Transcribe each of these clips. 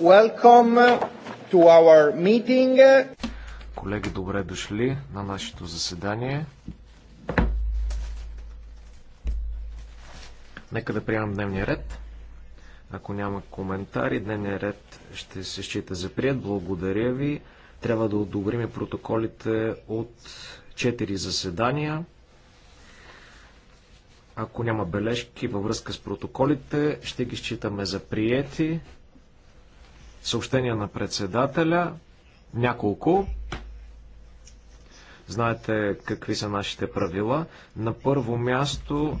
welcome to our meeting. Колеги, добре дошли на нашето заседание. Нека да приемам дневния ред. Ако няма коментари, дневния ред ще се счита за прият. Благодаря ви. Трябва да одобрим протоколите от 4 заседания. Ако няма бележки във връзка с протоколите, ще ги считаме за приети. Съобщения на председателя. Няколко. Знаете какви са нашите правила. На първо място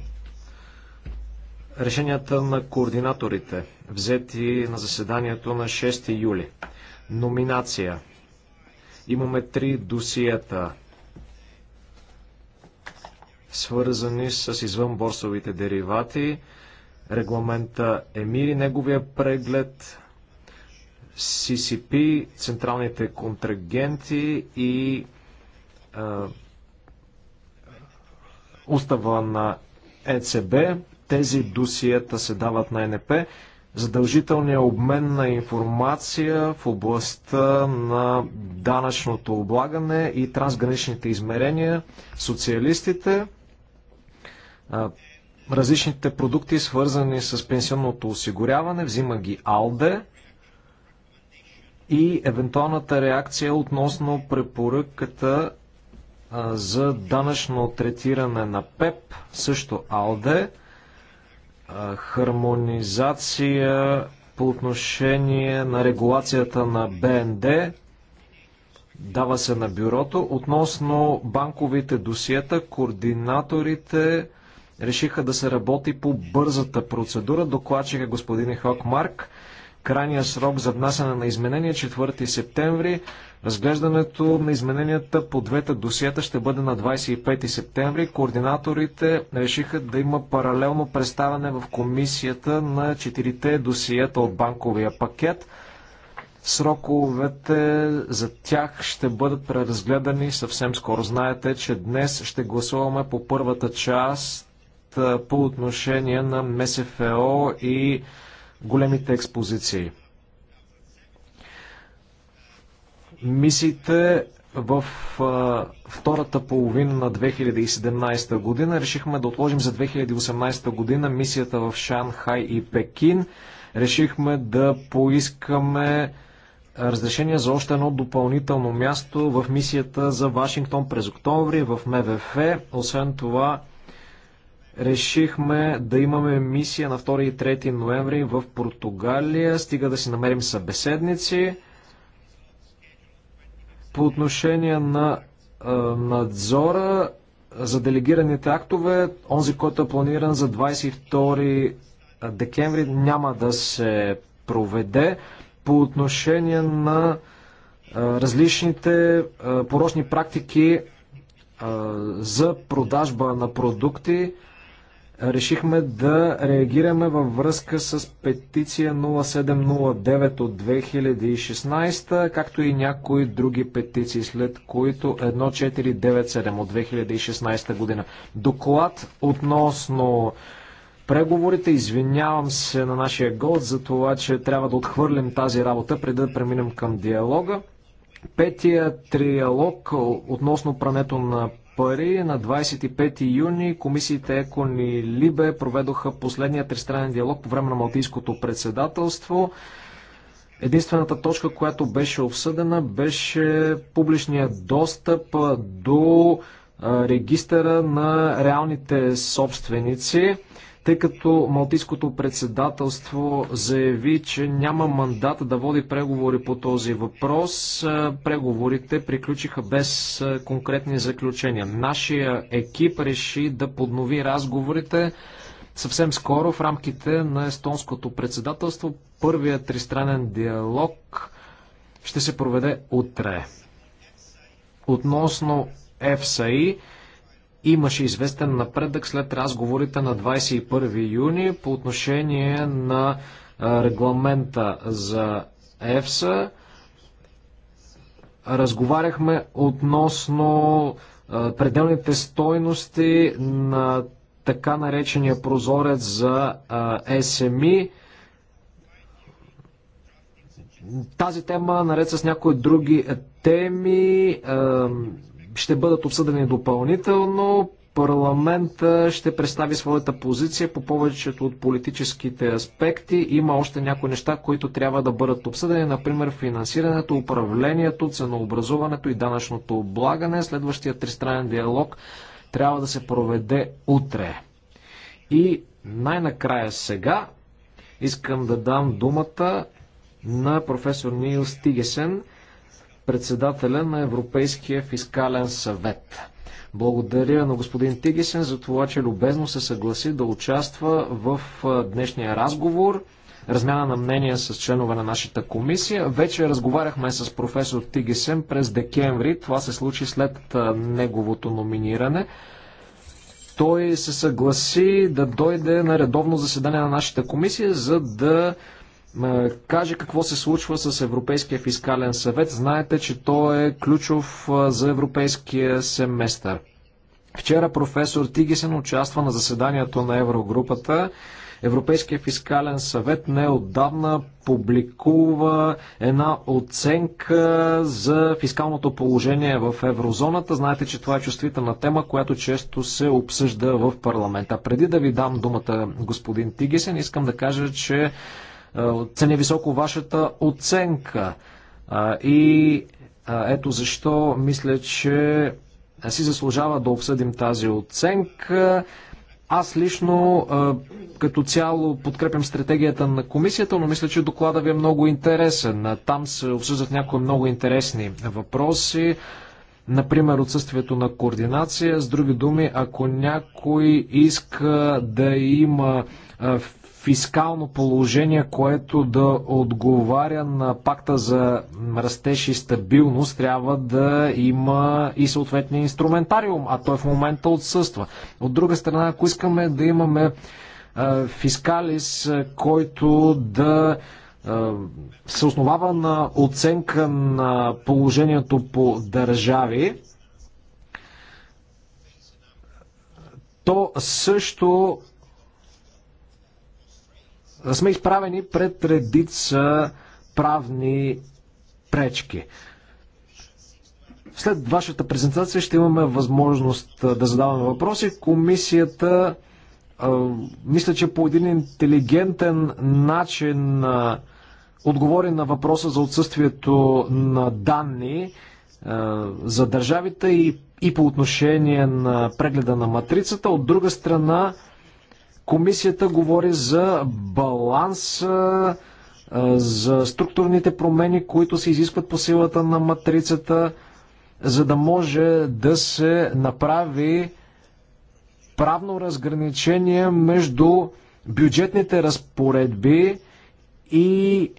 решенията на координаторите, взети на заседанието на 6 юли. Номинация. Имаме три досиета свързани с извънборсовите деривати, регламента ЕМИРИ, неговия преглед, CCP, централните контрагенти и а, устава на ЕЦБ. Тези досиета се дават на НП. Задължителният обмен на информация в областта на данъчното облагане и трансграничните измерения. Социалистите различните продукти, свързани с пенсионното осигуряване, взима ги АЛДЕ и евентуалната реакция относно препоръката за данъчно третиране на ПЕП, също АЛДЕ, хармонизация по отношение на регулацията на БНД, дава се на бюрото. Относно банковите досиета, координаторите решиха да се работи по бързата процедура. Докладчика е господин Хок Марк. Крайният срок за внасяне на изменения 4 е септември. Разглеждането на измененията по двете досиета ще бъде на 25 септември. Координаторите решиха да има паралелно представяне в комисията на четирите досиета от банковия пакет. Сроковете за тях ще бъдат преразгледани съвсем скоро. Знаете, че днес ще гласуваме по първата част по отношение на МСФО и големите експозиции. Мисиите в а, втората половина на 2017 година решихме да отложим за 2018 година мисията в Шанхай и Пекин. Решихме да поискаме разрешение за още едно допълнително място в мисията за Вашингтон през октомври в МВФ. Освен това, решихме да имаме мисия на 2 и 3 ноември в Португалия. Стига да си намерим събеседници. По отношение на а, надзора за делегираните актове, онзи, който е планиран за 22 декември, няма да се проведе. По отношение на а, различните а, порочни практики за продажба на продукти, решихме да реагираме във връзка с петиция 0709 от 2016, както и някои други петиции, след които 1497 от 2016 година. Доклад относно преговорите. Извинявам се на нашия год за това, че трябва да отхвърлим тази работа, преди да преминем към диалога. Петия триалог относно прането на пари. На 25 юни комисиите ЕКОН и ЛИБЕ проведоха последния тристранен диалог по време на Малтийското председателство. Единствената точка, която беше обсъдена, беше публичния достъп до регистъра на реалните собственици тъй като Малтийското председателство заяви, че няма мандат да води преговори по този въпрос. Преговорите приключиха без конкретни заключения. Нашия екип реши да поднови разговорите съвсем скоро в рамките на естонското председателство. Първият тристранен диалог ще се проведе утре. Относно ФСАИ, имаше известен напредък след разговорите на 21 юни по отношение на регламента за ЕФСА. Разговаряхме относно пределните стойности на така наречения прозорец за СМИ. Тази тема, наред с някои други теми, ще бъдат обсъдени допълнително. Парламента ще представи своята позиция по повечето от политическите аспекти. Има още някои неща, които трябва да бъдат обсъдени, например финансирането, управлението, ценообразуването и данъчното облагане. Следващия тристранен диалог трябва да се проведе утре. И най-накрая сега искам да дам думата на професор Нил Стигесен – председателя на Европейския фискален съвет. Благодаря на господин Тигисен за това, че любезно се съгласи да участва в днешния разговор размяна на мнения с членове на нашата комисия. Вече разговаряхме с професор Тигисен през декември. Това се случи след неговото номиниране. Той се съгласи да дойде на редовно заседание на нашата комисия, за да е, каже какво се случва с Европейския фискален съвет. Знаете, че той е ключов е, за европейския семестър. Вчера професор Тигисен участва на заседанието на Еврогрупата. Европейския фискален съвет неотдавна публикува една оценка за фискалното положение в еврозоната. Знаете, че това е чувствителна тема, която често се обсъжда в парламента. Преди да ви дам думата, господин Тигисен, искам да кажа, че Оценя е, високо вашата оценка. И ето защо мисля, че си заслужава да обсъдим тази оценка. Аз лично като цяло подкрепям стратегията на комисията, но мисля, че доклада ви е много интересен. Там се обсъждат някои много интересни въпроси. Например, отсъствието на координация. С други думи, ако някой иска да има фискално положение, което да отговаря на пакта за растеж и стабилност, трябва да има и съответния инструментариум, а той в момента отсъства. От друга страна, ако искаме да имаме фискалис, който да се основава на оценка на положението по държави, то също сме изправени пред редица правни пречки. След вашата презентация ще имаме възможност да задаваме въпроси. Комисията мисля, че по един интелигентен начин отговори на въпроса за отсъствието на данни за държавите и, и по отношение на прегледа на матрицата. От друга страна, Комисията говори за баланс, за структурните промени, които се изискват по силата на матрицата, за да може да се направи правно разграничение между бюджетните разпоредби и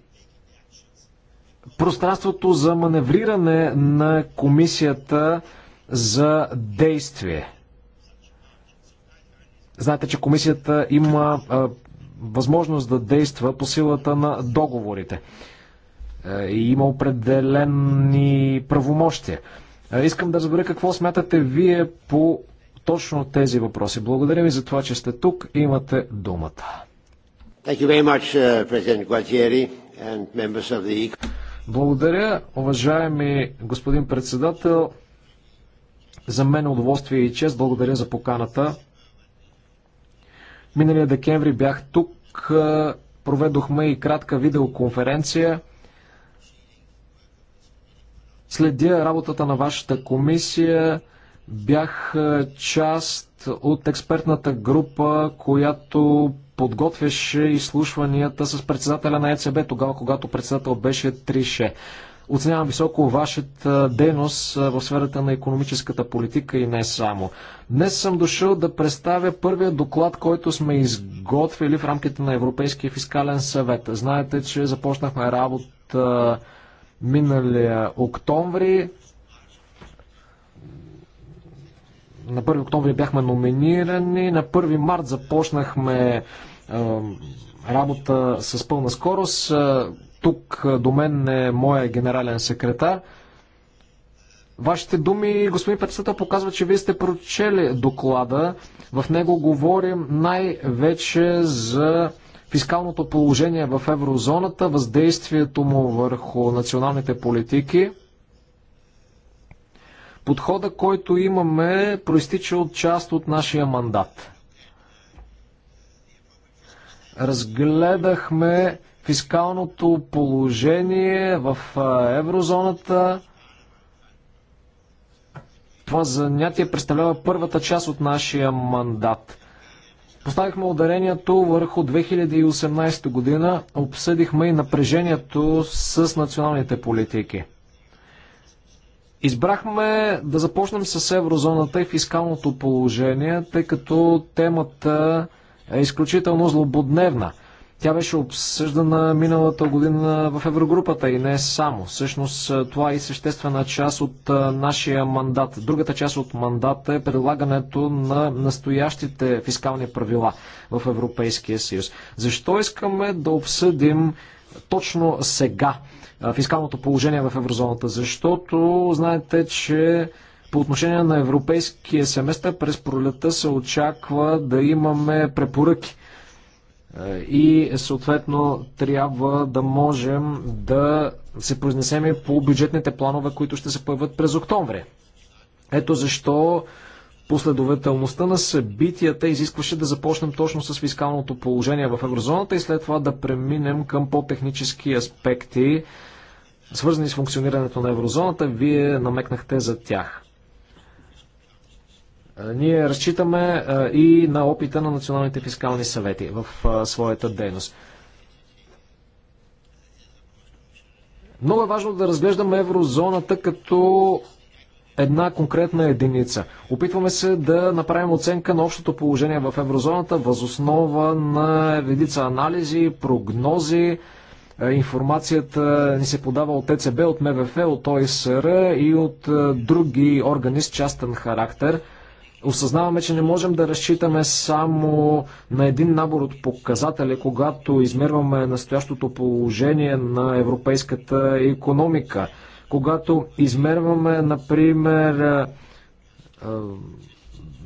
пространството за маневриране на комисията за действие. Знаете, че комисията има възможност да действа по силата на договорите е, и има определени правомощия. Е, искам да разбера какво смятате вие по точно тези въпроси. Благодаря ви за това, че сте тук. Имате думата. Uh, e Благодаря, уважаеми господин председател. За мен е удоволствие и чест. Благодаря за поканата. Миналия декември бях тук, проведохме и кратка видеоконференция. Следя работата на вашата комисия. Бях част от експертната група, която подготвяше изслушванията с председателя на ЕЦБ тогава, когато председател беше Трише. Оценявам високо вашата дейност в сферата на економическата политика и не само. Днес съм дошъл да представя първия доклад, който сме изготвили в рамките на Европейския фискален съвет. Знаете, че започнахме работа миналия октомври. На 1 октомври бяхме номинирани, на 1 март започнахме работа с пълна скорост. Тук до мен е моя генерален секретар. Вашите думи, господин председател, показват, че вие сте прочели доклада. В него говорим най-вече за фискалното положение в еврозоната, въздействието му върху националните политики. Подхода, който имаме, проистича от част от нашия мандат. Разгледахме фискалното положение в еврозоната. Това занятие представлява първата част от нашия мандат. Поставихме ударението върху 2018 година, обсъдихме и напрежението с националните политики. Избрахме да започнем с еврозоната и фискалното положение, тъй като темата е изключително злободневна тя беше обсъждана миналата година в Еврогрупата и не само. Всъщност е, това е и съществена част от е, нашия мандат. Другата част от мандата е предлагането на настоящите фискални правила в Европейския съюз. Защо искаме да обсъдим точно сега е, фискалното положение в еврозоната? Защото знаете, че по отношение на европейския семестър през пролета се очаква да имаме препоръки е, и съответно трябва да можем да се произнесем по бюджетните планове, които ще се появят през октомври. Ето защо последователността на събитията изискваше да започнем точно с фискалното положение в еврозоната и след това да преминем към по-технически аспекти, свързани с функционирането на еврозоната. Вие намекнахте за тях. Ние разчитаме и на опита на националните фискални съвети в своята дейност. Много е важно да разглеждаме еврозоната като една конкретна единица. Опитваме се да направим оценка на общото положение в еврозоната възоснова на редица анализи, прогнози. Информацията ни се подава от ЕЦБ, от МВФ, от ОИСР и от други органи с частен характер – осъзнаваме, че не можем да разчитаме само на един набор от показатели, когато измерваме настоящото положение на европейската економика. Когато измерваме, например,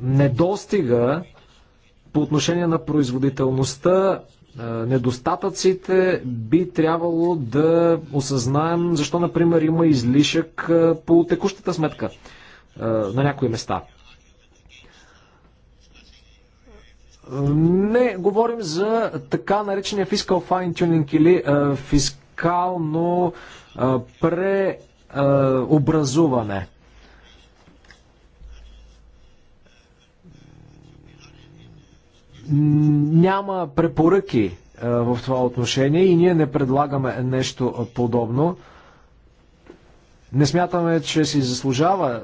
недостига по отношение на производителността, недостатъците, би трябвало да осъзнаем защо, например, има излишък по текущата сметка на някои места. Не говорим за така наречения фискал тюнинг или а, е, фискално а, е, преобразуване. Няма препоръки а, е, в това отношение и ние не предлагаме нещо подобно. А, не смятаме, че си заслужава,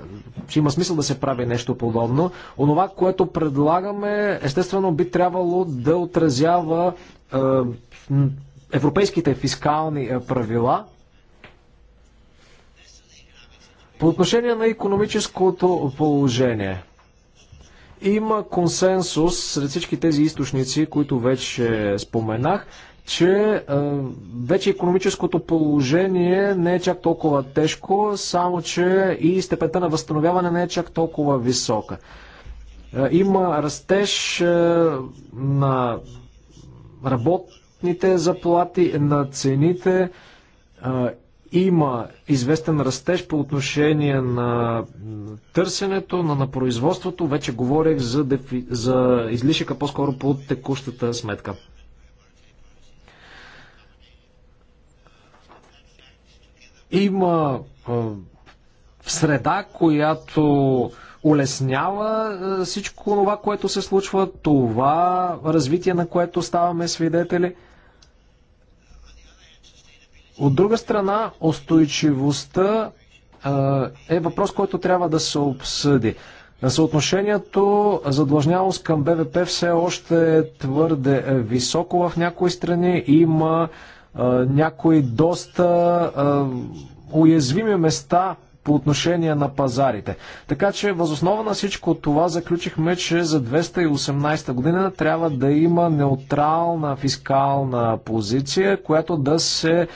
че има смисъл да се прави нещо подобно. Онова, което предлагаме, естествено би трябвало да отразява е, европейските фискални е, правила. По отношение на економическото положение, има консенсус сред всички тези източници, които вече споменах че вече економическото положение не е чак толкова тежко, само че и степента на възстановяване не е чак толкова висока. Има растеж на работните заплати, на цените, има известен растеж по отношение на търсенето, на, на производството. Вече говорех за, дефи... за излишъка по-скоро по текущата сметка. Има среда, която улеснява всичко това, което се случва, това развитие, на което ставаме свидетели. От друга страна, устойчивостта е въпрос, който трябва да се обсъди. Съотношението задлъжнялост към БВП все още е твърде е високо в някои страни. Има някои доста уязвими места по отношение на пазарите. Така че, възоснова на всичко това, заключихме, че за 218 година трябва да има неутрална фискална позиция, която да се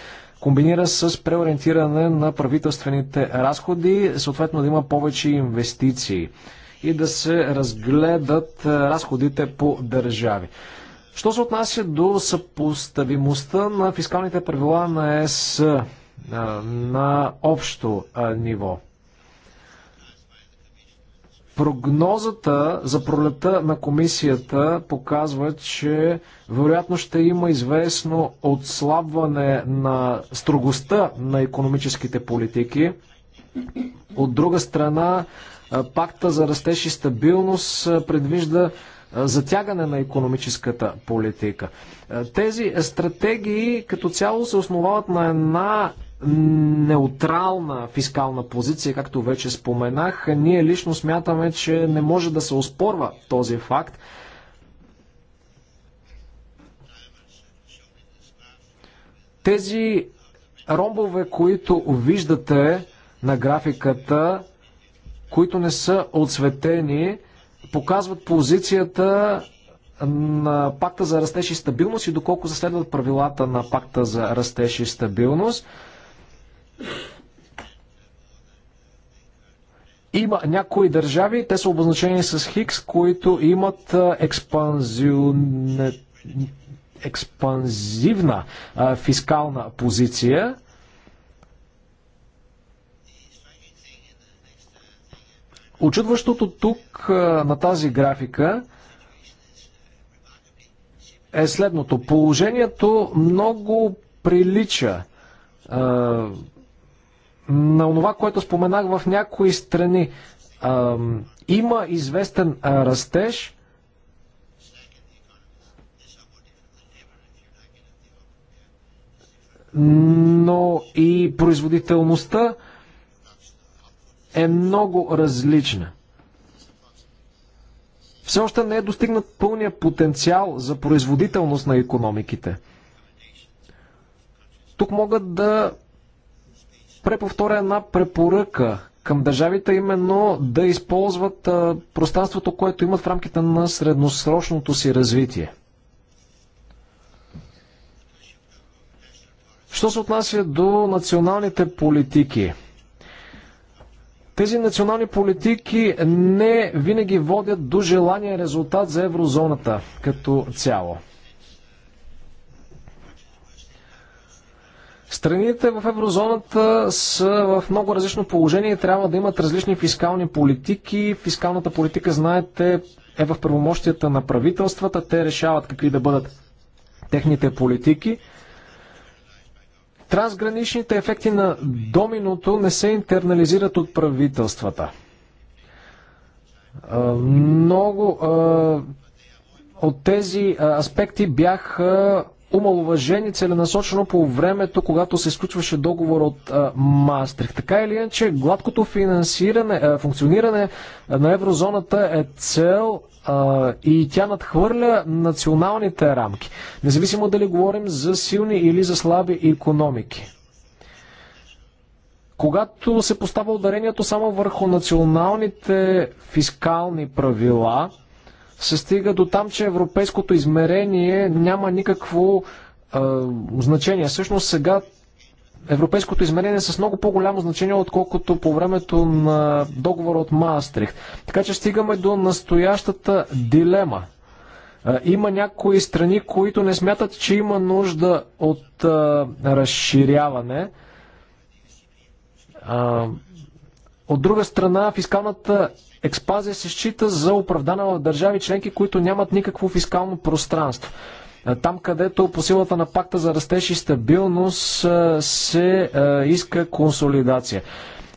комбинира с преориентиране на правителствените разходи, съответно да има повече инвестиции и да се разгледат разходите по държави. Що се отнася до съпоставимостта на фискалните правила на ЕС на общо ниво? Прогнозата за пролета на комисията показва, че вероятно ще има известно отслабване на строгостта на економическите политики. От друга страна, пакта за растеж и стабилност предвижда затягане на економическата политика. Тези стратегии като цяло се основават на една неутрална фискална позиция, както вече споменах. Ние лично смятаме, че не може да се оспорва този факт. Тези ромбове, които виждате на графиката, които не са отсветени, показват позицията на пакта за растеж и стабилност и доколко заследват правилата на пакта за растеж и стабилност. Има някои държави, те са обозначени с Хикс, които имат експанзивна фискална позиция. Очудващото тук на тази графика е следното. Положението много прилича е, на това, което споменах в някои страни. Е, има известен растеж. Но и производителността е много различна. Все още не е достигнат пълния потенциал за производителност на економиките. Тук мога да преповторя една препоръка към държавите, именно да използват пространството, което имат в рамките на средносрочното си развитие. Що се отнася до националните политики? Тези национални политики не винаги водят до желания резултат за еврозоната като цяло. Страните в еврозоната са в много различно положение и трябва да имат различни фискални политики. Фискалната политика, знаете, е в правомощията на правителствата. Те решават какви да бъдат техните политики. Трансграничните ефекти на доминото не се интернализират от правителствата. Много от тези аспекти бяха омалуважени целенасочено по времето, когато се изключваше договор от а, Мастрих. Така или иначе, гладкото финансиране, а, функциониране на еврозоната е цел а, и тя надхвърля националните рамки, независимо дали говорим за силни или за слаби економики. Когато се поставя ударението само върху националните фискални правила, се стига до там, че европейското измерение няма никакво а, значение. Всъщност сега европейското измерение е с много по-голямо значение, отколкото по времето на договора от Маастрихт. Така че стигаме до настоящата дилема. Има някои страни, които не смятат, че има нужда от а, разширяване. А, от друга страна, фискалната експазия се счита за оправдана в държави членки, които нямат никакво фискално пространство. Е, там, където по силата на пакта за растеж и стабилност е, се е, иска консолидация.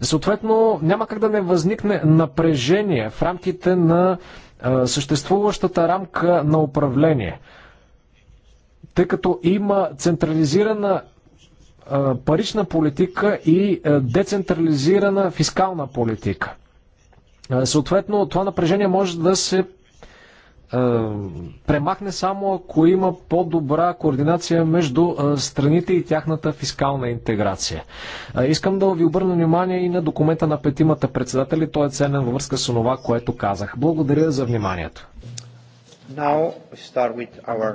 Съответно, няма как да не възникне напрежение в рамките на съществуващата рамка на управление. Тъй като има централизирана парична политика и децентрализирана фискална политика. Съответно, това напрежение може да се премахне само ако има по-добра координация между страните и тяхната фискална интеграция. Искам да ви обърна внимание и на документа на петимата председатели. Той е ценен във връзка с това, което казах. Благодаря за вниманието. Now we start with our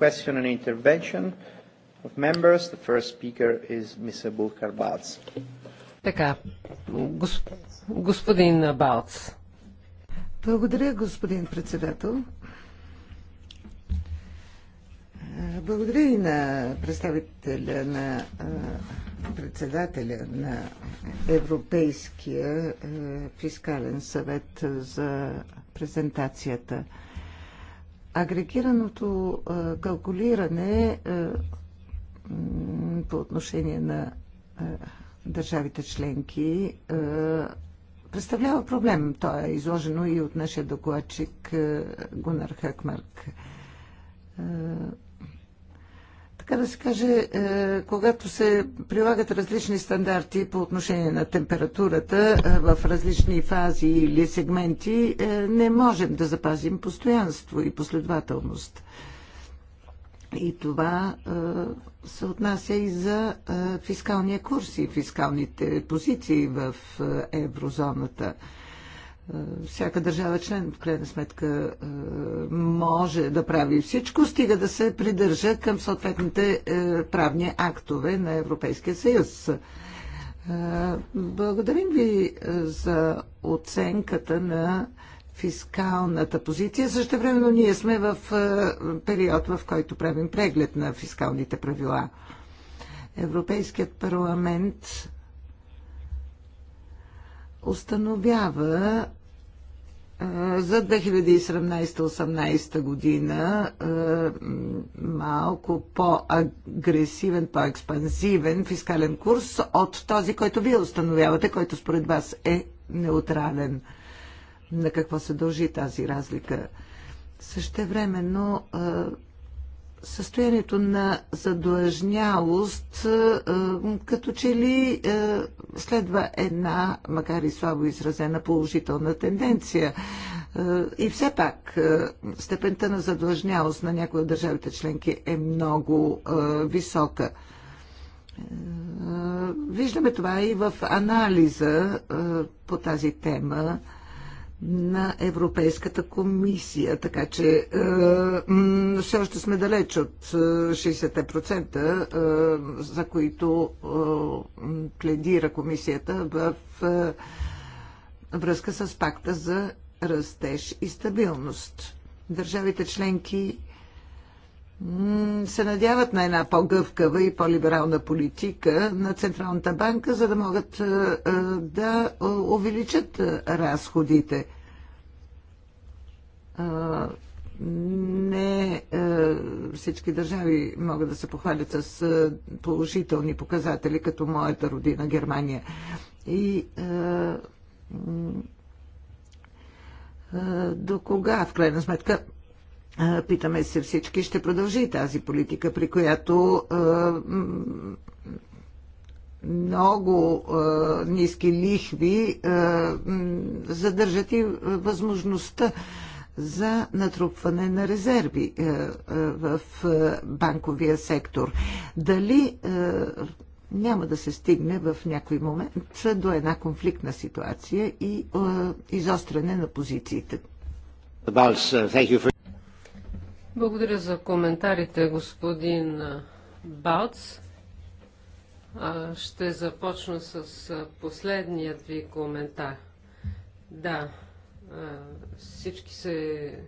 question and intervention of members. The first speaker is Mr. Burkhard Balz. Така, господин Балц. Благодаря, господин председател. Благодаря и на представителя на председателя на Европейския фискален съвет за презентацията. Агрегираното калкулиране по отношение на държавите членки представлява проблем. То е изложено и от нашия докладчик Гунар Хакмарк. Така да се каже, когато се прилагат различни стандарти по отношение на температурата в различни фази или сегменти, не можем да запазим постоянство и последователност. И това се отнася и за фискалния курс и фискалните позиции в еврозоната. Всяка държава член, в крайна сметка, може да прави всичко, стига да се придържа към съответните правни актове на Европейския съюз. Благодарим ви за оценката на фискалната позиция. Също времено ние сме в е, период, в който правим преглед на фискалните правила. Европейският парламент установява е, за 2017-18 година е, малко по-агресивен, по експанзивен фискален курс от този, който вие установявате, който според вас е неутрален на какво се дължи тази разлика. Същевременно състоянието на задлъжнялост като че ли следва една, макар и слабо изразена, положителна тенденция. И все пак степента на задлъжнялост на някои от държавите членки е много висока. Виждаме това и в анализа по тази тема на Европейската комисия, така че е, все още сме далеч от 60%, е, е, за които е, пледира комисията в е, връзка с пакта за растеж и стабилност. Държавите членки се надяват на една по-гъвкава и по-либерална политика на Централната банка, за да могат е, е, да е, увеличат разходите. Не всички държави могат да се похвалят с положителни показатели, като моята родина Германия. И до кога, в крайна сметка, Питаме се всички, ще продължи тази политика, при която много ниски лихви задържат и възможността за натрупване на резерви в банковия сектор. Дали няма да се стигне в някой момент до една конфликтна ситуация и изостряне на позициите? Uh, благодаря за коментарите, господин Бауц. Ще започна с последният ви коментар. Да, всички се,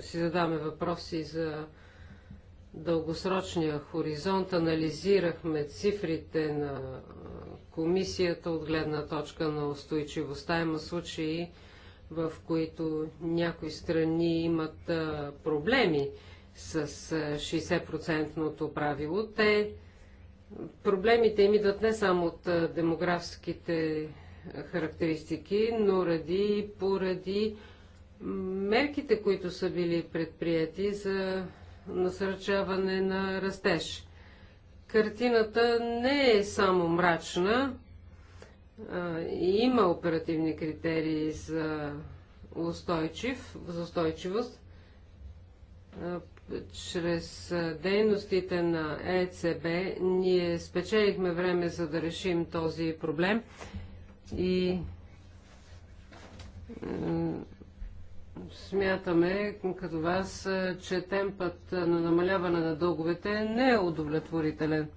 си задаваме въпроси за дългосрочния хоризонт. Анализирахме цифрите на комисията от гледна точка на устойчивостта. Има случаи, в които някои страни имат проблеми с 60 правило, те проблемите им идват не само от демографските характеристики, но ради, и поради мерките, които са били предприяти за насърчаване на растеж. Картината не е само мрачна, има оперативни критерии за, устойчив, за устойчивост. Чрез дейностите на ЕЦБ ние спечелихме време за да решим този проблем и смятаме като вас, че темпът на намаляване на дълговете не е удовлетворителен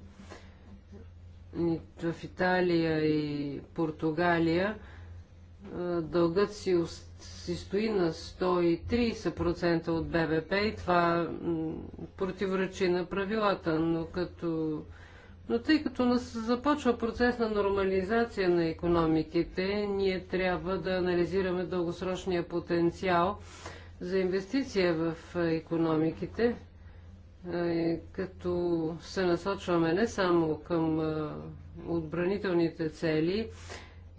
нито в Италия и Португалия дългът си, си стои на 130% от БВП и това противоречи на правилата, но като но тъй като започва процес на нормализация на економиките, ние трябва да анализираме дългосрочния потенциал за инвестиция в економиките като се насочваме не само към отбранителните цели,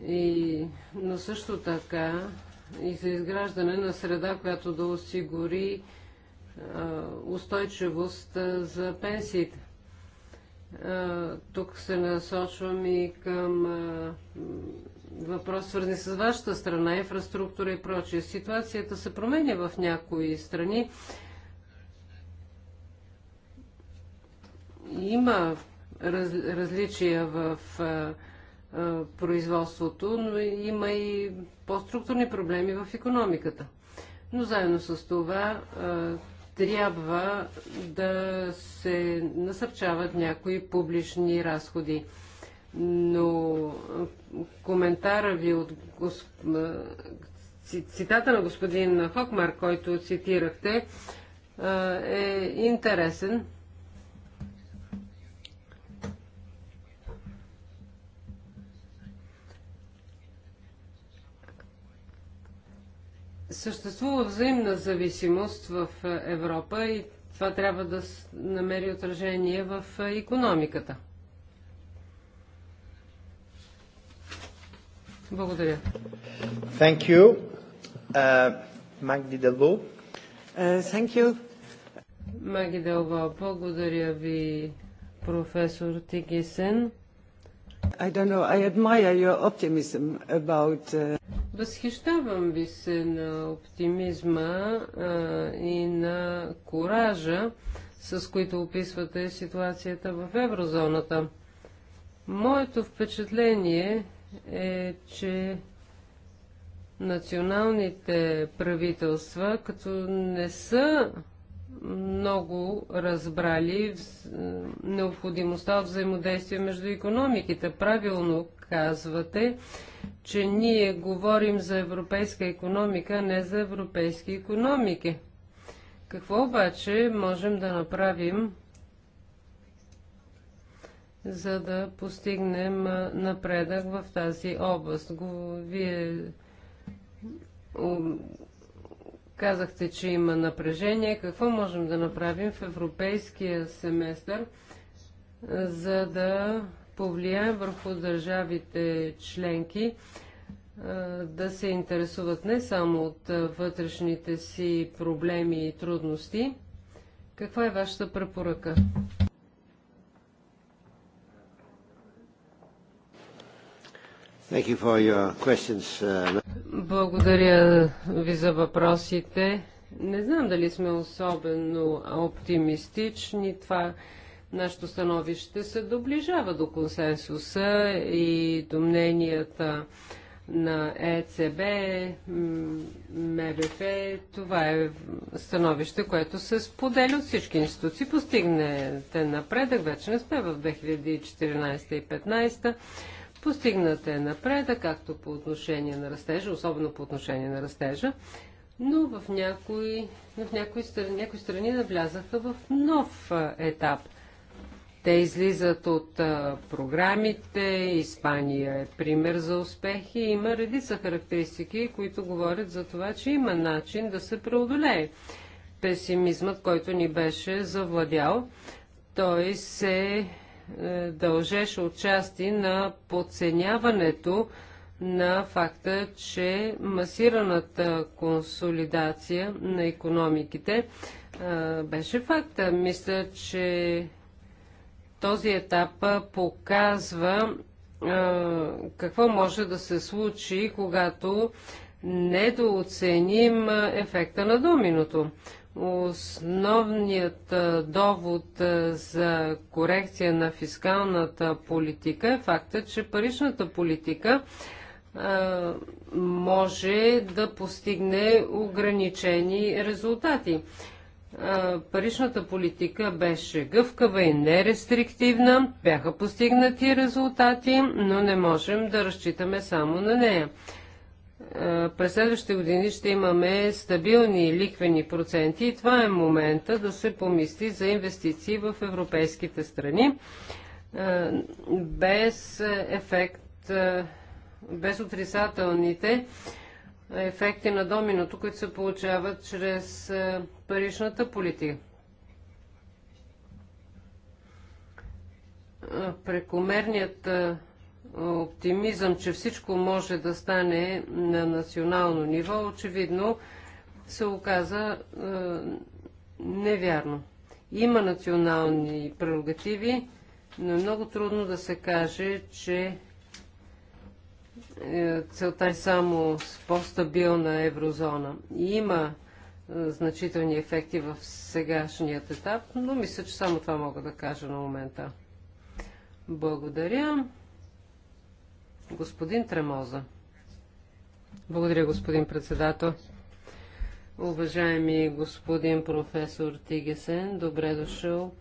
и, но също така и за изграждане на среда, която да осигури устойчивост за пенсиите. тук се насочвам и към въпрос, свързани с вашата страна, инфраструктура и прочие. Ситуацията се променя в някои страни Има раз, различия в а, а, производството, но има и по-структурни проблеми в економиката. Но заедно с това а, трябва да се насърчават някои публични разходи. Но коментара ви от цитата на господин Хокмар, който цитирахте, е интересен. Съществува взаимна зависимост в е, Европа и това трябва да намери отражение в економиката. Благодаря. Thank you. Uh, Magdi Uh, thank you. Маги Делбо, благодаря ви, професор Тигисен. I don't know, I admire your optimism about... Uh... Възхищавам ви се на оптимизма а, и на коража, с които описвате ситуацията в еврозоната. Моето впечатление е, че националните правителства, като не са много разбрали необходимостта от взаимодействие между економиките. Правилно казвате, че ние говорим за европейска економика, не за европейски економики. Какво обаче можем да направим, за да постигнем напредък в тази област? Вие казахте, че има напрежение. Какво можем да направим в европейския семестър, за да повлияем върху държавите членки да се интересуват не само от вътрешните си проблеми и трудности. Каква е вашата препоръка? You uh, Благодаря ви за въпросите. Не знам дали сме особено оптимистични. Това е Нашето становище се доближава до консенсуса и до мненията на ЕЦБ, МВФ. Това е становище, което се споделя от всички институции. Постигнете напредък, вече не сме в 2014 и 2015. Постигнате напредък, както по отношение на растежа, особено по отношение на растежа, но в някои, в някои, страни, някои страни навлязаха в нов етап – те излизат от а, програмите, Испания е пример за успехи. Има редица характеристики, които говорят за това, че има начин да се преодолее песимизмът, който ни беше завладял. Той се е, дължеше отчасти на подценяването на факта, че масираната консолидация на економиките е, беше факта. Мисля, че този етап показва какво може да се случи, когато недооценим ефекта на доминото. Основният довод за корекция на фискалната политика е факта, че паричната политика може да постигне ограничени резултати паричната политика беше гъвкава и нерестриктивна, бяха постигнати резултати, но не можем да разчитаме само на нея. През следващите години ще имаме стабилни ликвени проценти и това е момента да се помисли за инвестиции в европейските страни без ефект, без отрицателните ефекти на доминото, които се получават чрез е, паричната политика. Прекомерният е, оптимизъм, че всичко може да стане на национално ниво, очевидно се оказа е, невярно. Има национални прерогативи, но е много трудно да се каже, че е, целта е само по-стабилна еврозона. И има е, значителни ефекти в сегашният етап, но мисля, че само това мога да кажа на момента. Благодаря. Господин Тремоза. Благодаря, господин председател. Уважаеми господин професор Тигесен, добре дошъл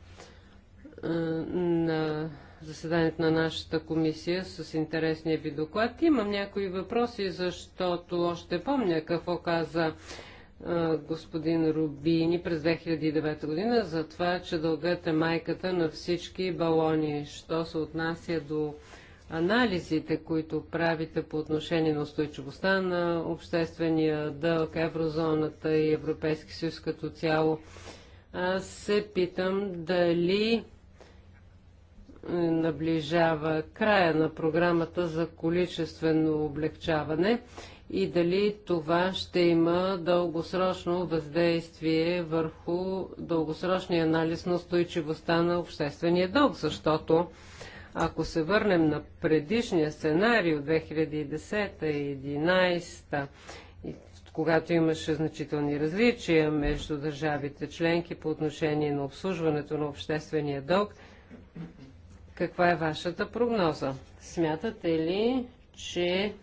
е, на заседанието на нашата комисия с интересния ви доклад. Имам някои въпроси, защото още помня какво каза господин Рубини през 2009 година за това, че дългът е майката на всички балони. Що се отнася до анализите, които правите по отношение на устойчивостта на обществения дълг, еврозоната и Европейски съюз като цяло, аз се питам дали е, наближава края на програмата за количествено облегчаване и дали това ще има дългосрочно въздействие върху дългосрочния анализ на устойчивостта на обществения дълг, защото ако се върнем на предишния сценарий от 2010-2011, когато имаше значителни различия между държавите членки по отношение на обслужването на обществения дълг – каква е вашата прогноза? Смятате ли, че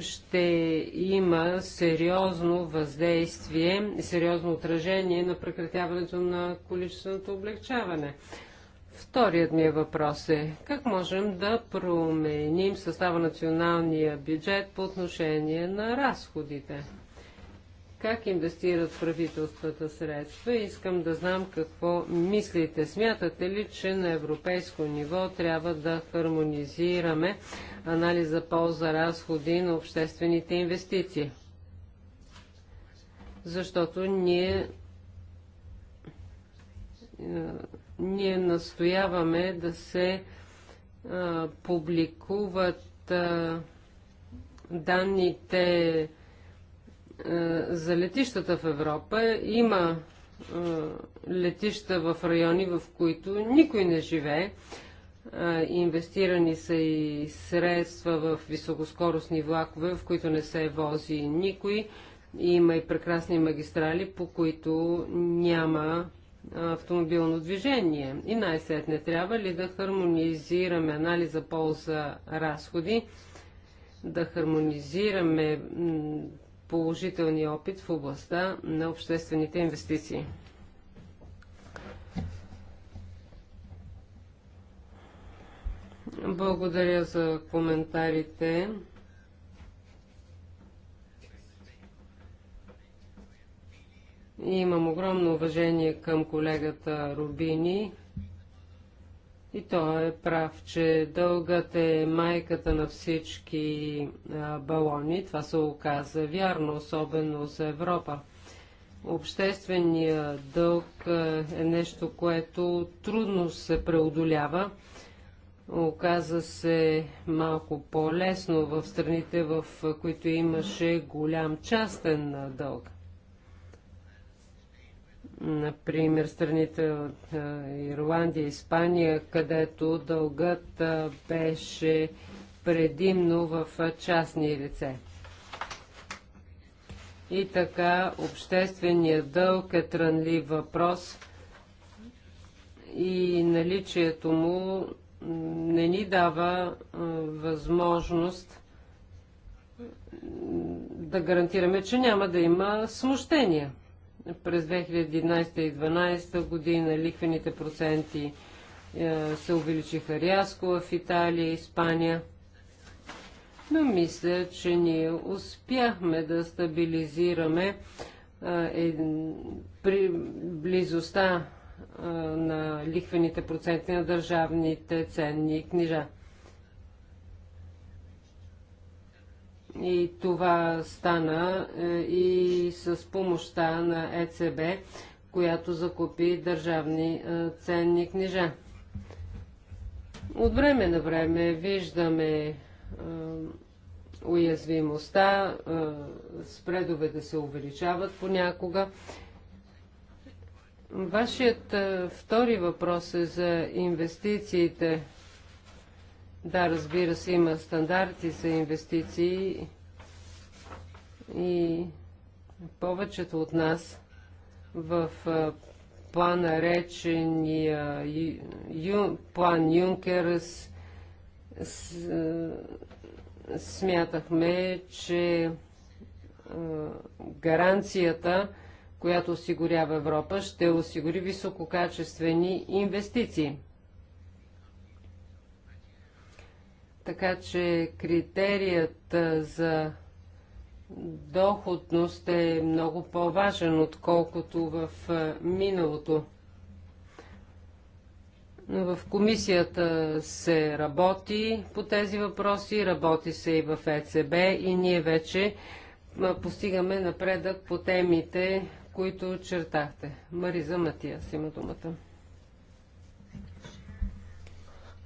ще има сериозно въздействие, сериозно отражение на прекратяването на количественото облегчаване? Вторият ми въпрос е как можем да променим състава националния бюджет по отношение на разходите? как инвестират правителствата средства. Искам да знам какво мислите. Смятате ли, че на европейско ниво трябва да хармонизираме анализа полза разходи на обществените инвестиции? Защото ние ние настояваме да се а, публикуват а, данните е, за летищата в Европа. Има е, летища в райони, в които никой не живее. Е, инвестирани са и средства в високоскоростни влакове, в които не се вози никой. Има и прекрасни магистрали, по които няма автомобилно движение. И най-сетне трябва ли да хармонизираме анализа полза-разходи, да хармонизираме положителни опит в областта на обществените инвестиции. Благодаря за коментарите. Имам огромно уважение към колегата Рубини. И той е прав, че дългът е майката на всички балони. Това се оказа вярно, особено за Европа. Общественият дълг е нещо, което трудно се преодолява. Оказа се малко по-лесно в страните, в които имаше голям частен дълг например, страните от Ирландия, Испания, където дългът беше предимно в частни лице. И така, общественият дълг е трънлив въпрос и наличието му не ни дава възможност да гарантираме, че няма да има смущения. През 2011 и 2012 година лихвените проценти е, се увеличиха рязко в Италия и Испания. Но мисля, че ние успяхме да стабилизираме е, при близостта е, на лихвените проценти на държавните ценни книжа. И това стана е, и с помощта на ЕЦБ, която закупи държавни е, ценни книжа. От време на време виждаме е, уязвимостта, спредовете се увеличават понякога. Вашият втори въпрос е за инвестициите. Да, разбира се, има стандарти за инвестиции и повечето от нас в плана наречения план Юнкер смятахме, че гаранцията, която осигурява Европа, ще осигури висококачествени инвестиции. Така че критерият за доходност е много по-важен, отколкото в миналото. В комисията се работи по тези въпроси, работи се и в ЕЦБ и ние вече постигаме напредък по темите, които чертахте. Мариза Матия, има думата.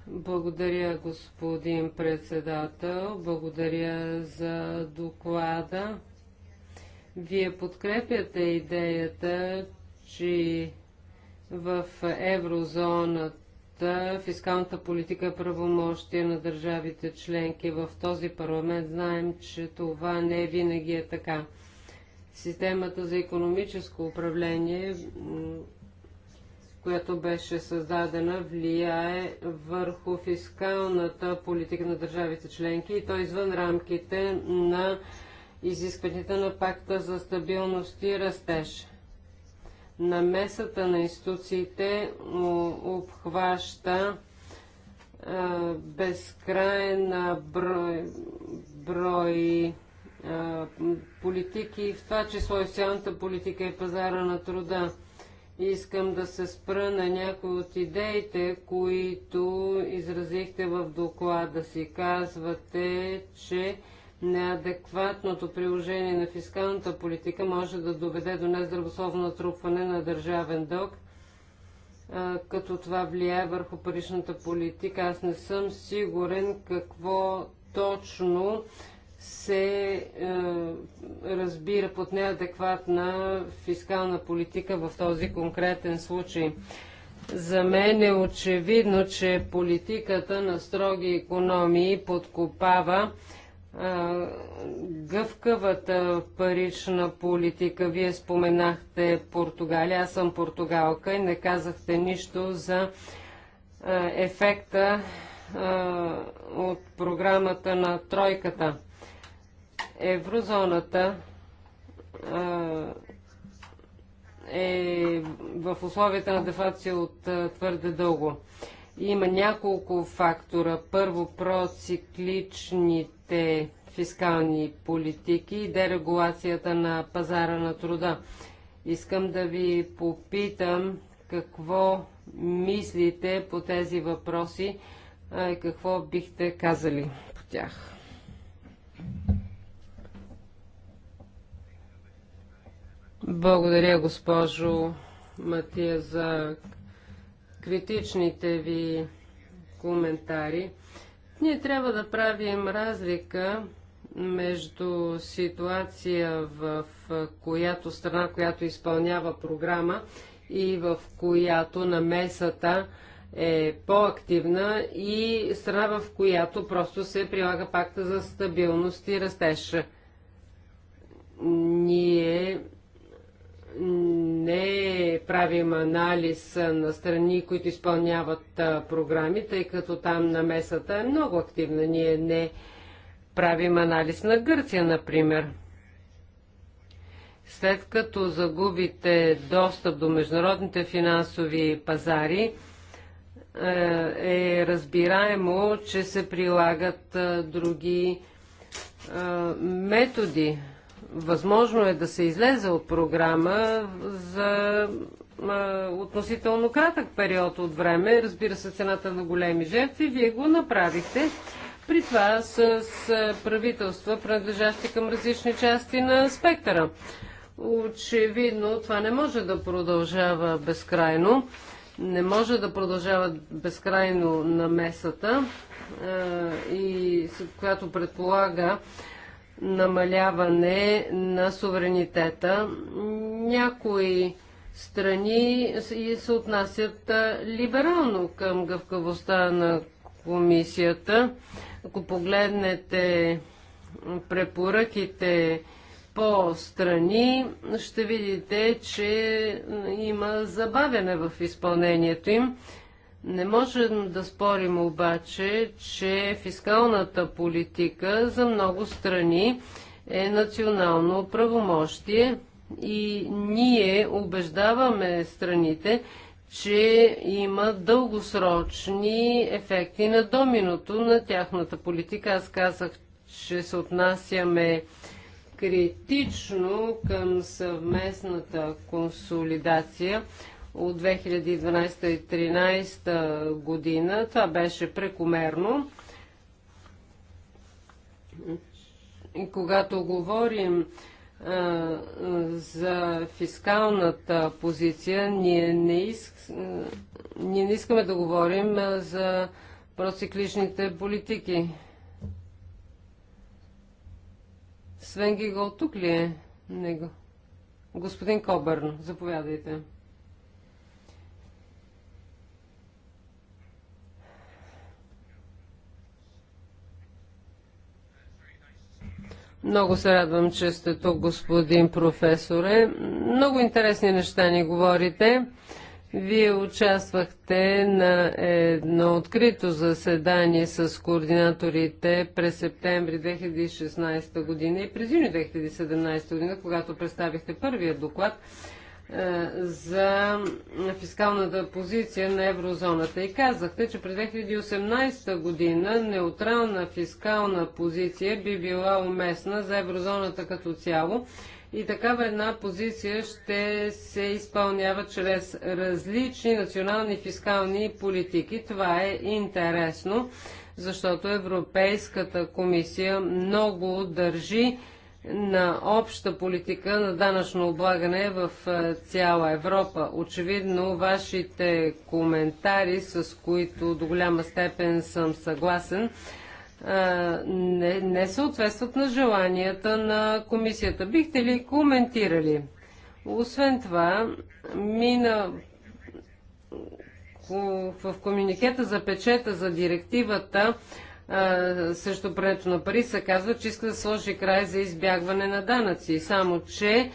Благодаря, господин председател. Благодаря за доклада. Вие подкрепяте идеята, че в еврозоната фискалната политика е правомощие на държавите членки. В този парламент знаем, че това не винаги е така. Системата за економическо управление която беше създадена, влияе върху фискалната политика на държавите членки и то извън рамките на изискванията на пакта за стабилност и растеж. Намесата на институциите обхваща безкраен безкрайен брой, брой политики, в това число и социалната политика и пазара на труда Искам да се спра на някои от идеите, които изразихте в доклада си. Казвате, че неадекватното приложение на фискалната политика може да доведе до нездравословно натрупване на държавен дълг, като това влияе върху паричната политика. Аз не съм сигурен какво точно се е, разбира под неадекватна фискална политика в този конкретен случай. За мен е очевидно, че политиката на строги економии подкопава е, гъвкавата парична политика. Вие споменахте Португалия, аз съм португалка и не казахте нищо за е, ефекта е, от програмата на тройката еврозоната е в условията на дефлация от твърде дълго. Има няколко фактора. Първо, процикличните фискални политики и дерегулацията на пазара на труда. Искам да ви попитам какво мислите по тези въпроси и какво бихте казали по тях. Благодаря, госпожо Матия, за критичните ви коментари. Ние трябва да правим разлика между ситуация, в която страна, която изпълнява програма и в която намесата е по-активна и страна, в която просто се прилага пакта за стабилност и растеж. Ние не правим анализ на страни, които изпълняват програми, тъй като там намесата е много активна. Ние не правим анализ на Гърция, например. След като загубите достъп до международните финансови пазари, е, е разбираемо, че се прилагат други методи Възможно е да се излезе от програма за относително кратък период от време, разбира се, цената на големи жертви, вие го направихте. При това с, с правителства, принадлежащи към различни части на спектъра. Очевидно, това не може да продължава безкрайно. Не може да продължава безкрайно намесата, и, която предполага намаляване на суверенитета. Някои страни се отнасят либерално към гъвкавостта на комисията. Ако погледнете препоръките по страни, ще видите, че има забавяне в изпълнението им. Не можем да спорим обаче, че фискалната политика за много страни е национално правомощие и ние убеждаваме страните, че има дългосрочни ефекти на доминото на тяхната политика. Аз казах, че се отнасяме критично към съвместната консолидация от 2012 и 2013 година. Това беше прекомерно. И Когато говорим а, за фискалната позиция, ние не, иск, ние не искаме да говорим а, за процикличните политики. Свен Гигол тук ли е? Не го. Господин Кобърн, заповядайте. Много се радвам, че сте тук, господин професоре. Много интересни неща ни говорите. Вие участвахте на едно открито заседание с координаторите през септември 2016 година и през юни 2017 година, когато представихте първия доклад е, за фискалната позиция на еврозоната. И казахте, че през 2018 година неутрална фискална позиция би била уместна за еврозоната като цяло. И такава една позиция ще се изпълнява чрез различни национални фискални политики. Това е интересно, защото Европейската комисия много държи на обща политика на данъчно облагане в цяла Европа. Очевидно, вашите коментари, с които до голяма степен съм съгласен, не, не съответстват на желанията на комисията. Бихте ли коментирали? Освен това, мина в комуникета за печета за директивата срещу прането на пари се казва, че иска да сложи край за избягване на данъци. Само, че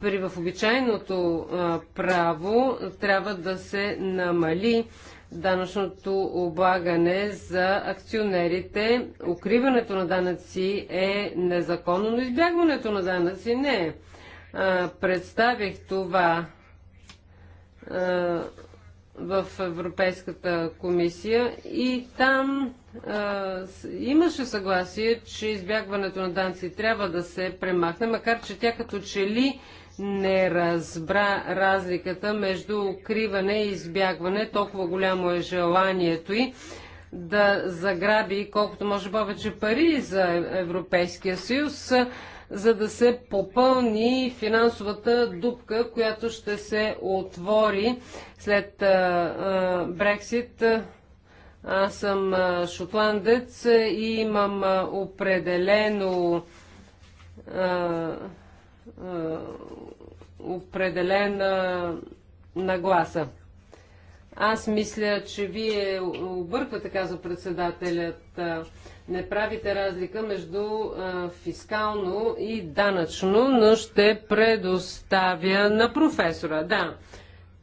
при в обичайното право трябва да се намали данъчното облагане за акционерите. Укриването на данъци е незаконно, но избягването на данъци не е. Представих това а, в Европейската комисия и там а, имаше съгласие, че избягването на данци трябва да се премахне, макар че тя като че ли не разбра разликата между укриване и избягване. Толкова голямо е желанието й да заграби колкото може повече пари за Европейския съюз за да се попълни финансовата дупка, която ще се отвори след Брексит. Аз съм шотландец и имам определено определена нагласа. Аз мисля, че вие обърквате, каза председателят не правите разлика между а, фискално и данъчно, но ще предоставя на професора. Да,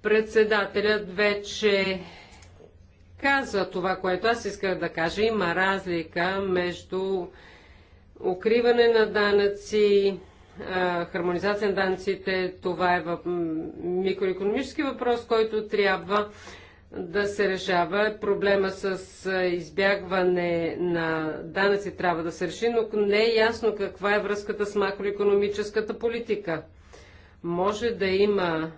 председателят вече каза това, което аз исках да кажа. Има разлика между укриване на данъци, а, хармонизация на данъците. Това е въп... микроекономически въпрос, който трябва да се решава. Проблема с избягване на данъци трябва да се реши, но не е ясно каква е връзката с макроекономическата политика. Може да има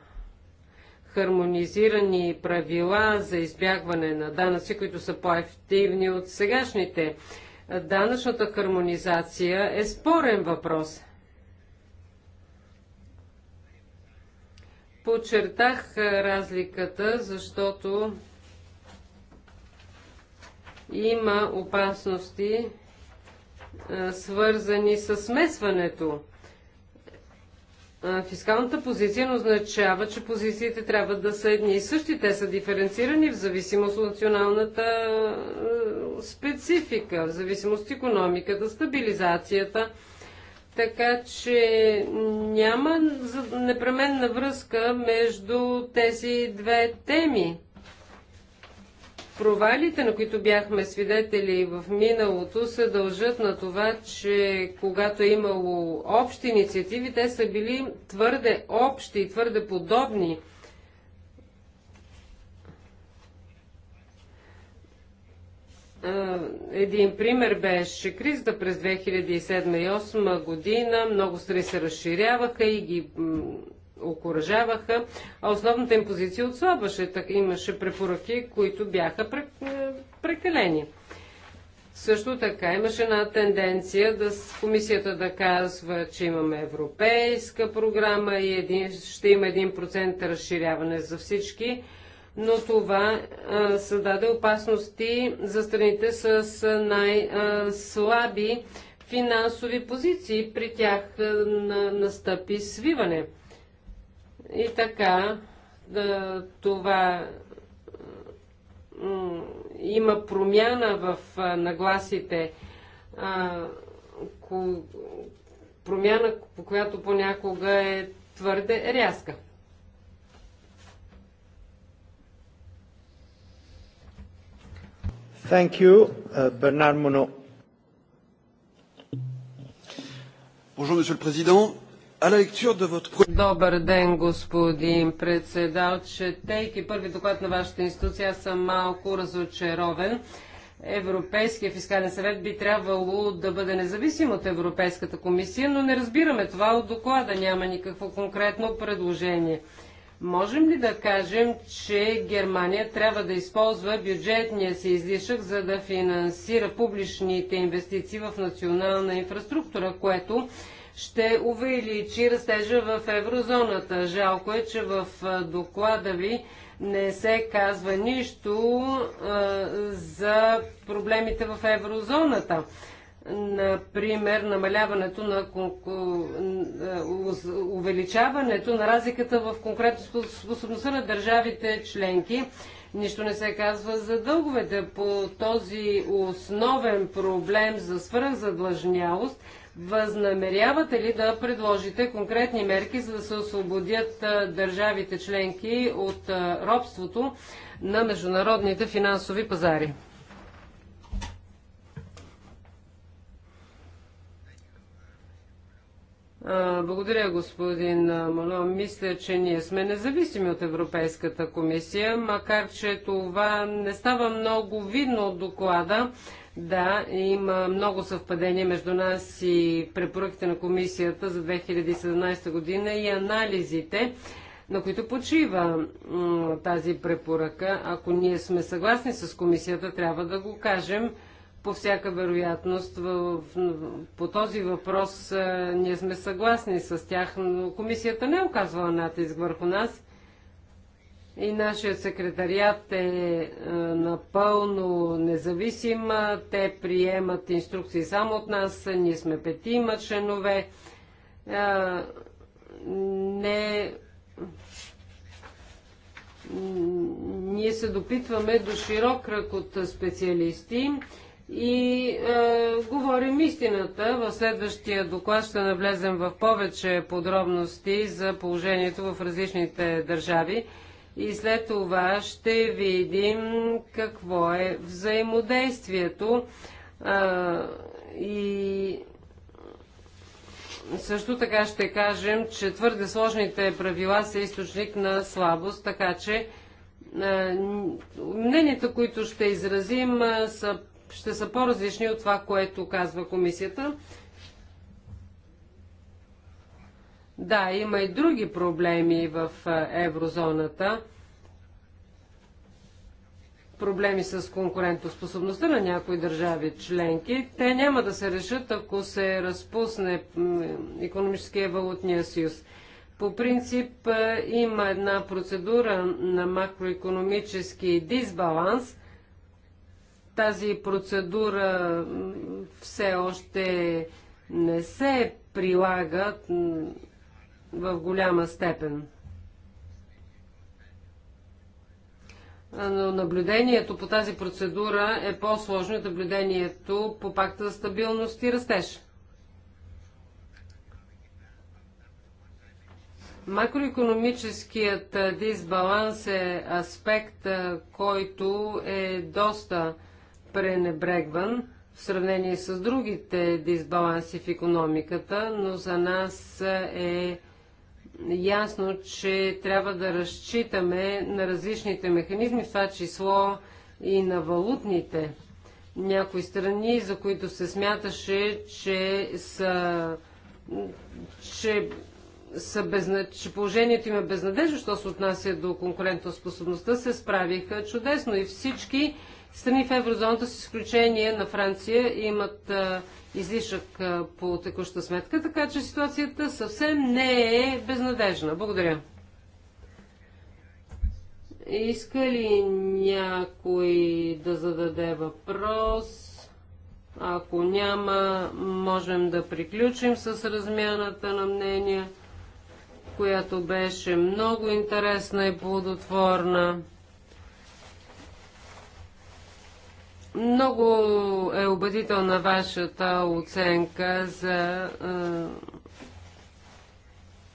хармонизирани правила за избягване на данъци, които са по-ефективни от сегашните. Данъчната хармонизация е спорен въпрос – Подчертах разликата, защото има опасности, свързани с смесването. Фискалната позиция не означава, че позициите трябва да са едни и същи. Те са диференцирани в зависимост от националната специфика, в зависимост от економиката, стабилизацията така че няма непременна връзка между тези две теми. Провалите, на които бяхме свидетели в миналото, се дължат на това, че когато е имало общи инициативи, те са били твърде общи и твърде подобни – един пример беше кризата през 2007 2008 година. Много страни се разширяваха и ги окоръжаваха, а основната им позиция отслабваше. Така имаше препоръки, които бяха е, прекалени. Също така имаше една тенденция да комисията да казва, че имаме европейска програма и един, ще има 1% разширяване за всички но това а, създаде опасности за страните с най-слаби финансови позиции. При тях а, на, настъпи свиване. И така, да, това има промяна в а, нагласите, ко, промяна, по която понякога е твърде рязка. Thank you. Uh, Bernard Monod. Bonjour, Monsieur le Président. Добър ден, господин председател. Четейки първи доклад на вашата институция, аз съм малко разочарован. Европейския фискален съвет би трябвало да бъде независим от Европейската комисия, но не разбираме това от доклада. Няма никакво конкретно предложение. Можем ли да кажем, че Германия трябва да използва бюджетния си излишък, за да финансира публичните инвестиции в национална инфраструктура, което ще увеличи растежа в еврозоната. Жалко е, че в доклада ви не се казва нищо а, за проблемите в еврозоната например, намаляването на увеличаването на разликата в конкретно способността на държавите членки. Нищо не се казва за дълговете. По този основен проблем за свръхзадлъжнялост, възнамерявате ли да предложите конкретни мерки, за да се освободят държавите членки от робството на международните финансови пазари? Благодаря, господин Мало. Мисля, че ние сме независими от Европейската комисия, макар че това не става много видно от доклада. Да, има много съвпадение между нас и препоръките на комисията за 2017 година и анализите, на които почива тази препоръка. Ако ние сме съгласни с комисията, трябва да го кажем – по всяка вероятност. В, по този въпрос а, ние сме съгласни с тях, но комисията не е оказвала натиск върху нас. И нашият секретариат е а, напълно независим. Те приемат инструкции само от нас. Ние сме петима членове. А, не ние се допитваме до широк кръг от специалисти и е, говорим истината. В следващия доклад ще навлезем в повече подробности за положението в различните държави и след това ще видим какво е взаимодействието е, и също така ще кажем, че твърде сложните правила са източник на слабост, така че е, мненията, които ще изразим, е, са ще са по-различни от това, което казва комисията. Да, има и други проблеми в еврозоната. Проблеми с конкурентоспособността на някои държави членки. Те няма да се решат, ако се разпусне економическия валутния съюз. По принцип има една процедура на макроекономически дисбаланс, тази процедура все още не се прилага в голяма степен. Но наблюдението по тази процедура е по-сложно от наблюдението по пакта за стабилност и растеж. Макроекономическият дисбаланс е аспект, който е доста пренебрегван в сравнение с другите дисбаланси в економиката, но за нас е ясно, че трябва да разчитаме на различните механизми, в това число и на валутните. Някои страни, за които се смяташе, че са че са безна... че положението им е безнадежно, що се отнася до конкурентоспособността, се справиха чудесно и всички Страни в еврозоната, с изключение на Франция, имат излишък по текуща сметка, така че ситуацията съвсем не е безнадежна. Благодаря. Иска ли някой да зададе въпрос? Ако няма, можем да приключим с размяната на мнения, която беше много интересна и плодотворна. Много е убедителна вашата оценка за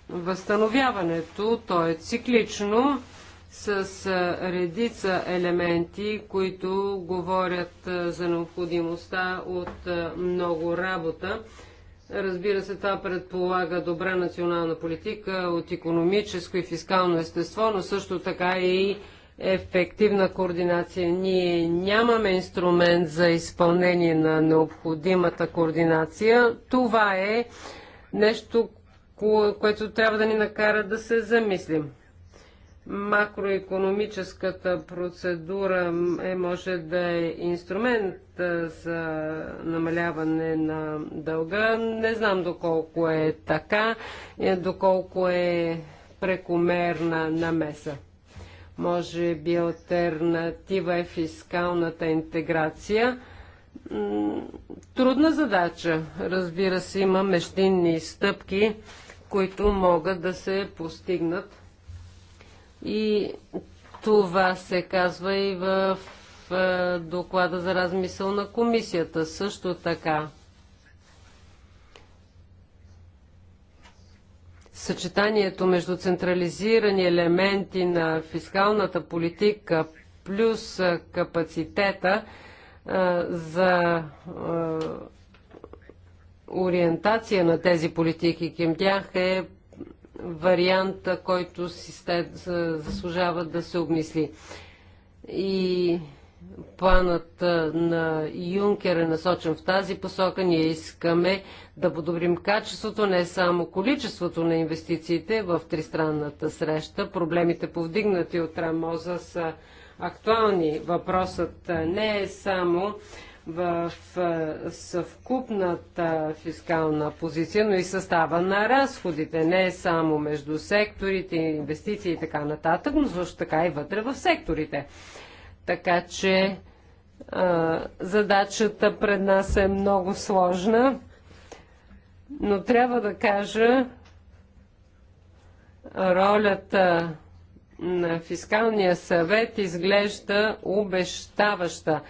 възстановяването. То е циклично с редица елементи, които говорят за необходимостта от много работа. Разбира се, това предполага добра национална политика от економическо и фискално естество, но също така и ефективна координация. Ние нямаме инструмент за изпълнение на необходимата координация. Това е нещо, което трябва да ни накара да се замислим. Макроекономическата процедура е, може да е инструмент за намаляване на дълга. Не знам доколко е така, доколко е прекомерна намеса. Може би альтернатива е фискалната интеграция. Трудна задача. Разбира се, има мещинни стъпки, които могат да се постигнат. И това се казва и в е, доклада за размисъл на комисията. Също така съчетанието между централизирани елементи на фискалната политика плюс капацитета за ориентация на тези политики към тях е вариант, който си заслужава да се обмисли. И Планът на Юнкер е насочен в тази посока. Ние искаме да подобрим качеството, не само количеството на инвестициите в тристранната среща. Проблемите повдигнати от Рамоза са актуални. Въпросът не е само в съвкупната фискална позиция, но и състава на разходите, не е само между секторите, инвестиции и така нататък, но също така и вътре в секторите. Така че а, задачата пред нас е много сложна, но трябва да кажа ролята на фискалния съвет изглежда обещаваща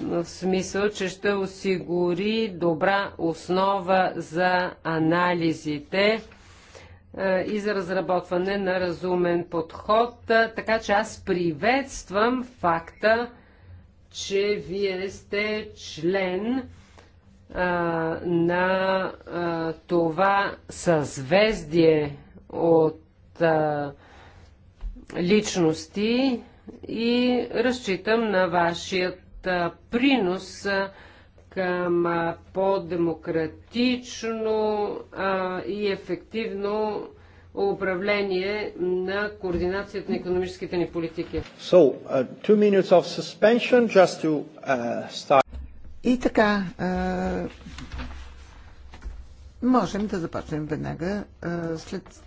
в смисъл, че ще осигури добра основа за анализите е, и за разработване на разумен подход. Е, така че аз приветствам факта, че вие сте член а, е, на а, това съзвездие от а, личности и разчитам на вашият а, принос. А, към по-демократично и ефективно управление на координацията на економическите ни политики. So, uh, to, uh, start... И така, uh, можем да започнем веднага след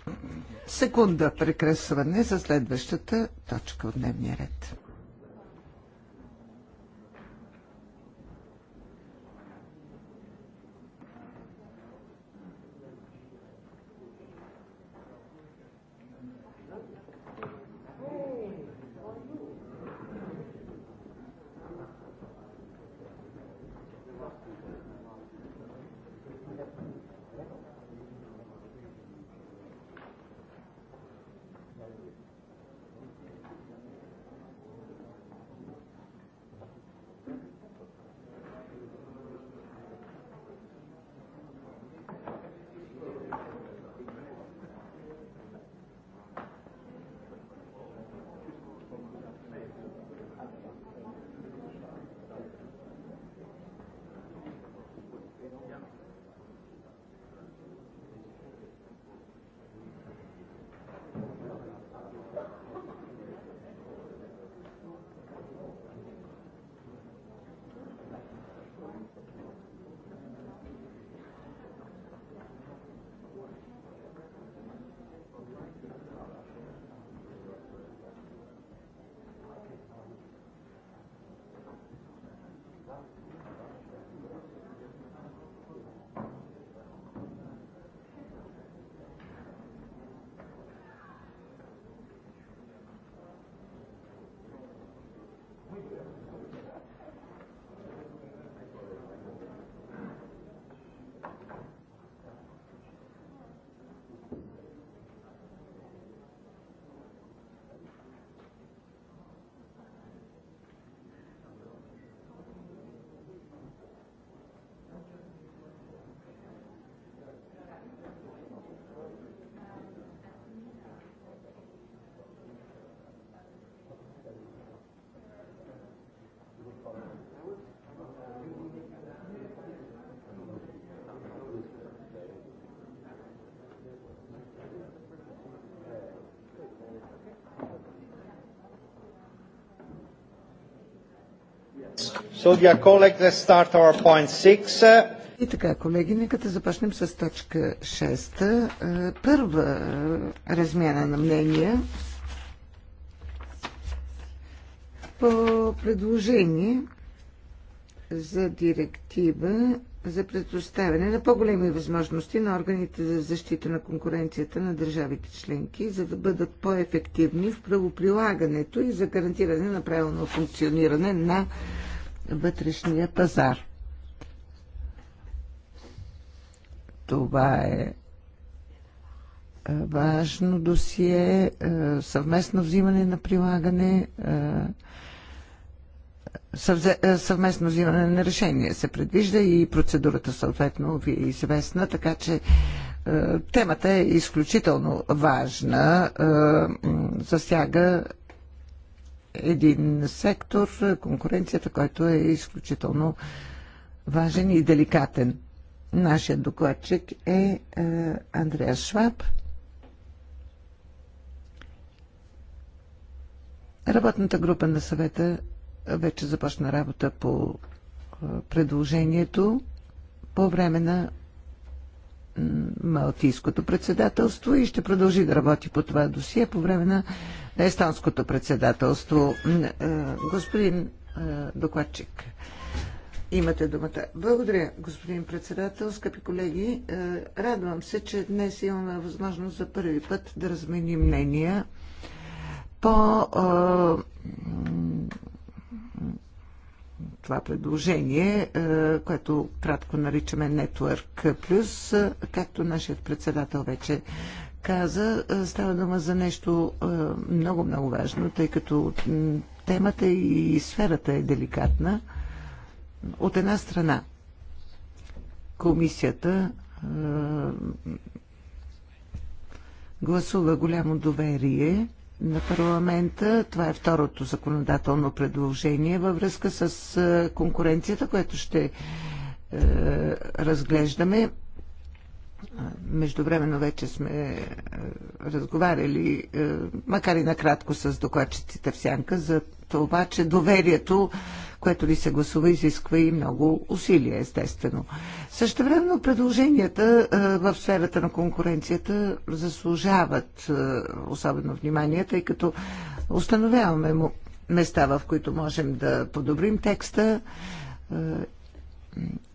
секунда прекрасване за следващата точка от дневния ред. И така, колеги, нека да започнем с точка 6. Е, първа размяна на мнения по предложение за директива за предоставяне на по-големи възможности на органите за защита на конкуренцията на държавите членки, за да бъдат по-ефективни в правоприлагането и за гарантиране на правилно функциониране на вътрешния пазар. Това е, е важно досие, е, съвместно взимане на прилагане, е, съвместно взимане на решение се предвижда и процедурата съответно ви е известна, така че темата е изключително важна, засяга един сектор, конкуренцията, който е изключително важен и деликатен. Нашият докладчик е, е Андреас Шваб. Работната група на съвета вече започна работа по е, предложението по време на Малтийското председателство и ще продължи да работи по това досие по време на на естонското председателство. Е, господин е, докладчик, имате думата. Благодаря, господин председател, скъпи колеги. Е, радвам се, че днес имаме възможност за първи път да разменим мнения по това предложение, което кратко наричаме Network Plus, както нашият председател вече каза, е, става дума за нещо много-много е, важно, тъй като темата и сферата е деликатна. От една страна, комисията е, гласува голямо доверие на парламента. Това е второто законодателно предложение във връзка с конкуренцията, което ще разглеждаме. Междувременно вече сме е, разговаряли, е, макар и накратко с докладчиците в сянка, за това, че доверието, което ви се гласува, изисква и много усилия, естествено. Също времено предложенията е, в сферата на конкуренцията заслужават особено внимание, тъй като установяваме места, в които можем да подобрим текста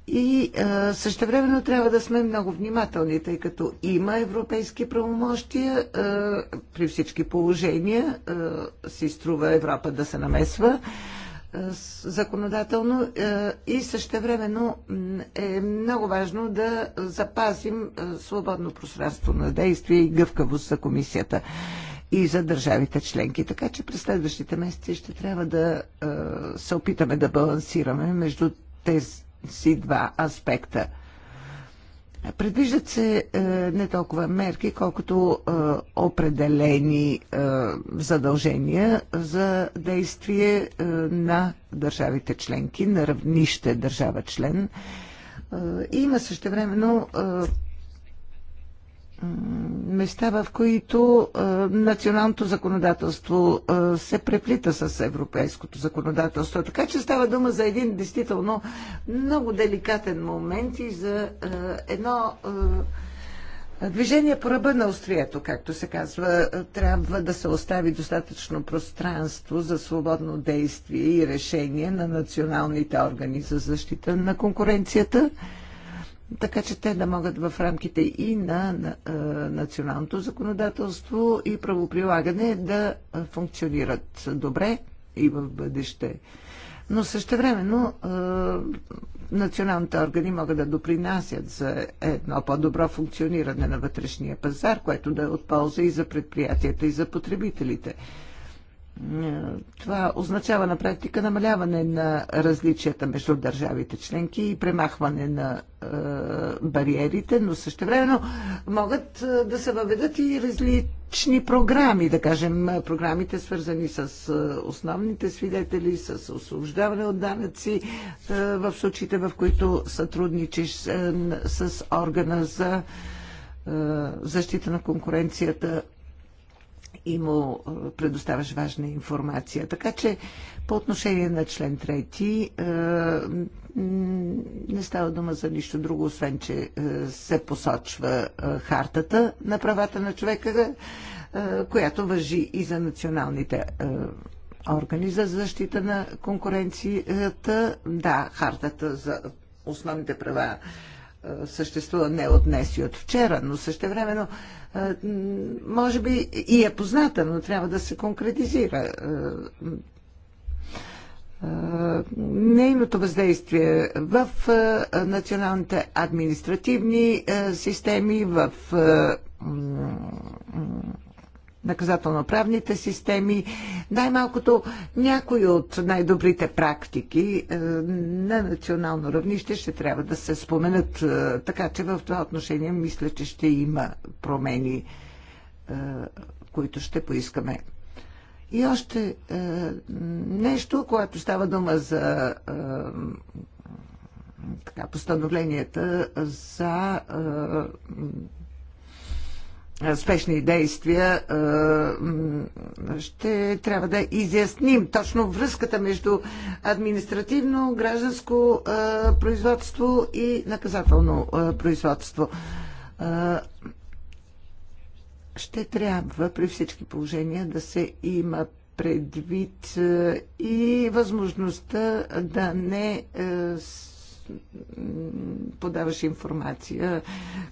и а, същевременно трябва да сме много внимателни, тъй като има европейски правомощия. А, при всички положения а, си струва Европа да се намесва а, законодателно а, и същевременно е много важно да запазим а, свободно пространство на действие и гъвкавост за комисията и за държавите членки. Така че през следващите месеци ще трябва да а, се опитаме да балансираме между тези си два аспекта. Предвиждат се е, не толкова мерки, колкото е, определени е, задължения за действие на държавите членки, на равнище държава член. има същевременно времено места, в които а, националното законодателство а, се преплита с европейското законодателство. Така че става дума за един действително много деликатен момент и за а, едно движение по ръба на острието, както се казва. Трябва да се остави достатъчно пространство за свободно действие и решение на националните органи за защита на конкуренцията така че те да могат в рамките и на, на националното законодателство и правоприлагане да функционират добре и в бъдеще. Но същевременно е, националните органи могат да допринасят за едно по-добро функциониране на вътрешния пазар, което да е от полза и за предприятията, и за потребителите. Е, това означава на практика намаляване на различията между държавите членки и премахване на е, бариерите, но времено могат е, да се въведат и различни програми, да кажем програмите свързани с е, основните свидетели, с освобождаване от данъци, е, в случаите в които сътрудничиш е, с органа за е, защита на конкуренцията и му предоставяш важна информация. Така че по отношение на член 3 не става дума за нищо друго, освен че се посочва хартата на правата на човека, която въжи и за националните органи за защита на конкуренцията. Да, хартата за основните права съществува не от днес и от вчера, но същевременно е, може би и е позната, но трябва да се конкретизира. Е, е, нейното въздействие в националните административни системи, в наказателно-правните системи, най-малкото някои от най-добрите практики е, на национално равнище ще трябва да се споменат. Е, така че в това отношение мисля, че ще има промени, е, които ще поискаме. И още е, нещо, което става дума за е, така, постановленията за е, е, спешни действия, е, ще трябва да изясним точно връзката между административно, гражданско е, производство и наказателно производство. Ще трябва при всички положения да се има предвид и възможността да не подаваш информация,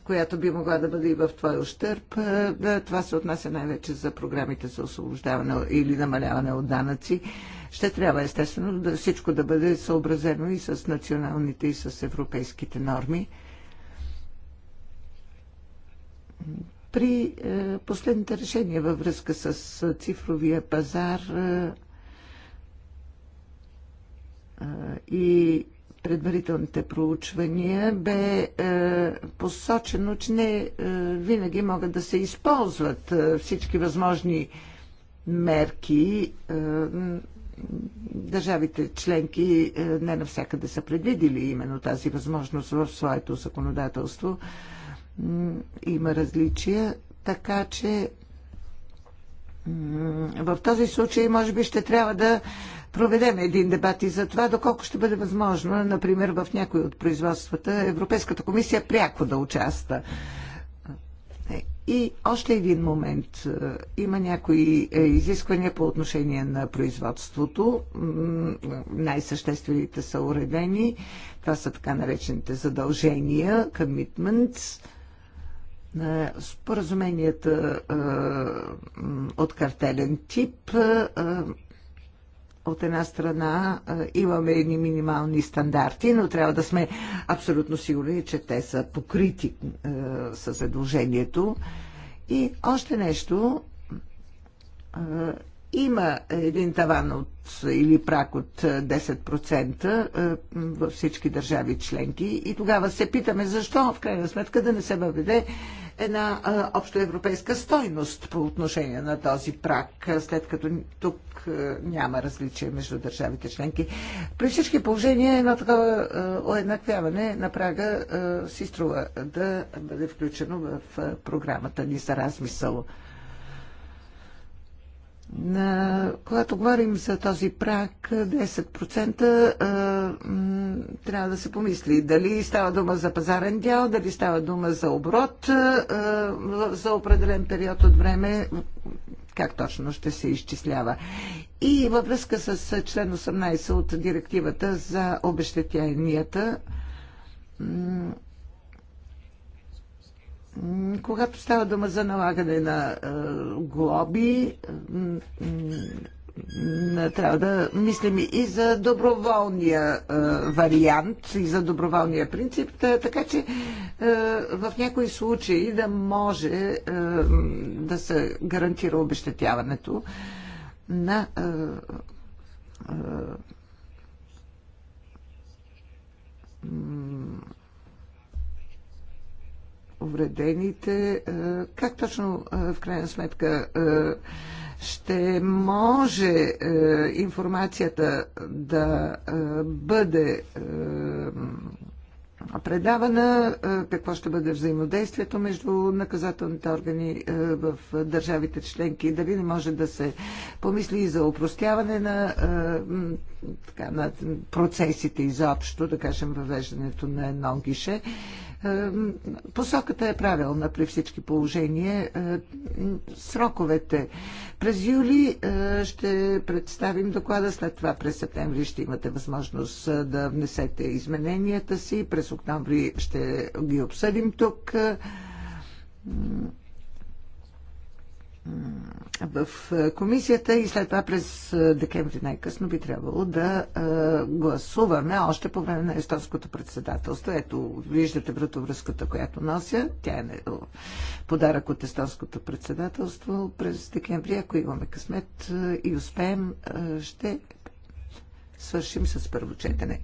която би могла да бъде и в твой ущърп. Да, това се отнася най-вече за програмите за освобождаване или намаляване от данъци. Ще трябва естествено да всичко да бъде съобразено и с националните и с европейските норми. При е, последните решения във връзка с е, цифровия пазар е, и предварителните проучвания бе е, посочено, че не е, винаги могат да се използват е, всички възможни мерки. Е, държавите членки е, не навсякъде са предвидили именно тази възможност в своето законодателство. Има различия, така че в този случай може би ще трябва да проведем един дебат и за това, доколко ще бъде възможно, например, в някои от производствата Европейската комисия пряко да участва. Е, и още един момент. Е, има някои е, изисквания по отношение на производството. Най-съществените са уредени. Това са така наречените задължения, commitments. споразуменията от картелен тип от една страна имаме едни минимални стандарти, но трябва да сме абсолютно сигурни, че те са покрити със задължението. И още нещо, има един таван от, или прак от 10% е, е, във всички държави членки и тогава се питаме защо в крайна сметка да не се въведе една е, общоевропейска стойност по отношение на този прак, след като тук няма различие между държавите членки. При всички положения едно такова уеднаквяване на прага си струва да бъде включено в програмата ни за размисъл. На, когато говорим за този прак 10%, трябва да се помисли дали става дума за пазарен дял, дали става дума за оборот за определен период от време, как точно ще се изчислява. И във връзка с член 18 от директивата за обещетенията, когато става дума за налагане на е, глоби, трябва да мислим и за доброволния е, вариант, и за доброволния принцип, така че е, в някои случаи да може да се гарантира обещетяването на увредените, е, как точно е, в крайна сметка е, ще може информацията да бъде предавана, какво ще бъде взаимодействието между наказателните органи в държавите членки, дали не може да се помисли и за упростяване на, така, на процесите изобщо, да кажем, въвеждането на едно гише. Е, посоката е правилна при всички положения. Е, сроковете. През юли е, ще представим доклада, след това през септември ще имате възможност да внесете измененията си, през октомври ще ги обсъдим тук в е, комисията и след това през е, декември най-късно би трябвало да е, гласуваме още по време на естонското председателство. Ето, виждате вратовръзката, която нося. Тя е подарък от естонското председателство през декември. Ако имаме късмет и успеем, ще свършим с първо четене.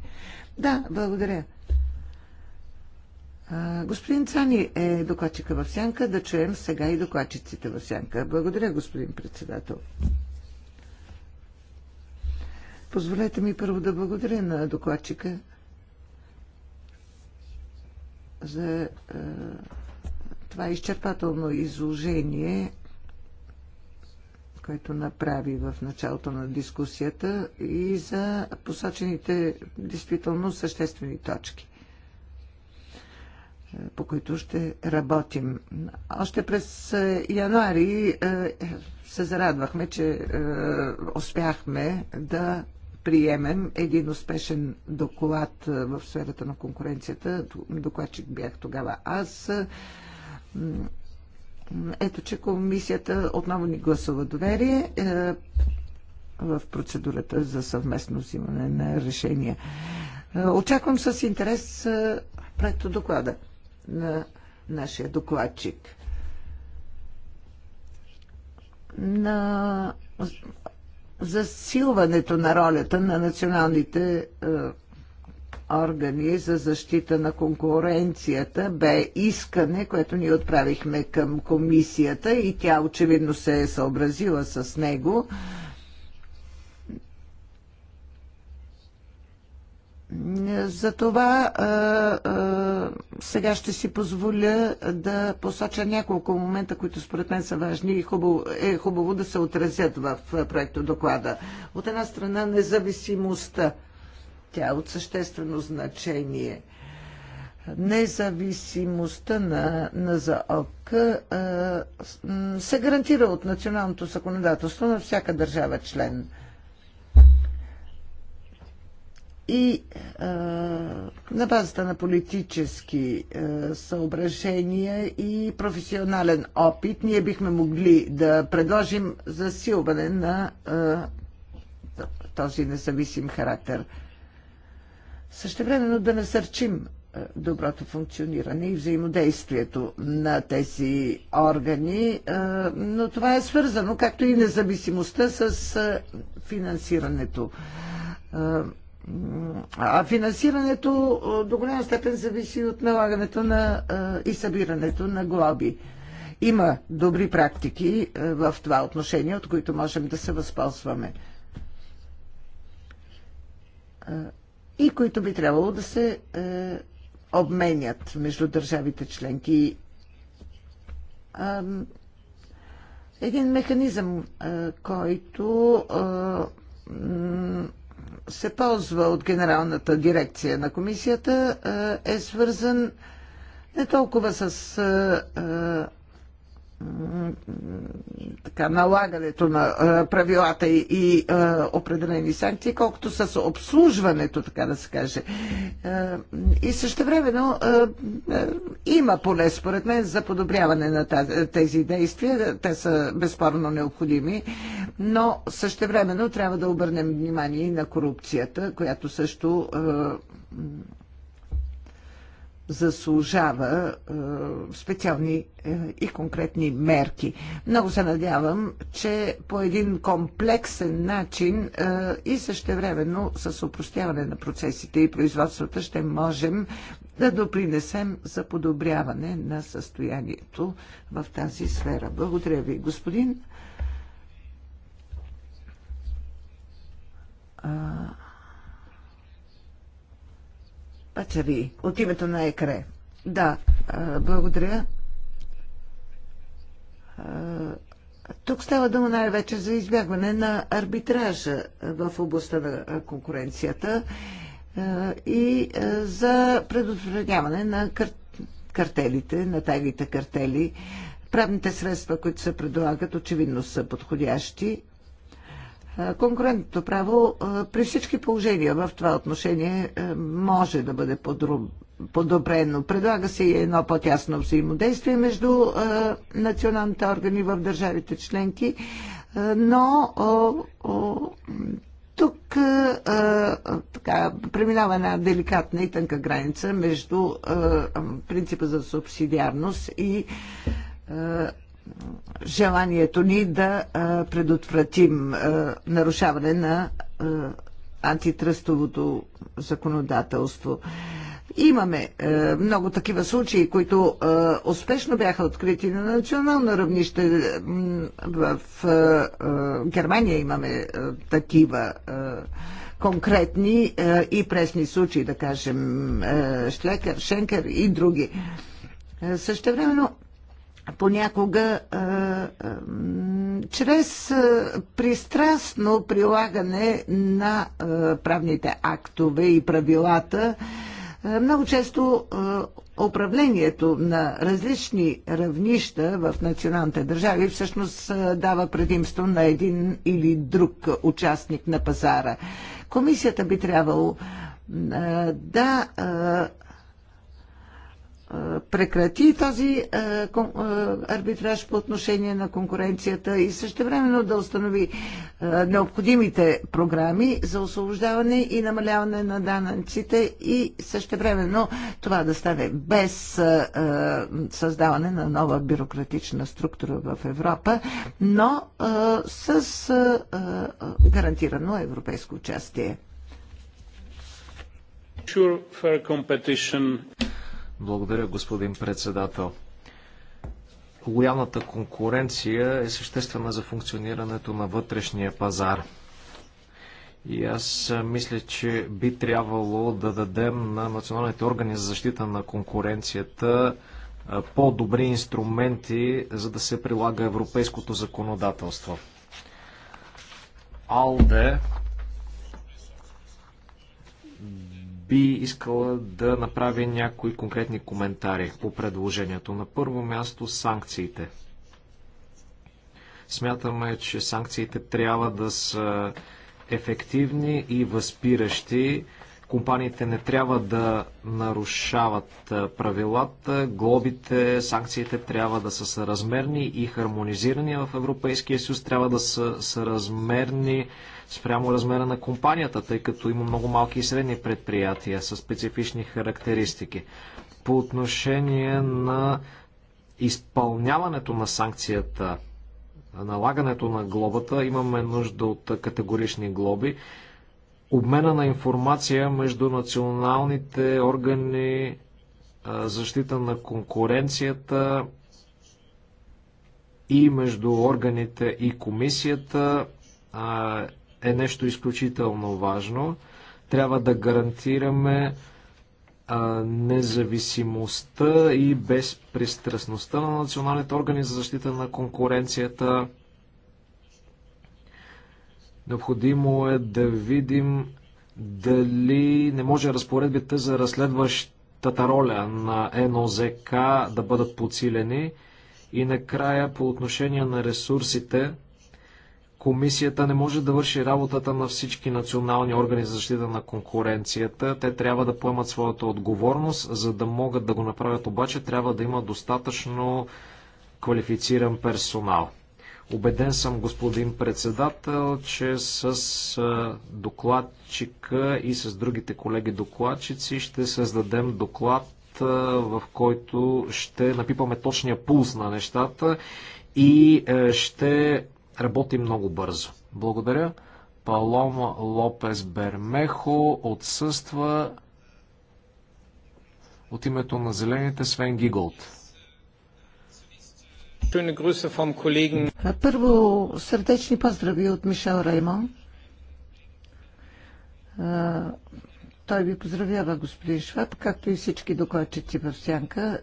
Да, благодаря. Господин Цани е докладчика в сянка. Да чуем сега и докладчиците в сянка. Благодаря, господин председател. Позволете ми първо да благодаря на докладчика за е, това изчерпателно изложение, което направи в началото на дискусията и за посочените действително съществени точки по които ще работим. Още през е, януари е, се зарадвахме, че е, успяхме да приемем един успешен доклад в сферата на конкуренцията. Докладчик бях тогава аз. Ето, че комисията отново ни гласува доверие в процедурата за съвместно взимане на решения. Очаквам с интерес проекто доклада на нашия докладчик. На засилването на ролята на националните е, органи за защита на конкуренцията бе искане, което ние отправихме към комисията и тя очевидно се е съобразила с него. Затова е, е, сега ще си позволя да посоча няколко момента, които според мен са важни и хубаво, е хубаво да се отразят в проекто доклада. От една страна независимостта. Тя е от съществено значение. Независимостта на, на ЗАОК се гарантира от националното законодателство на всяка държава член и а, на базата на политически а, съображения и професионален опит ние бихме могли да предложим засилване на а, този независим характер. Същевременно да насърчим доброто функциониране и взаимодействието на тези органи, но това е свързано, както и независимостта с финансирането. А финансирането до голяма степен зависи от налагането на и събирането на глоби. Има добри практики в това отношение, от които можем да се възползваме. И които би трябвало да се обменят между държавите членки. Един механизъм, който се ползва от Генералната дирекция на комисията, е свързан не толкова с е, е, така, налагането на правилата и, и определени санкции, колкото с обслужването, така да се каже. И също времено има поле, според мен, за подобряване на тези действия. Те са безспорно необходими, но също времено трябва да обърнем внимание и на корупцията, която също заслужава е, специални е, и конкретни мерки. Много се надявам, че по един комплексен начин е, и същевременно с упростяване на процесите и производствата ще можем да допринесем за подобряване на състоянието в тази сфера. Благодаря ви, господин ви от името на Екре. Да, благодаря. Тук става дума най-вече за избягване на арбитража в областта на конкуренцията и за предотвратяване на кар... картелите, на тайните картели. Правните средства, които се предлагат, очевидно са подходящи. Конкурентното право при всички положения в това отношение е, може да бъде подобрено. Предлага се и едно по-тясно взаимодействие между националните органи в държавите членки, но тук така, преминава една деликатна и тънка граница между принципа за субсидиарност и желанието ни да предотвратим нарушаване на антитръстовото законодателство. Имаме много такива случаи, които успешно бяха открити на национално равнище. В Германия имаме такива конкретни е, и пресни случаи, да кажем, е, Шлекер, Шенкер и други. Е, същевременно времено понякога а, а, чрез а, пристрастно прилагане на а, правните актове и правилата, а, много често а, управлението на различни равнища в националните държави всъщност дава предимство на един или друг участник на пазара. Комисията би трябвало да прекрати този арбитраж по отношение на конкуренцията и същевременно да установи необходимите програми за освобождаване и намаляване на данъците и същевременно това да стане без създаване на нова бюрократична структура в Европа, но с гарантирано европейско участие. Sure, fair competition благодаря, господин председател. Лоялната конкуренция е съществена за функционирането на вътрешния пазар. И аз мисля, че би трябвало да дадем на националните органи за защита на конкуренцията по-добри инструменти, за да се прилага европейското законодателство. АЛДЕ би искала да направи някои конкретни коментари по предложението. На първо място санкциите. Смятаме, че санкциите трябва да са ефективни и възпиращи. Компаниите не трябва да нарушават правилата, глобите, санкциите трябва да са съразмерни и хармонизирани в Европейския съюз, трябва да са съразмерни спрямо размера на компанията, тъй като има много малки и средни предприятия с специфични характеристики. По отношение на изпълняването на санкцията, налагането на глобата, имаме нужда от категорични глоби. Обмена на информация между националните органи, защита на конкуренцията и между органите и комисията е нещо изключително важно. Трябва да гарантираме независимостта и безпристрастността на националните органи за защита на конкуренцията. Необходимо е да видим дали не може разпоредбите за разследващата роля на НОЗК да бъдат подсилени. И накрая по отношение на ресурсите, Комисията не може да върши работата на всички национални органи за защита на конкуренцията. Те трябва да поемат своята отговорност. За да могат да го направят обаче, трябва да има достатъчно квалифициран персонал. Обеден съм, господин председател, че с докладчика и с другите колеги докладчици ще създадем доклад, в който ще напипаме точния пулс на нещата и е, ще работи много бързо. Благодаря. Палома Лопес Бермехо отсъства от името на зелените Свен Гиголт. Първо сърдечни поздрави от Мишел Реймон той ви поздравява, господин Шваб, както и всички докладчици в Сянка.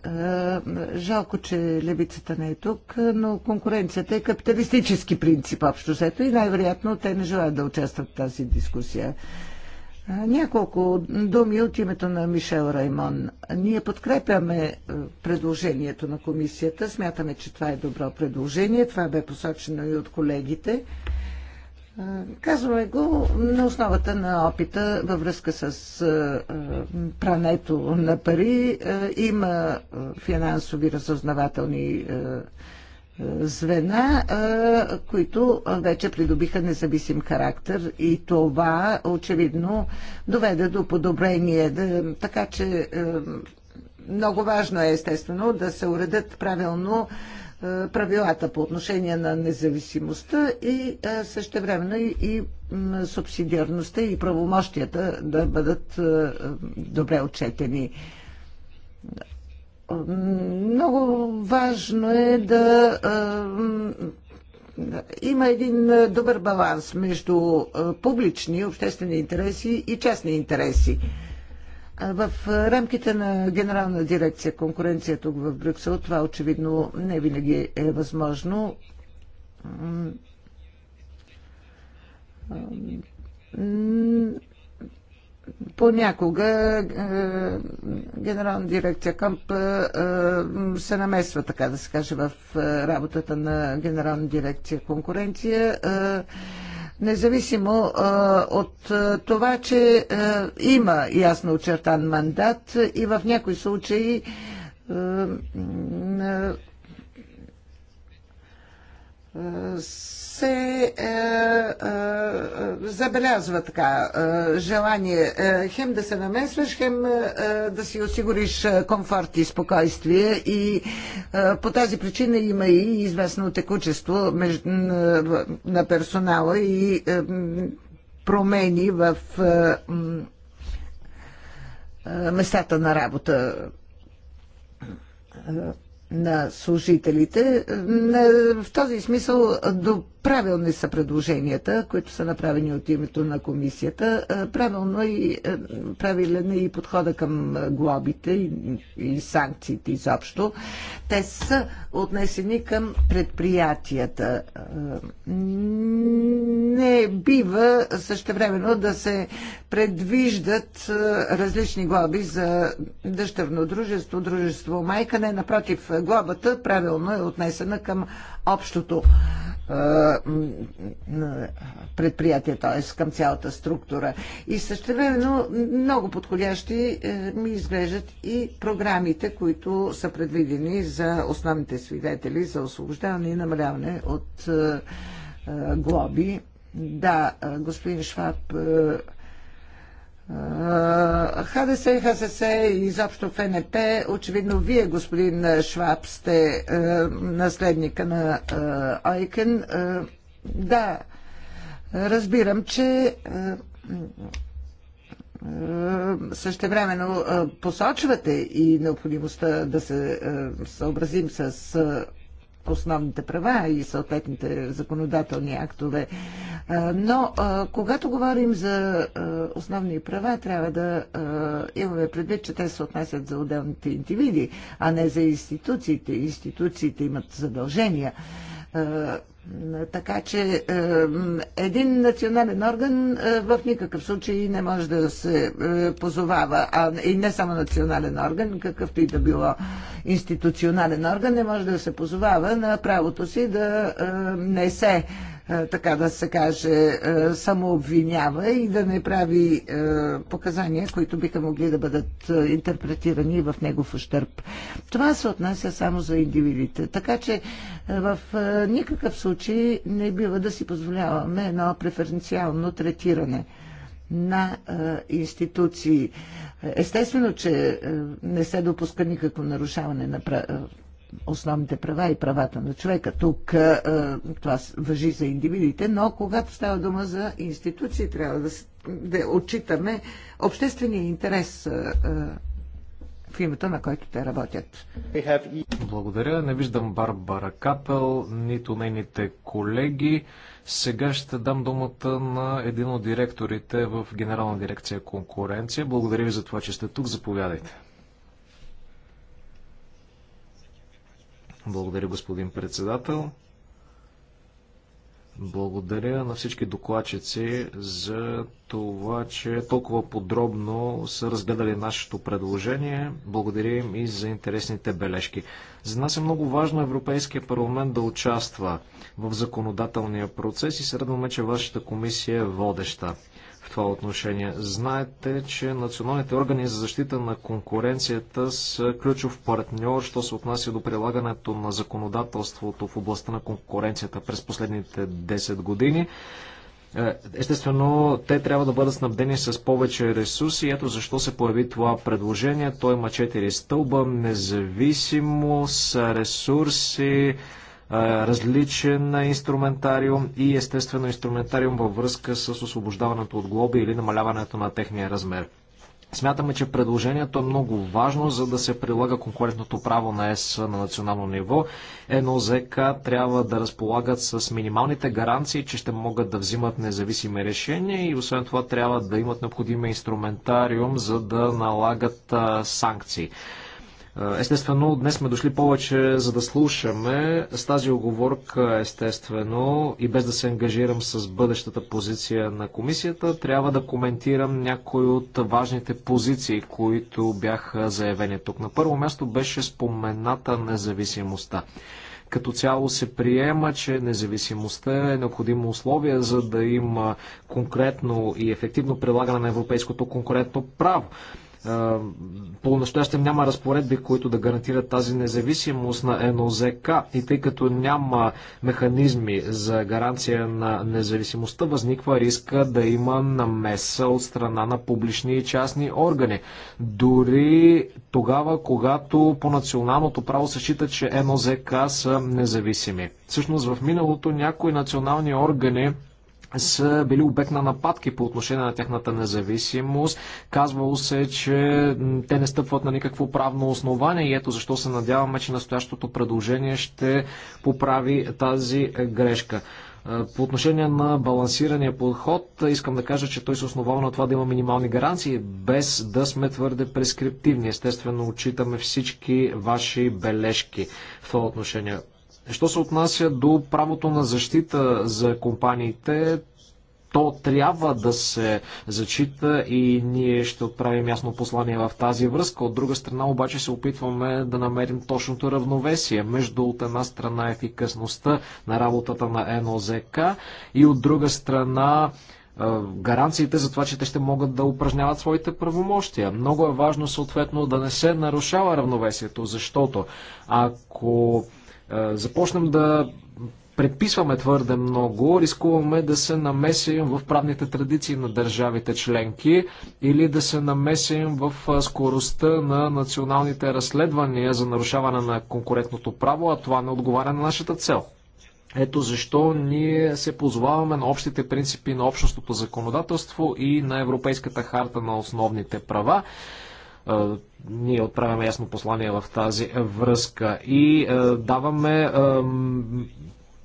Е, жалко, че левицата не е тук, но конкуренцията е капиталистически принцип, общо взето, и най-вероятно те не желаят да участват в тази дискусия. Е, няколко думи от името на Мишел Раймон. Ние подкрепяме е, предложението на комисията. Смятаме, че това е добро предложение. Това бе посочено и от колегите. Казваме го на основата на опита във връзка с прането на пари. Има финансови разузнавателни звена, които вече придобиха независим характер и това очевидно доведе до подобрение. Така че много важно е естествено да се уредят правилно е, правилата по отношение на независимостта и е, също време и субсидиарността и правомощията да бъдат е, добре отчетени. Много важно е да има един добър баланс между публични обществени интереси и частни интереси. В рамките на Генерална дирекция конкуренция тук в Брюксел това очевидно не винаги е възможно. Понякога Генерална дирекция Къмп се намесва, така да се каже, в работата на Генерална дирекция конкуренция независимо а, от а, това, че а, има ясно очертан мандат и в някои случаи а, се е, е, забелязва така е, желание е, хем да се намесваш, хем е, да си осигуриш е, комфорт и спокойствие и е, по тази причина има и известно текучество между, на, на персонала и е, промени в е, е, местата на работа. Е, на служителите. Е, в този смисъл до правилни са предложенията, които са направени от името на комисията. Е, правилно и е, правилен е и подхода към глобите и, и санкциите изобщо. Те са отнесени към предприятията не бива същевременно да се предвиждат е, различни глоби за дъщерно дружество, дружество майка. Не, напротив, глобата правилно е отнесена към общото е, предприятие, т.е. към цялата структура. И същевременно много подходящи е, ми изглеждат и програмите, които са предвидени за основните свидетели за освобождаване и намаляване от глоби да, господин Шваб, ХДС, ХСС и изобщо ФНП, очевидно вие, господин Шваб, сте наследника на Айкен. Да, разбирам, че същевременно посочвате и необходимостта да се съобразим с основните права и съответните законодателни актове. Но когато говорим за основни права, трябва да имаме предвид, че те се отнасят за отделните индивиди, а не за институциите. Институциите имат задължения така че един национален орган е, в никакъв случай не може да се е, позовава, а и не само национален орган, какъвто и да било институционален орган, не може да се позовава на правото си да е, не се е, така да се каже, е, самообвинява и да не прави е, показания, които биха могли да бъдат интерпретирани в негов ущърп. Това се отнася само за индивидите. Така че в никакъв случай не бива да си позволяваме едно преференциално третиране на институции. Естествено, че не се допуска никакво нарушаване на основните права и правата на човека. Тук е, е, това въжи за индивидите, но когато става дума за институции, трябва да, да отчитаме обществения интерес е, в името на който те работят. E- Благодаря. Не виждам Барбара Капел, нито нейните колеги. Сега ще дам думата на един от директорите в Генерална дирекция конкуренция. Благодаря ви за това, че сте тук. Заповядайте. Благодаря, господин председател. Благодаря на всички докладчици за това, че толкова подробно са разгледали нашето предложение. Благодаря им и за интересните бележки. За нас е много важно Европейския парламент да участва в законодателния процес и се радваме, че вашата комисия е водеща това отношение. Знаете, че националните органи за защита на конкуренцията са ключов партньор, що се отнася до прилагането на законодателството в областта на конкуренцията през последните 10 години. Е, естествено, те трябва да бъдат снабдени с повече ресурси. Ето защо се появи това предложение. Той има 4 стълба. Независимост, ресурси, различен инструментариум и естествено инструментариум във връзка с освобождаването от глоби или намаляването на техния размер. Смятаме, че предложението е много важно, за да се прилага конкурентното право на ЕС на национално ниво. НОЗК трябва да разполагат с минималните гаранции, че ще могат да взимат независими решения и освен това трябва да имат необходимия инструментариум, за да налагат санкции. Е, естествено, днес сме дошли повече за да слушаме с тази оговорка, естествено, и без да се ангажирам с бъдещата позиция на комисията, трябва да коментирам някои от важните позиции, които бяха заявени тук. На първо място беше спомената независимостта. Като цяло се приема, че независимостта е необходимо условие, за да има конкретно и ефективно прилагане на европейското конкурентно право. По-настоящем няма разпоредби, които да гарантират тази независимост на НОЗК и тъй като няма механизми за гаранция на независимостта, възниква риска да има намеса от страна на публични и частни органи. Дори тогава, когато по националното право се счита, че НОЗК са независими. Всъщност в миналото някои национални органи са били обект на нападки по отношение на тяхната независимост. Казвало се, че те не стъпват на никакво правно основание и ето защо се надяваме, че настоящото предложение ще поправи тази грешка. По отношение на балансирания подход, искам да кажа, че той се основава на това да има минимални гаранции, без да сме твърде прескриптивни. Естествено, отчитаме всички ваши бележки в това отношение. Що се отнася до правото на защита за компаниите, то трябва да се зачита и ние ще отправим ясно послание в тази връзка. От друга страна обаче се опитваме да намерим точното равновесие между от една страна ефикасността на работата на НОЗК и от друга страна гаранциите за това, че те ще могат да упражняват своите правомощия. Много е важно съответно да не се нарушава равновесието, защото ако е, започнем да предписваме твърде много, рискуваме да се намесим в правните традиции на държавите членки или да се намесим в е, скоростта на националните разследвания за нарушаване на конкурентното право, а това не отговаря на нашата цел. Ето защо ние се позоваваме на общите принципи на общностното законодателство и на Европейската харта на основните права ние отправяме ясно послание в тази връзка и даваме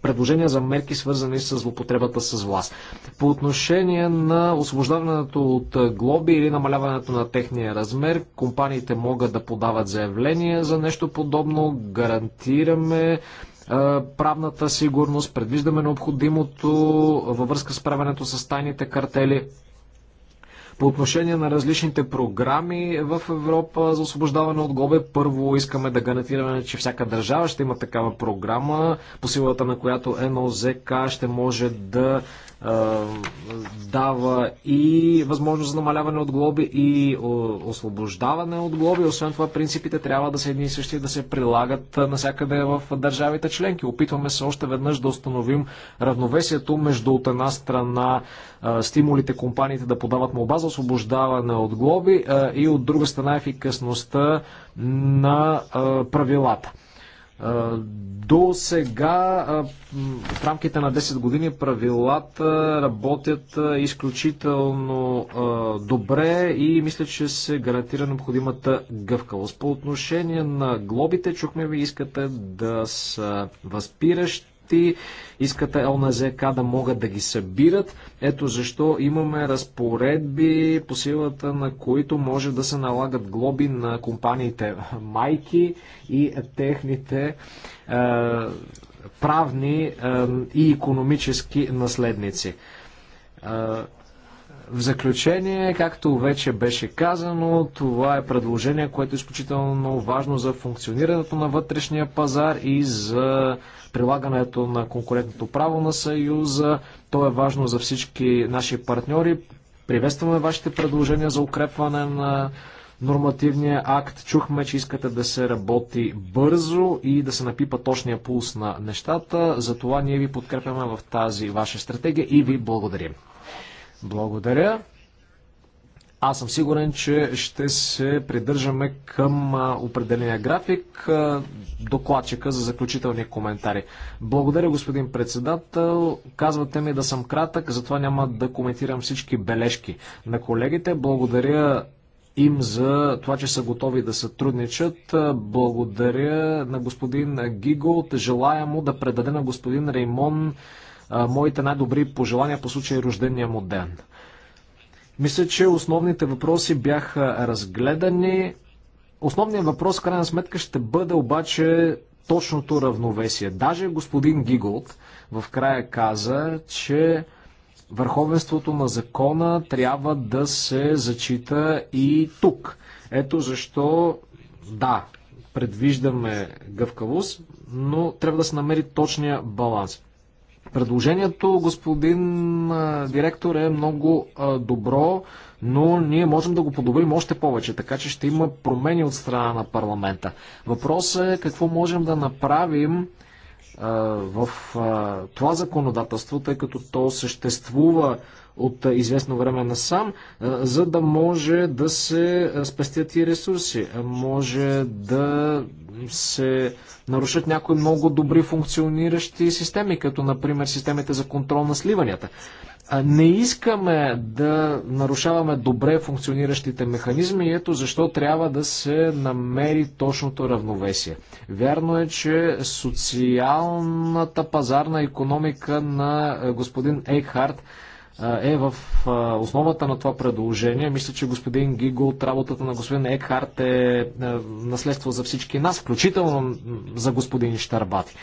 предложения за мерки, свързани с злопотребата с власт. По отношение на освобождаването от глоби или намаляването на техния размер, компаниите могат да подават заявления за нещо подобно, гарантираме правната сигурност, предвиждаме необходимото във връзка с правенето с тайните картели. По отношение на различните програми в Европа за освобождаване от глоби, първо искаме да гарантираме, че всяка държава ще има такава програма, по силата на която НОЗК ще може да дава и възможност за намаляване от глоби и освобождаване от глоби. Освен това, принципите трябва да са едни и същи да се прилагат насякъде в държавите членки. Опитваме се още веднъж да установим равновесието между от една страна стимулите компаниите да подават молба за освобождаване от глоби и от друга страна ефикасността на правилата. До сега, в рамките на 10 години, правилата работят изключително добре и мисля, че се гарантира необходимата гъвкавост. По отношение на глобите, чухме ви, искате да са възпиращи продукти, искате ЛНЗК да могат да ги събират. Ето защо имаме разпоредби, по силата на които може да се налагат глоби на компаниите майки и техните е, правни е, и економически наследници. Е, в заключение, както вече беше казано, това е предложение, което е изключително важно за функционирането на вътрешния пазар и за прилагането на конкурентното право на Съюза. То е важно за всички наши партньори. Приветстваме вашите предложения за укрепване на нормативния акт. Чухме, че искате да се работи бързо и да се напипа точния пулс на нещата. Затова ние ви подкрепяме в тази ваша стратегия и ви благодарим. Благодаря. Аз съм сигурен, че ще се придържаме към определения график, докладчика за заключителни коментари. Благодаря, господин председател. Казвате ми да съм кратък, затова няма да коментирам всички бележки на колегите. Благодаря им за това, че са готови да сътрудничат. Благодаря на господин Гигол. Желая му да предаде на господин Реймон моите най-добри пожелания по случай рождения му ден. Мисля, че основните въпроси бяха разгледани. Основният въпрос, в крайна сметка, ще бъде обаче точното равновесие. Даже господин Гиголт в края каза, че върховенството на закона трябва да се зачита и тук. Ето защо, да, предвиждаме гъвкавост, но трябва да се намери точния баланс. Предложението, господин директор, е много добро, но ние можем да го подобрим още повече, така че ще има промени от страна на парламента. Въпросът е какво можем да направим в това законодателство, тъй като то съществува от известно време насам, за да може да се спестят и ресурси. Може да се нарушат някои много добри функциониращи системи, като например системите за контрол на сливанията. Не искаме да нарушаваме добре функциониращите механизми, ето защо трябва да се намери точното равновесие. Вярно е, че социалната пазарна економика на господин Ейхарт е в основата на това предложение. Мисля, че господин Гигол, работата на господин Екхарт е, е наследство за всички нас, включително за господин Штарбати.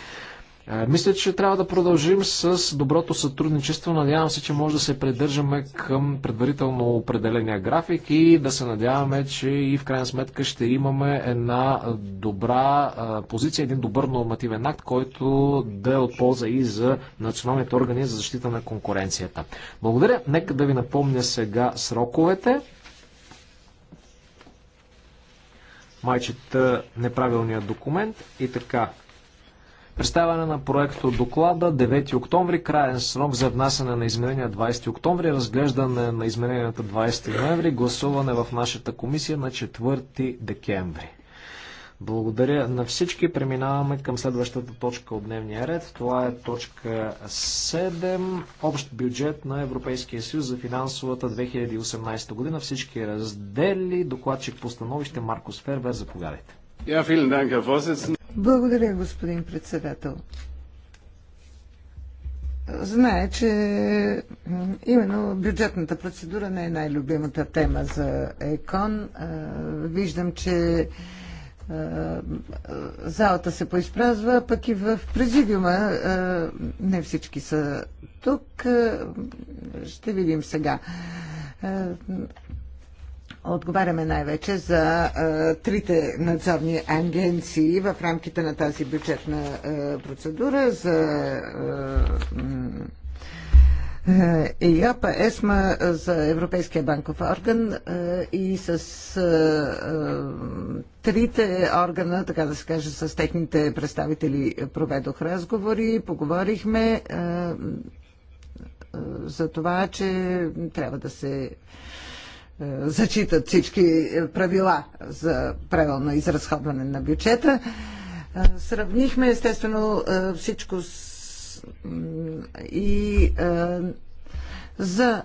Мисля, че трябва да продължим с доброто сътрудничество. Надявам се, че може да се придържаме към предварително определения график и да се надяваме, че и в крайна сметка ще имаме една добра позиция, един добър нормативен акт, който да е от полза и за националните органи за защита на конкуренцията. Благодаря. Нека да ви напомня сега сроковете. Майчета неправилният документ и така. Представяне на проекто доклада 9 октомври, краен срок за внасяне на изменения 20 октомври, разглеждане на измененията 20 ноември, гласуване в нашата комисия на 4 декември. Благодаря на всички. Преминаваме към следващата точка от дневния ред. Това е точка 7. Общ бюджет на Европейския съюз за финансовата 2018 година. Всички раздели. Докладчик по становище Маркос Фербер. Заповядайте. Благодаря, господин председател. Знае, че именно бюджетната процедура не е най-любимата тема за ЕКОН. Виждам, че залата се поизпразва, пък и в президиума не всички са тук. Ще видим сега. Отговаряме най-вече за а, трите надзорни агенции в рамките на тази бюджетна а, процедура за ЕИАПА, ЕСМА за Европейския банков орган а, и с а, трите органа, така да се каже, с техните представители проведох разговори, поговорихме а, за това, че трябва да се зачитат всички правила за правилно изразходване на бюджета. Сравнихме естествено всичко с, и за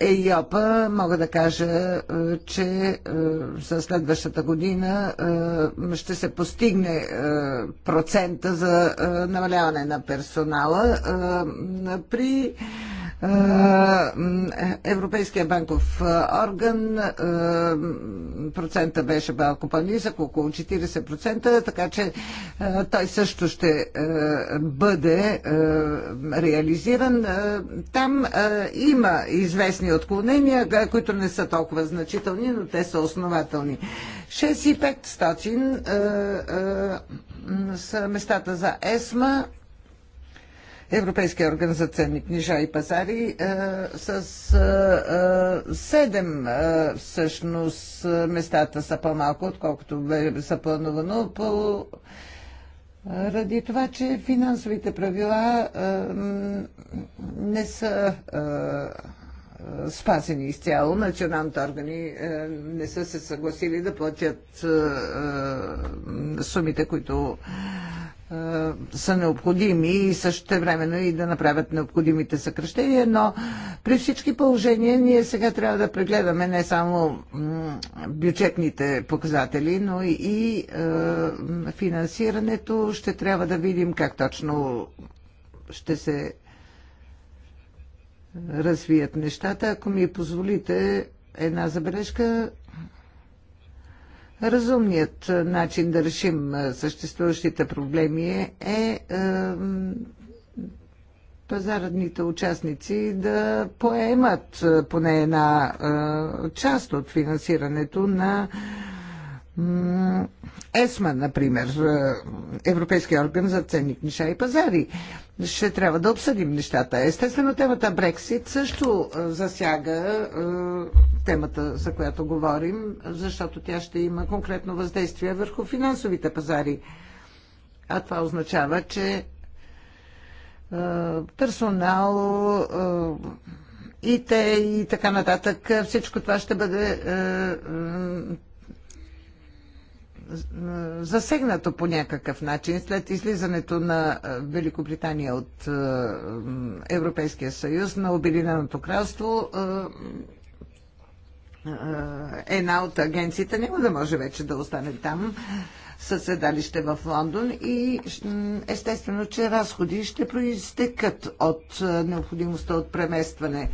ЕИОПа мога да кажа, че за следващата година ще се постигне процента за намаляване на персонала при Европейския банков орган процента беше малко по низък около 40%, така че той също ще бъде реализиран. Там има известни отклонения, които не са толкова значителни, но те са основателни. 6500 са местата за ЕСМА, Европейския орган за ценни книжа и пазари е, с е, е, седем всъщност местата са по-малко, отколкото бе заплановано по ради това, че финансовите правила не са спазени изцяло. Националните органи не са се съгласили да платят сумите, които е, са необходими и също времено и да направят необходимите съкръщения, но при всички положения ние сега трябва да прегледаме не само бюджетните показатели, но и е, финансирането. Ще трябва да видим как точно ще се развият нещата. Ако ми позволите една забележка, Разумният начин да решим съществуващите проблеми е, е пазарните участници да поемат поне една част от финансирането на ЕСМА, например, е, Европейския орган за ценни книжа и пазари. Ще трябва да обсъдим нещата. Естествено, темата Брексит също е, засяга е, темата, за която говорим, защото тя ще има конкретно въздействие върху финансовите пазари. А това означава, че персонал, и те и така нататък, всичко това ще бъде засегнато по някакъв начин след излизането на Великобритания от Европейския съюз, на Обединеното кралство, една от агенциите няма да може вече да остане там със седалище в Лондон и естествено, че разходи ще произтекат от необходимостта от преместване.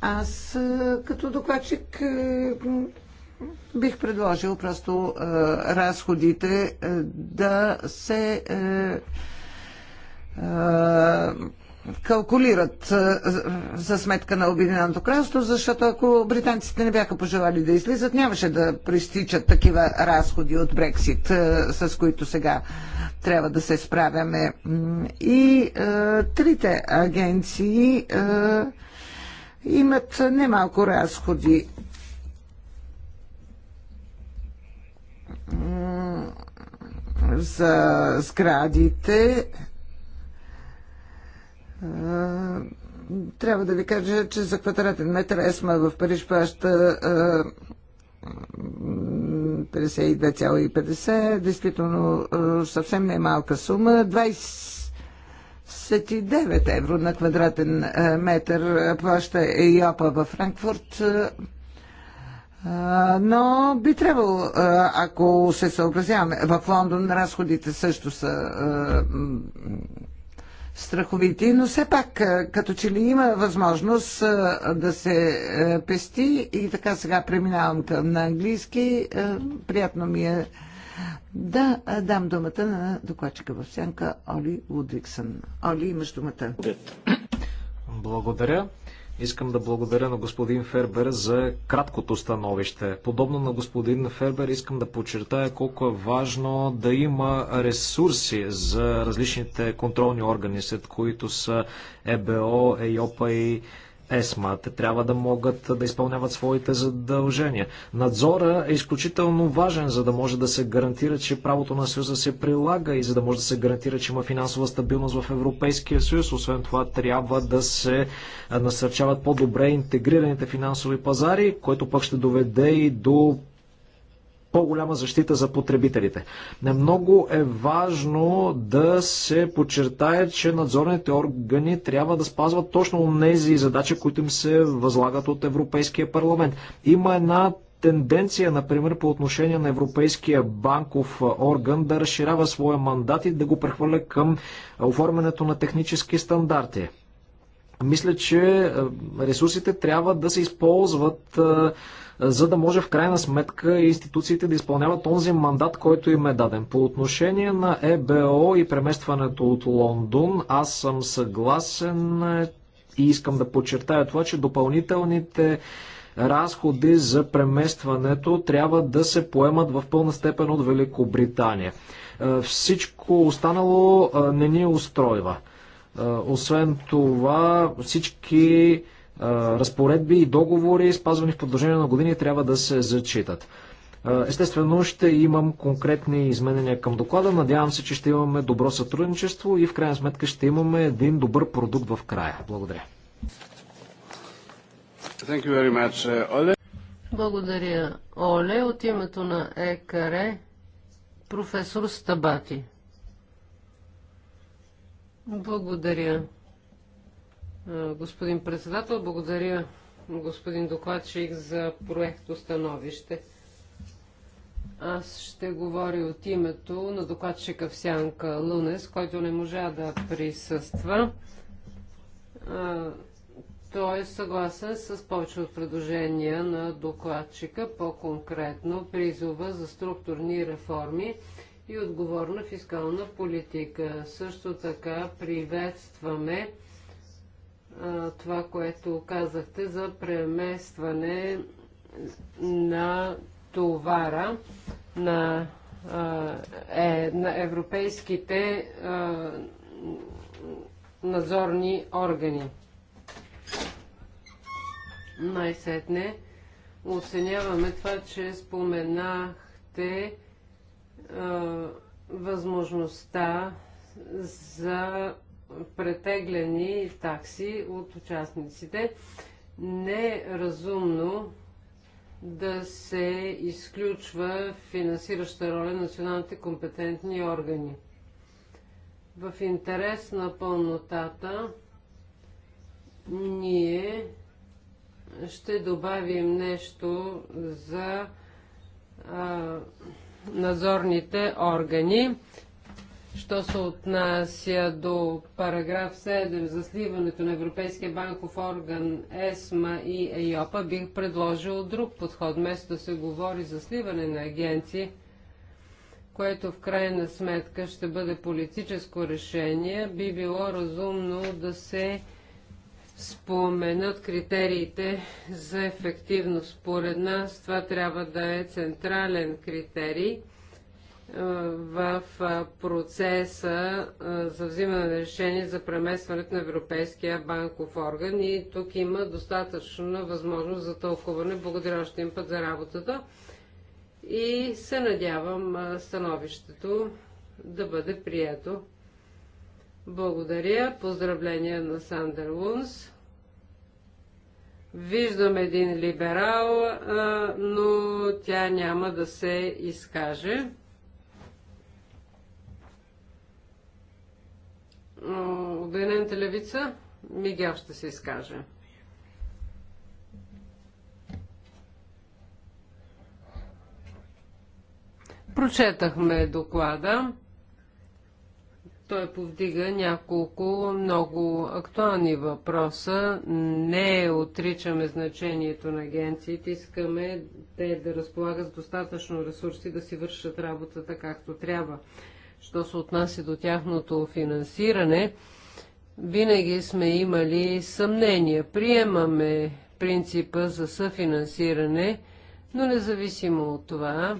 Аз като докладчик бих предложил просто е, разходите е, да се е, е, калкулират е, за сметка на Обединеното кралство, защото ако британците не бяха пожелали да излизат, нямаше да пристичат такива разходи от Брексит, е, с които сега трябва да се справяме. И е, трите агенции. Е, имат немалко разходи. за сградите. Трябва да ви кажа, че за квадратен метър ЕСМА в Париж плаща 52,50. Действително съвсем не е малка сума. 29 евро на квадратен метър плаща ЕИОПА във Франкфурт но би трябвало, ако се съобразяваме, в Лондон разходите също са страховити, но все пак, като че ли има възможност да се пести и така сега преминавам към на английски, приятно ми е да дам думата на докладчика в сянка Оли Лудвиксън. Оли, имаш думата. Благодаря. Искам да благодаря на господин Фербер за краткото становище. Подобно на господин Фербер, искам да подчертая колко е важно да има ресурси за различните контролни органи, след които са ЕБО, ЕЙОПА и ЕСМА. Те трябва да могат да изпълняват своите задължения. Надзора е изключително важен, за да може да се гарантира, че правото на Съюза се прилага и за да може да се гарантира, че има финансова стабилност в Европейския съюз. Освен това, трябва да се насърчават по-добре интегрираните финансови пазари, което пък ще доведе и до по-голяма защита за потребителите. Много е важно да се подчертае, че надзорните органи трябва да спазват точно тези задачи, които им се възлагат от Европейския парламент. Има една тенденция, например, по отношение на Европейския банков орган да разширява своя мандат и да го прехвърля към оформянето на технически стандарти. Мисля, че ресурсите трябва да се използват за да може в крайна сметка институциите да изпълняват този мандат, който им е даден. По отношение на ЕБО и преместването от Лондон, аз съм съгласен и искам да подчертая това, че допълнителните разходи за преместването трябва да се поемат в пълна степен от Великобритания. Всичко останало не ни устройва. Освен това, всички разпоредби и договори, спазвани в продължение на години, трябва да се зачитат. Естествено, ще имам конкретни изменения към доклада. Надявам се, че ще имаме добро сътрудничество и в крайна сметка ще имаме един добър продукт в края. Благодаря. Much, uh, Благодаря, Оле. От името на ЕКР, професор Стабати. Благодаря, господин председател. Благодаря, господин докладчик, за проекто становище. Аз ще говоря от името на докладчика Сянка Лунес, който не можа да присъства. той е съгласен с повече от предложения на докладчика, по-конкретно призова за структурни реформи и отговорна фискална политика. Също така приветстваме а, това, което казахте за преместване на товара на, а, е, на европейските а, надзорни органи. Най-сетне оценяваме това, че споменахте възможността за претеглени такси от участниците. не разумно да се изключва финансираща роля на националните компетентни органи. В интерес на пълнотата ние ще добавим нещо за а, надзорните органи. Що се отнася до параграф 7 за сливането на Европейския банков орган ЕСМА и ЕЙОПА, бих предложил друг подход. Вместо да се говори за сливане на агенции, което в крайна сметка ще бъде политическо решение, би било разумно да се споменат критериите за ефективност. Според нас това трябва да е централен критерий в процеса за взимане на решение за преместването на Европейския банков орган и тук има достатъчна възможност за тълкуване. Благодаря още им път за работата и се надявам становището да бъде прието. Благодаря. Поздравления на Сандър Лунс. Виждам един либерал, но тя няма да се изкаже. Обединената левица, Мигел ще се изкаже. Прочетахме доклада. Той повдига няколко много актуални въпроса. Не отричаме значението на агенциите, искаме те да разполагат с достатъчно ресурси да си вършат работата както трябва. Що се отнася до тяхното финансиране, винаги сме имали съмнения. Приемаме принципа за съфинансиране, но независимо от това,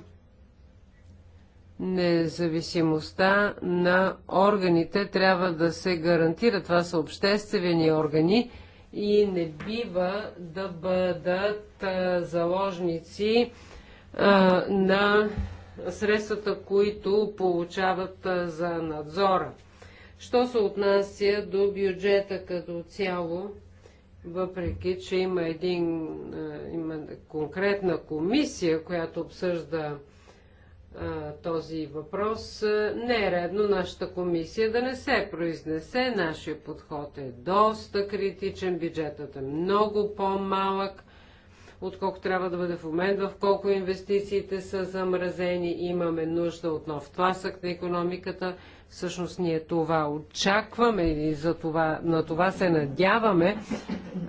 независимостта на органите трябва да се гарантира. Това са обществени органи и не бива да бъдат заложници на средствата, които получават за надзора. Що се отнася до бюджета като цяло, въпреки че има, един, има конкретна комисия, която обсъжда този въпрос. Не е редно нашата комисия да не се произнесе. Нашия подход е доста критичен, бюджетът е много по-малък, отколко трябва да бъде в момент, в колко инвестициите са замразени, имаме нужда от нов тласък на економиката. Всъщност ние това очакваме и за това, на това се надяваме,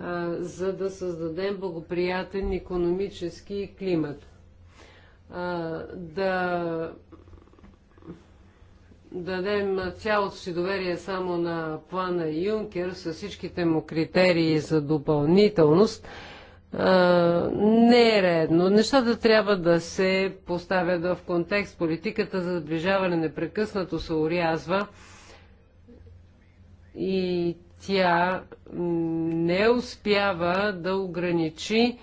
а, за да създадем благоприятен економически климат да дадем цялото си доверие само на плана Юнкер с всичките му критерии за допълнителност, не е редно. Нещата трябва да се поставят в контекст. Политиката за сближаване непрекъснато се урязва и тя не успява да ограничи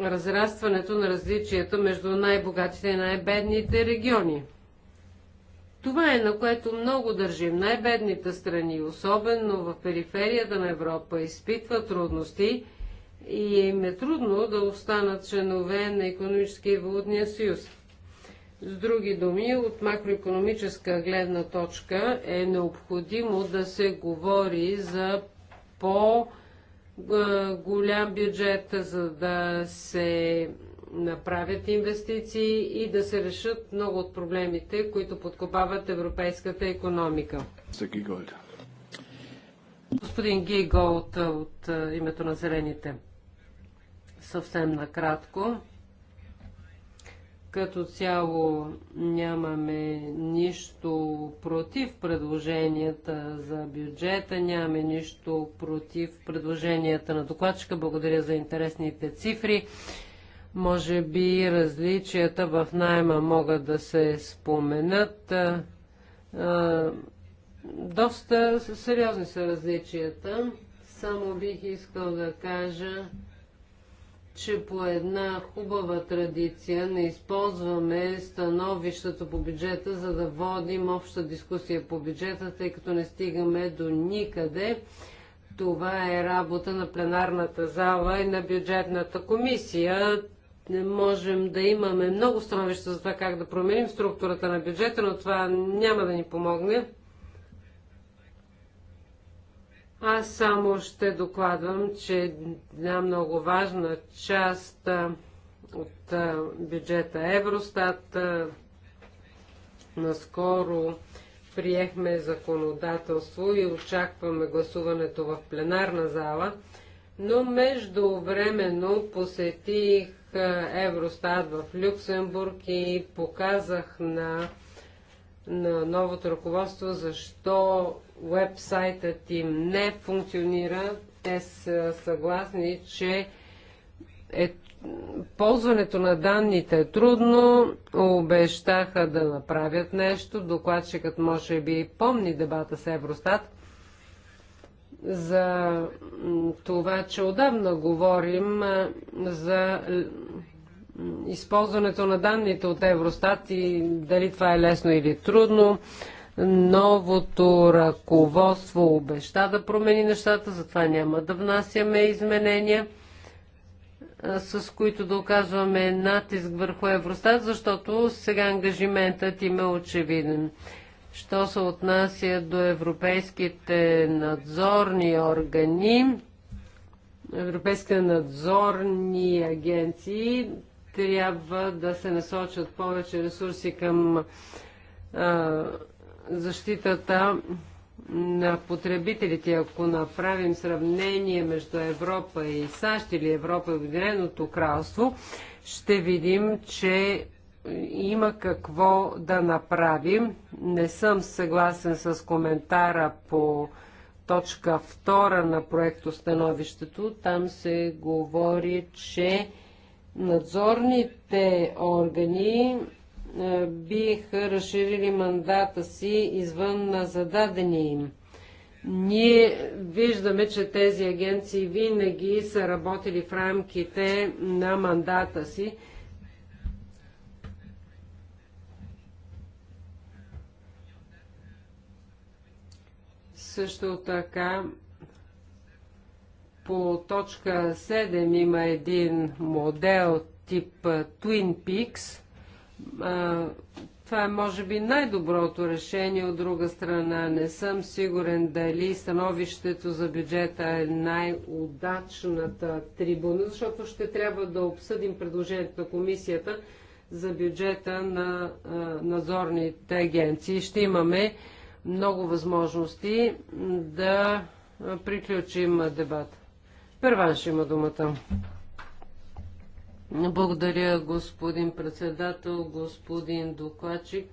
разрастването на различията между най-богатите и най-бедните региони. Това е на което много държим. Най-бедните страни, особено в периферията на Европа, изпитват трудности и им е трудно да останат членове на економически и валутния съюз. С други думи, от макроекономическа гледна точка е необходимо да се говори за по- голям бюджет, за да се направят инвестиции и да се решат много от проблемите, които подкопават европейската економика. Господин Гиголд от, от името на Зелените. Съвсем накратко. Като цяло нямаме нищо против предложенията за бюджета, нямаме нищо против предложенията на докладчика. Благодаря за интересните цифри. Може би различията в найма могат да се споменат. Доста сериозни са различията. Само бих искал да кажа, че по една хубава традиция не използваме становищата по бюджета, за да водим обща дискусия по бюджета, тъй като не стигаме до никъде. Това е работа на пленарната зала и на бюджетната комисия. Не Можем да имаме много становища за това как да променим структурата на бюджета, но това няма да ни помогне. Аз само ще докладвам, че една много важна част от бюджета Евростат наскоро приехме законодателство и очакваме гласуването в пленарна зала, но междувременно посетих Евростат в Люксембург и показах на, на новото ръководство защо вебсайтът им не функционира, те са съгласни, че е, ползването на данните е трудно, обещаха да направят нещо, докладчикът може би помни дебата с Евростат, за това, че отдавна говорим за използването на данните от Евростат и дали това е лесно или трудно. Новото ръководство обеща да промени нещата, затова няма да внасяме изменения, с които да оказваме натиск върху Евростат, защото сега ангажиментът им е очевиден. Що се отнася до европейските надзорни органи, европейските надзорни агенции, трябва да се насочат повече ресурси към а, защитата на потребителите. Ако направим сравнение между Европа и САЩ или Европа и Обединеното кралство, ще видим, че има какво да направим. Не съм съгласен с коментара по точка 2 на проектостановището. Там се говори, че надзорните органи е, биха разширили мандата си извън на зададени им. Ние виждаме, че тези агенции винаги са работили в рамките на мандата си. Също така по точка 7 има един модел тип Twin Peaks – това е може би най-доброто решение. От друга страна, не съм сигурен дали становището за бюджета е най-удачната трибуна, защото ще трябва да обсъдим предложението на комисията за бюджета на а, надзорните агенции. Ще имаме много възможности да приключим дебата. Първан ще има думата. Благодаря, господин председател, господин докладчик.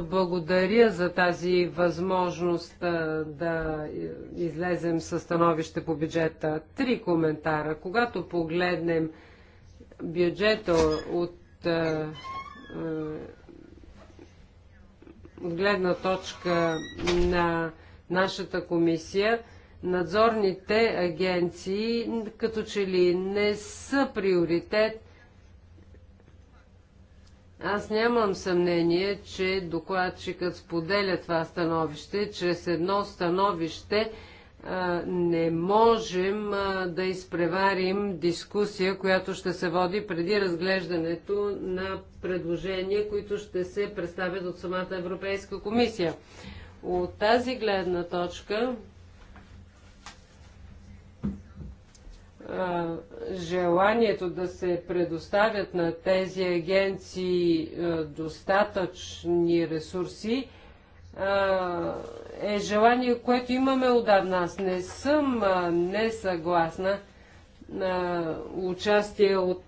Благодаря за тази възможност да излезем със становище по бюджета. Три коментара. Когато погледнем бюджета от от гледна точка на нашата комисия, надзорните агенции като че ли не са приоритет. Аз нямам съмнение, че докладчикът споделя това становище. Чрез едно становище не можем да изпреварим дискусия, която ще се води преди разглеждането на предложения, които ще се представят от самата Европейска комисия. От тази гледна точка желанието да се предоставят на тези агенции достатъчни ресурси е желание, което имаме отдавна. Аз не съм несъгласна участие от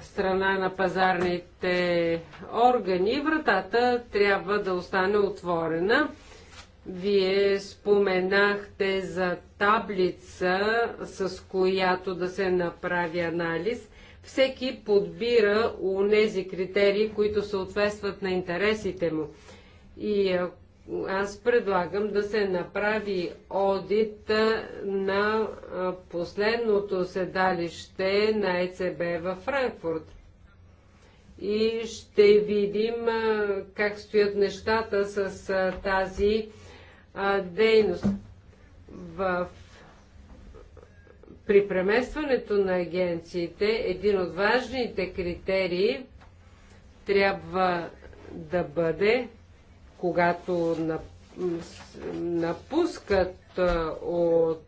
страна на пазарните органи. Вратата трябва да остане отворена вие споменахте за таблица, с която да се направи анализ. Всеки подбира у нези критерии, които съответстват на интересите му. И аз предлагам да се направи одит на последното седалище на ЕЦБ във Франкфурт. И ще видим как стоят нещата с тази а, дейност. В при преместването на агенциите, един от важните критерии трябва да бъде, когато напускат от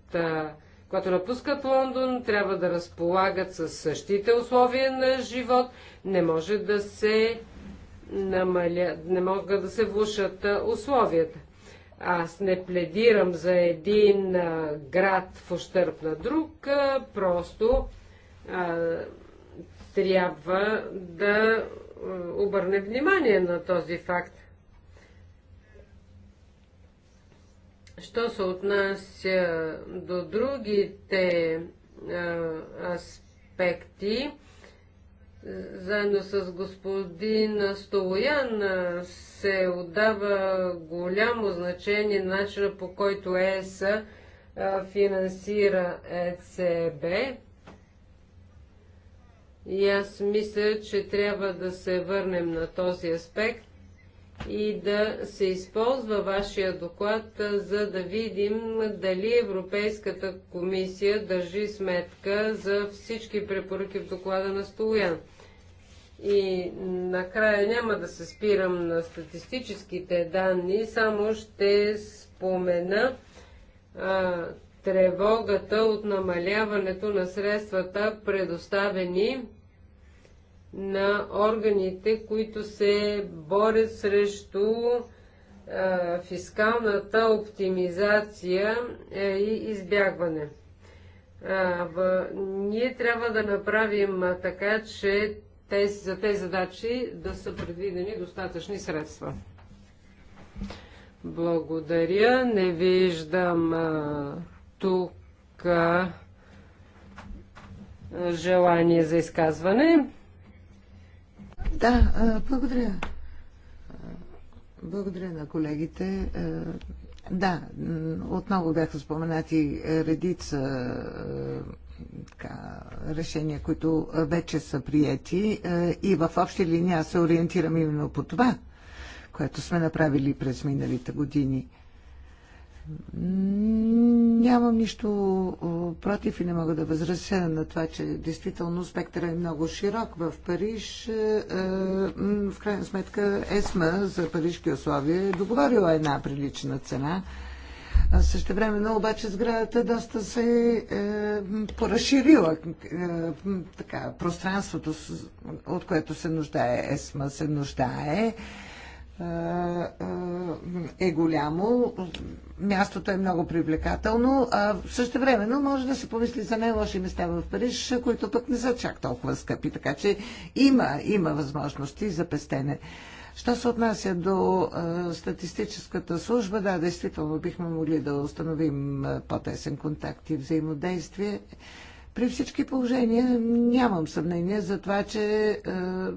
когато напускат Лондон, трябва да разполагат със същите условия на живот, не може да се намаля, не могат да се влушат условията. Аз не пледирам за един а, град в ущърп на друг, а, просто а, трябва да обърне внимание на този факт. Що се отнася до другите а, аспекти, заедно с господин Столоян се отдава голямо значение на начина по който ЕС финансира ЕЦБ. И аз мисля, че трябва да се върнем на този аспект и да се използва вашия доклад, за да видим дали Европейската комисия държи сметка за всички препоръки в доклада на Столоян. И накрая няма да се спирам на статистическите данни, само ще спомена а, тревогата от намаляването на средствата, предоставени на органите, които се борят срещу а, фискалната оптимизация а, е, и избягване. А, в... Ние трябва да направим така, че тези, за тези задачи да са предвидени достатъчни средства. Благодаря. Не виждам а, тук а, желание за изказване. Да, а, благодаря. Благодаря на колегите. Да, отново бяха споменати редица така, решения, които вече са приети, е, и в общи линии аз се ориентирам именно по това, което сме направили през миналите години. Нямам нищо против и не мога да възразя на това, че действително спектъра е много широк. В Париж, е, е, в крайна сметка, ЕСМА за парижки условия е договорила една прилична цена – също но обаче сградата доста се е, поразширила. Е, така, пространството, от което се нуждае ЕСМА, се нуждае е, е, е голямо, мястото е много привлекателно, а също времено може да се помисли за най-лоши места в Париж, които пък не са чак толкова скъпи, така че има, има възможности за пестене. Що се отнася до статистическата служба, да, действително бихме могли да установим по-тесен контакт и взаимодействие. При всички положения нямам съмнение за това, че а,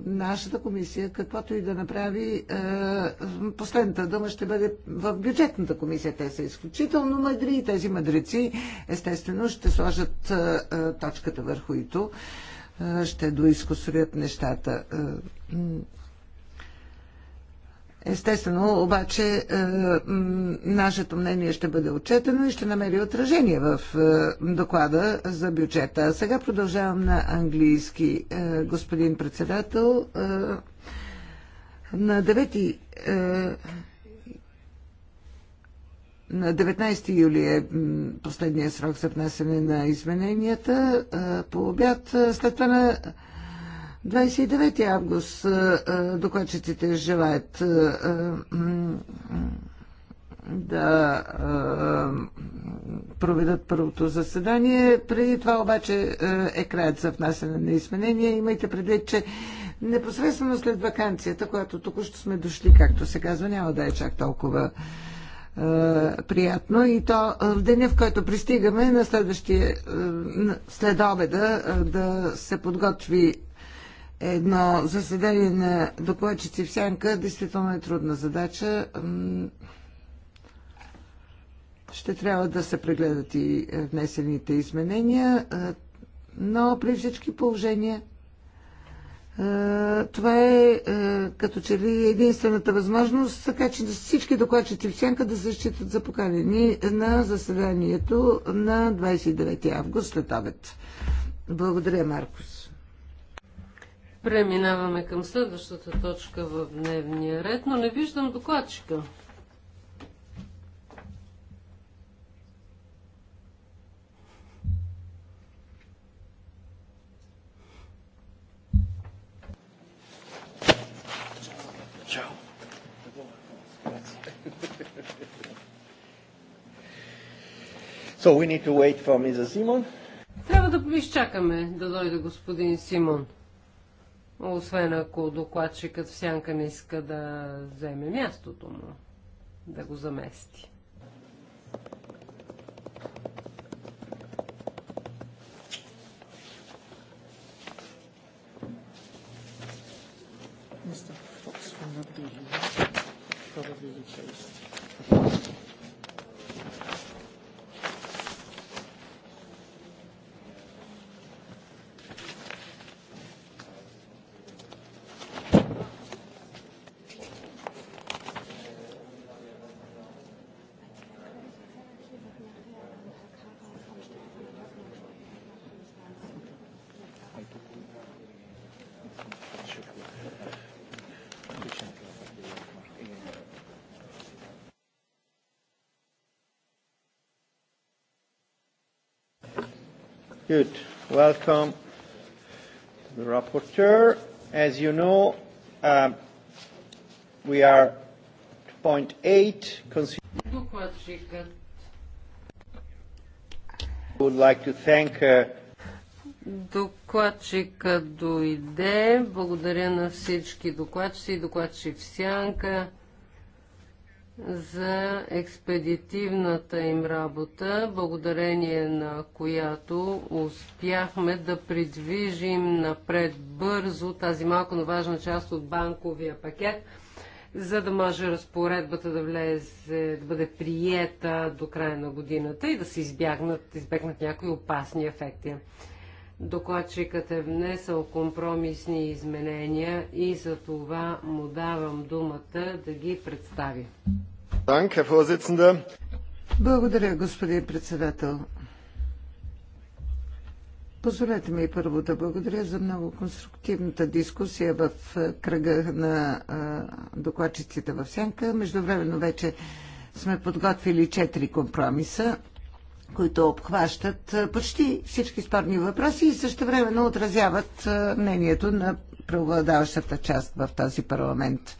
нашата комисия, каквото и да направи, а, последната дума ще бъде в бюджетната комисия. Те са изключително мъдри и тези мъдреци, естествено, ще сложат а, точката върху ито, а, ще доискусорят нещата. Естествено, обаче, е, нашето мнение ще бъде отчетено и ще намери отражение в е, доклада за бюджета. Сега продължавам на английски, е, господин председател. На 9 на 19 юли е последния срок за внасяне на измененията по обяд. След това на 29 август докладчиците желаят да проведат първото заседание. Преди това обаче е краят за внасяне на изменения. Имайте предвид, че непосредствено след вакансията, която току-що сме дошли, както се казва, няма да е чак толкова приятно и то в деня, в който пристигаме на следващия след обеда да се подготви едно заседание на докладчици в сянка действително е трудна задача. Ще трябва да се прегледат и е, внесените изменения, е, но при всички положения е, това е като че ли единствената възможност, така че всички докладчици в сянка да се считат за поканени на заседанието на 29 август след обед. Благодаря, Маркус. Преминаваме към следващата точка в дневния ред, но не виждам докладчика. So we need to wait for Mrs. Simon. Трябва да изчакаме да дойде господин Симон освен ако докладчикът в сянка не иска да вземе мястото му, да го замести. Good. Welcome to the rapporteur. As you know, um, we are point 8. Would like to thank uh, Докладчика дойде. Благодаря на всички докладчици и докладчик в сянка за експедитивната им работа, благодарение на която успяхме да придвижим напред бързо тази малко, но важна част от банковия пакет, за да може разпоредбата да влезе, да бъде приета до края на годината и да се избегнат, избегнат някои опасни ефекти. Докладчикът е внесъл компромисни изменения и за това му давам думата да ги представи. Благодаря, господин председател. Позволете ми първо да благодаря за много конструктивната дискусия в кръга на докладчиците в Сянка. Междувременно вече сме подготвили четири компромиса които обхващат почти всички спорни въпроси и също времено отразяват мнението на преобладаващата част в този парламент.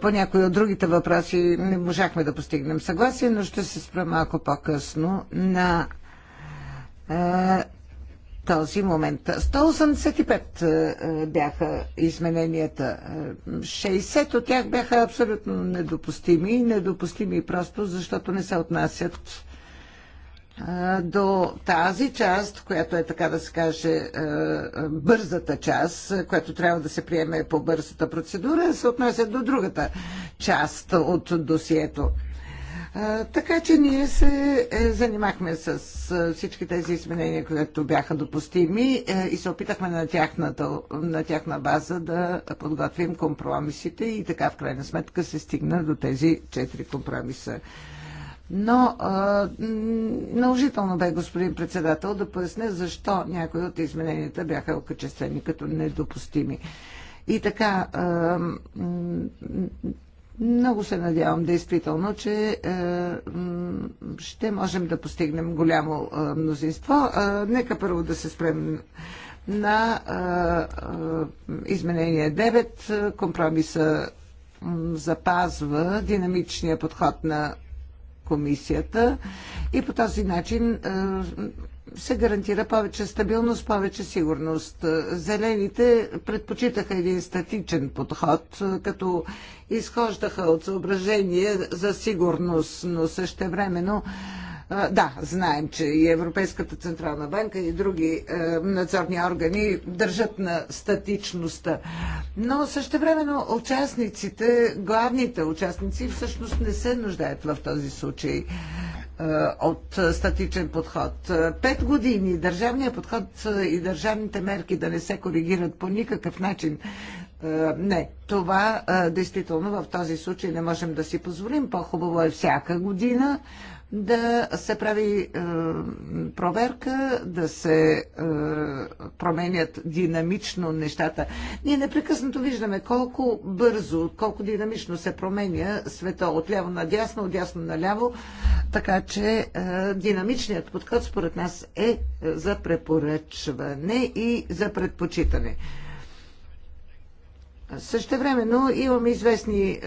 По някои от другите въпроси не можахме да постигнем съгласие, но ще се спра малко по-късно на този момент. 185 бяха измененията. 60 от тях бяха абсолютно недопустими. Недопустими просто защото не се отнасят до тази част, която е така да се каже бързата част, която трябва да се приеме по бързата процедура, се отнася до другата част от досието. Така че ние се е, занимахме с всички тези изменения, които бяха допустими е, и се опитахме на, тяхната, на тяхна база да подготвим компромисите и така в крайна сметка се стигна до тези четири компромиса. Но а, наложително бе, господин председател, да поясня защо някои от измененията бяха окачествени като недопустими. И така, а, много се надявам действително, че е, ще можем да постигнем голямо а, мнозинство. А, нека първо да се спрем на а, а, изменение 9. Компромиса запазва динамичния подход на комисията и по този начин е, се гарантира повече стабилност, повече сигурност. Зелените предпочитаха един статичен подход, е, като изхождаха от съображение за сигурност, но същевременно времено да, знаем, че и Европейската централна банка и други е, надзорни органи държат на статичността. Но времено участниците, главните участници всъщност не се нуждаят в този случай е, от статичен подход. Пет години държавният подход и държавните мерки да не се коригират по никакъв начин. Е, не, това действително в този случай не можем да си позволим. По-хубаво е всяка година да се прави е, проверка, да се е, променят динамично нещата. Ние непрекъснато виждаме колко бързо, колко динамично се променя света от ляво на дясно, от дясно на ляво, така че е, динамичният подход според нас е за препоръчване и за предпочитане но имам известни е,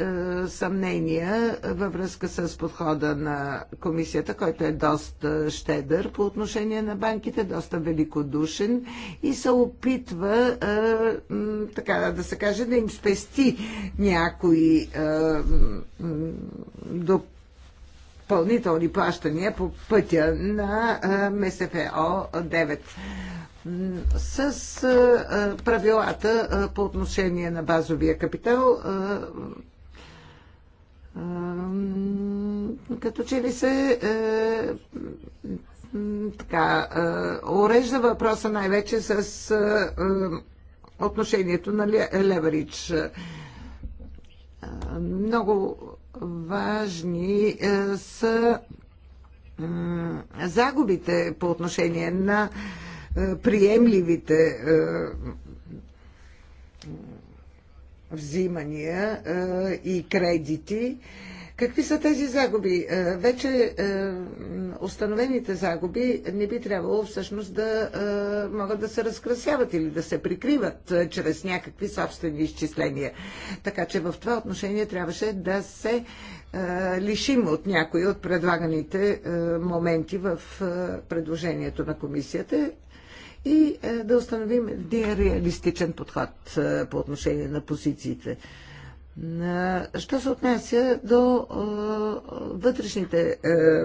съмнения във връзка с подхода на комисията, който е доста щедър по отношение на банките, доста великодушен и се опитва, е, така да се каже, да им спести някои е, допълнителни плащания по пътя на е, МСФО 9 с правилата по отношение на базовия капитал като че ли се е, така, е, урежда въпроса най-вече с е, отношението на леверидж. Много важни е, са загубите по отношение на е, приемливите е, взимания е, и кредити. Какви са тези загуби? Е, вече установените загуби не би трябвало всъщност да могат да се разкрасяват или да се прикриват чрез някакви собствени изчисления. Така че в това отношение трябваше да се лишим от някои от предлаганите моменти в предложението на комисията и е, да установим един реалистичен подход е, по отношение на позициите. Е, що се отнася до вътрешните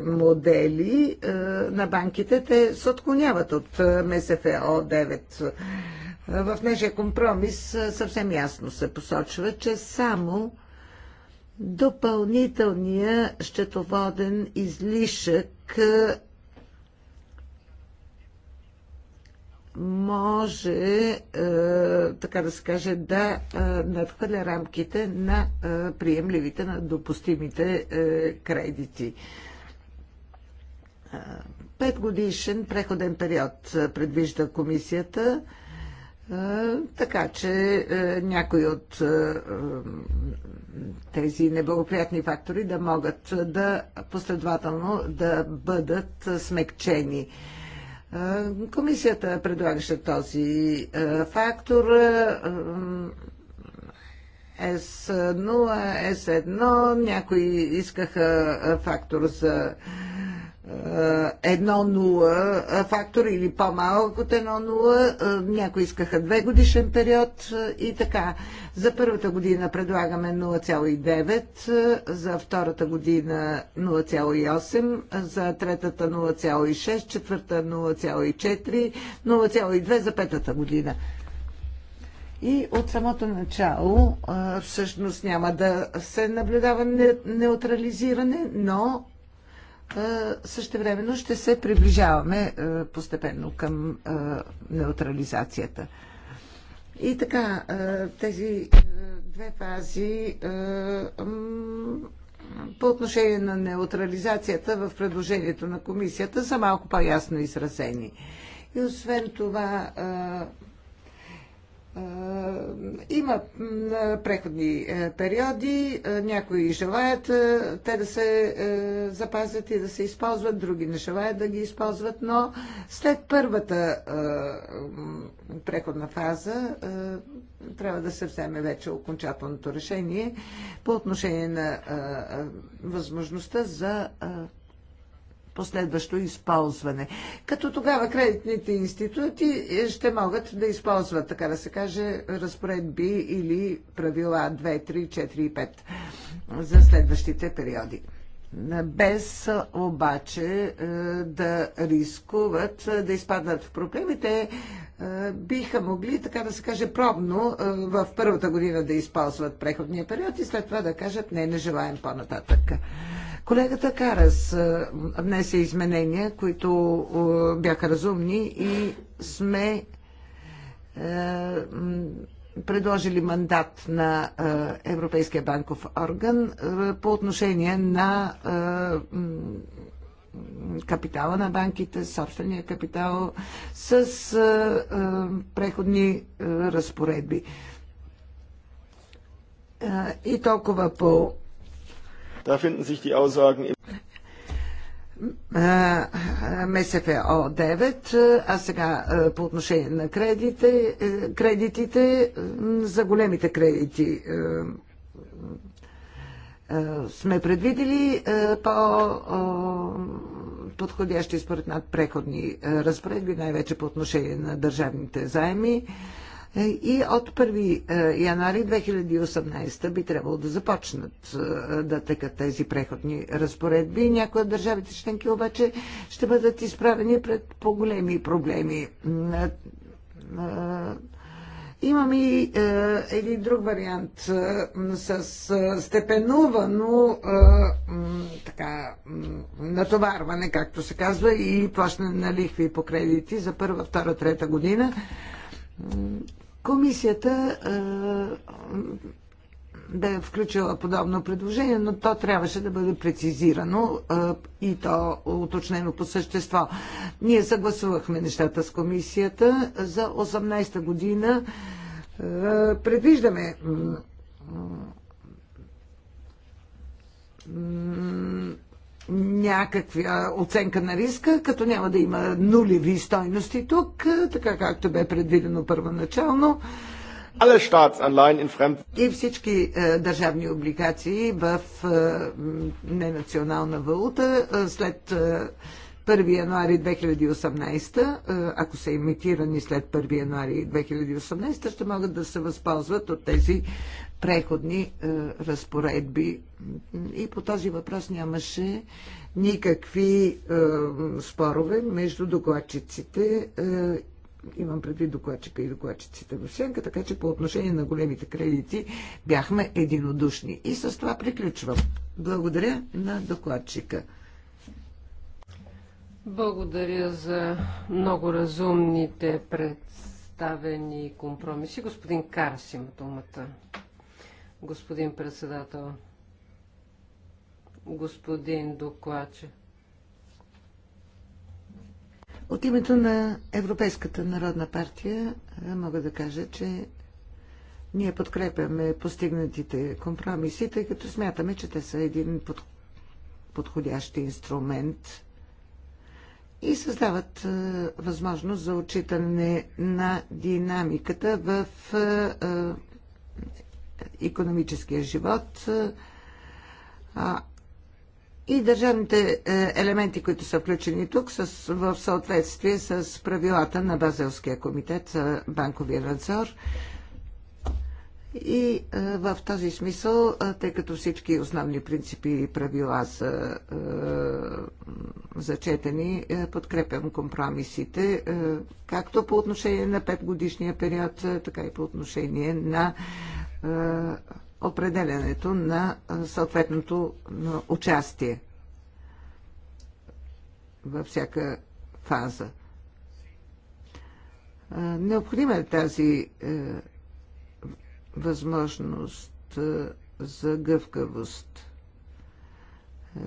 модели на банките, те се отклоняват от МСФО 9. В нашия компромис съвсем ясно се посочва, че само допълнителния счетоводен излишък може, е, така да се каже, да е, надхвърля рамките на е, приемливите, на допустимите кредити. Пет годишен преходен период предвижда комисията, така че някои от тези неблагоприятни фактори да могат да последователно да бъдат смекчени Комисията предлагаше този фактор S0, S1, някои искаха фактор за 1-0 е, фактор или по-малък от 1-0. Някои искаха 2 годишен период и така. За първата година предлагаме 0,9, за втората година 0,8, за третата 0,6, четвърта 0,4, 0,2 за петата година. И от самото начало всъщност няма да се наблюдава неутрализиране, но същевременно ще се приближаваме постепенно към неутрализацията. И така, тези две фази по отношение на неутрализацията в предложението на комисията са малко по-ясно изразени. И освен това, е, има преходни е, периоди, е, някои желаят те да се запазят и да се използват, други не желаят да ги използват, но след първата преходна фаза трябва да се вземе вече окончателното решение по отношение на възможността за последващо използване. Като тогава кредитните институти ще могат да използват, така да се каже, разпоредби или правила 2, 3, 4 и 5 за следващите периоди без обаче е, да рискуват е, да изпаднат в проблемите, е, биха могли, така да се каже, пробно в първата година да използват преходния период и след това да кажат не, не желаем по-нататък. Колегата Карас внесе изменения, които бяха разумни и сме предложили мандат на Европейския банков орган по отношение на капитала на банките, собствения капитал с преходни разпоредби. И толкова по Da finden sich die Aussagen im МСФО 9, а сега по отношение на кредите, е, кредитите, за големите кредити е, е, сме предвидели по-подходящи според над преходни разпоредби, най-вече по отношение на държавните заеми. Е, и от 1 е, януари 2018 би трябвало да започнат е, да текат тези преходни разпоредби. Някои от държавите членки обаче ще бъдат изправени пред по-големи проблеми. Имам и е, един друг вариант е, с е, степенувано е, така, натоварване, както се казва, и плащане на лихви по кредити за първа, втора, трета година. Комисията бе включила подобно предложение, но то трябваше да бъде прецизирано и то уточнено по същество. Ние съгласувахме нещата с комисията за 18-та година. Предвиждаме някаква оценка на риска, като няма да има нулеви стойности тук, така както бе предвидено първоначално. И всички е, държавни облигации в е, ненационална валута е, след 1 януари 2018, ако са имитирани след 1 януари 2018, ще могат да се възползват от тези преходни е, разпоредби. И по този въпрос нямаше никакви е, спорове между докладчиците. Е, имам предвид докладчика и докладчиците в сянка, така че по отношение на големите кредити бяхме единодушни. И с това приключвам. Благодаря на докладчика. Благодаря за много разумните представени компромиси. Господин Карас има думата господин председател. Господин докладче. От името на Европейската народна партия е, мога да кажа, че ние подкрепяме постигнатите компромиси, тъй като смятаме, че те са един под... подходящ инструмент и създават е, възможност за отчитане на динамиката в е, е економическия живот и държавните е, елементи, които са включени тук, с, в съответствие с правилата на Базелския комитет за банковия надзор. И е, в този смисъл, е, тъй като всички основни принципи и правила са зачетени, подкрепям компромисите, както по отношение на 5 годишния период, така и по отношение на е, определянето на е, съответното участие във всяка фаза. Е, необходима е тази възможност за гъвкавост.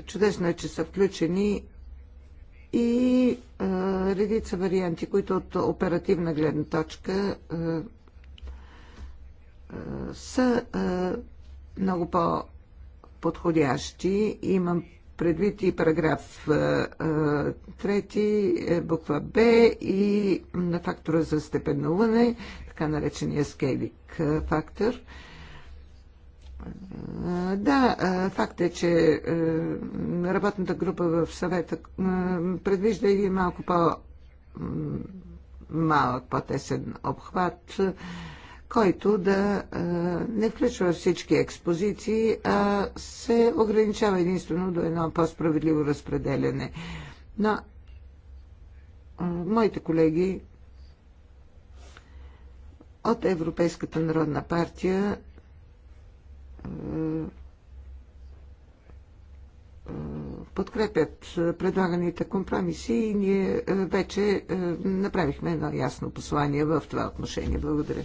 Чудесно е, че са включени и редица варианти, които от оперативна гледна точка са много по-подходящи. Имам предвид и параграф 3, е, буква Б и на фактора за степенуване, така наречения скейлик фактор. Да, факт е, че работната група в съвета предвижда и малко по-малък, по-тесен обхват който да а, не включва всички експозиции, а се ограничава единствено до едно по-справедливо разпределяне. Но а, моите колеги от Европейската народна партия а, подкрепят предлаганите компромиси и ние вече направихме едно ясно послание в това отношение. Благодаря.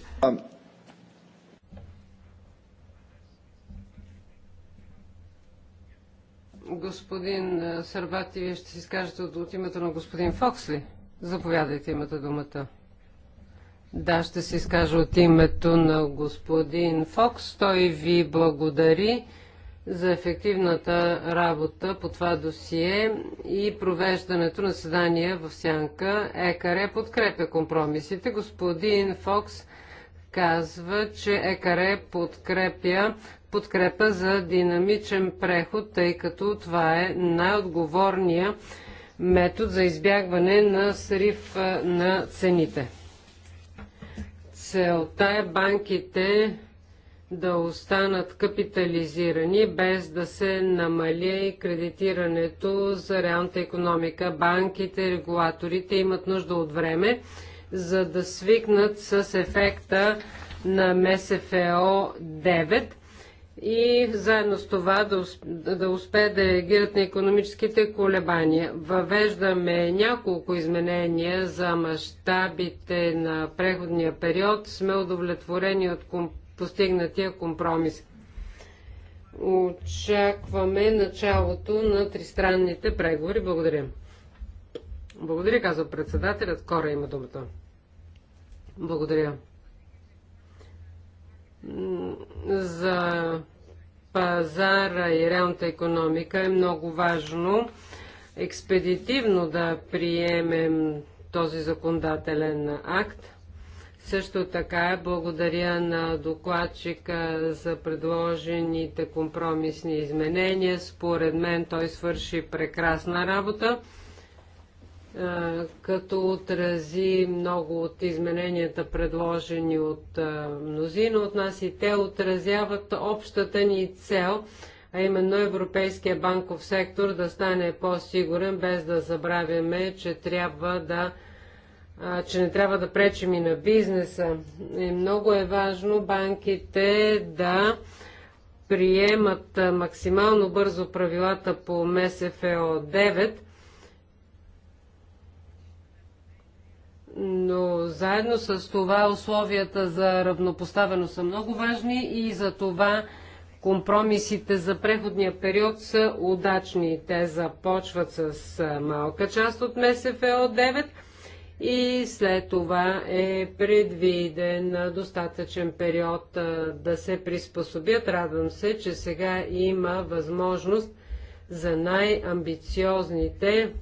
Господин е, Сърбати, вие ще си скажете от, от името на господин Фоксли. Заповядайте, имате думата. Да, ще се скажа от името на господин Фокс. Той ви благодари за ефективната работа по това досие и провеждането на седания в Сянка. ЕКАРЕ подкрепя компромисите. Господин Фокс казва, че ЕКАРЕ подкрепя подкрепа за динамичен преход, тъй като това е най-отговорния метод за избягване на срив на цените. Целта е банките да останат капитализирани, без да се намали кредитирането за реалната економика. Банките, регулаторите имат нужда от време, за да свикнат с ефекта на МСФО 9 и заедно с това да, да успее да реагират на економическите колебания. Въвеждаме няколко изменения за мащабите на преходния период. Сме удовлетворени от ком, постигнатия компромис. Очакваме началото на тристранните преговори. Благодаря. Благодаря, казва председателят. Кора има думата. Благодаря за пазара и реалната економика е много важно експедитивно да приемем този законодателен акт. Също така благодаря на докладчика за предложените компромисни изменения. Според мен той свърши прекрасна работа като отрази много от измененията, предложени от мнозина от нас и те отразяват общата ни цел, а именно Европейския банков сектор да стане по-сигурен, без да забравяме, че трябва да че не трябва да пречим и на бизнеса. И много е важно банките да приемат максимално бързо правилата по МСФО 9, но заедно с това условията за равнопоставено са много важни и за това компромисите за преходния период са удачни. Те започват с малка част от МСФО 9 и след това е предвиден достатъчен период да се приспособят. Радвам се, че сега има възможност за най-амбициозните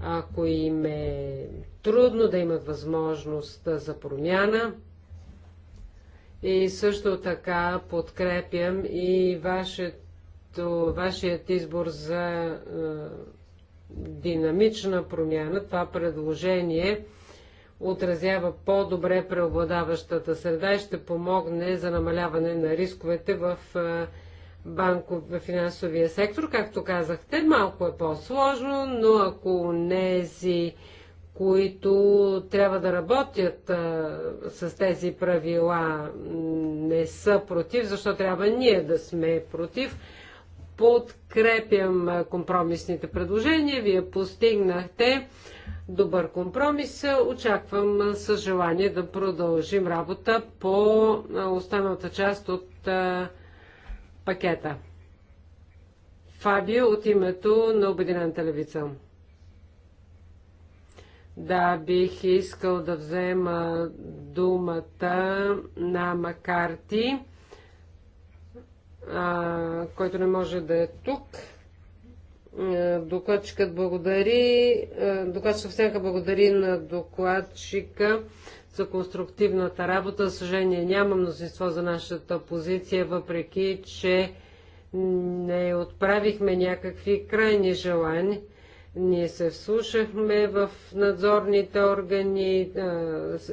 ако им е трудно да имат възможност за промяна. И също така подкрепям и вашето, вашият избор за е, динамична промяна. Това предложение отразява по-добре преобладаващата среда и ще помогне за намаляване на рисковете в е, банков, финансовия сектор. Както казахте, малко е по-сложно, но ако нези, които трябва да работят а, с тези правила, не са против, защо трябва ние да сме против, подкрепям компромисните предложения. Вие постигнахте добър компромис. Очаквам съжелание желание да продължим работа по останалата част от пакета. Фабио от името на Обединената левица. Да, бих искал да взема думата на Макарти, а, който не може да е тук. Е, докладчикът благодари, е, докладчикът благодари на докладчика за конструктивната работа. Съжаление, няма мнозинство за нашата позиция, въпреки че не отправихме някакви крайни желания. Ние се вслушахме в надзорните органи,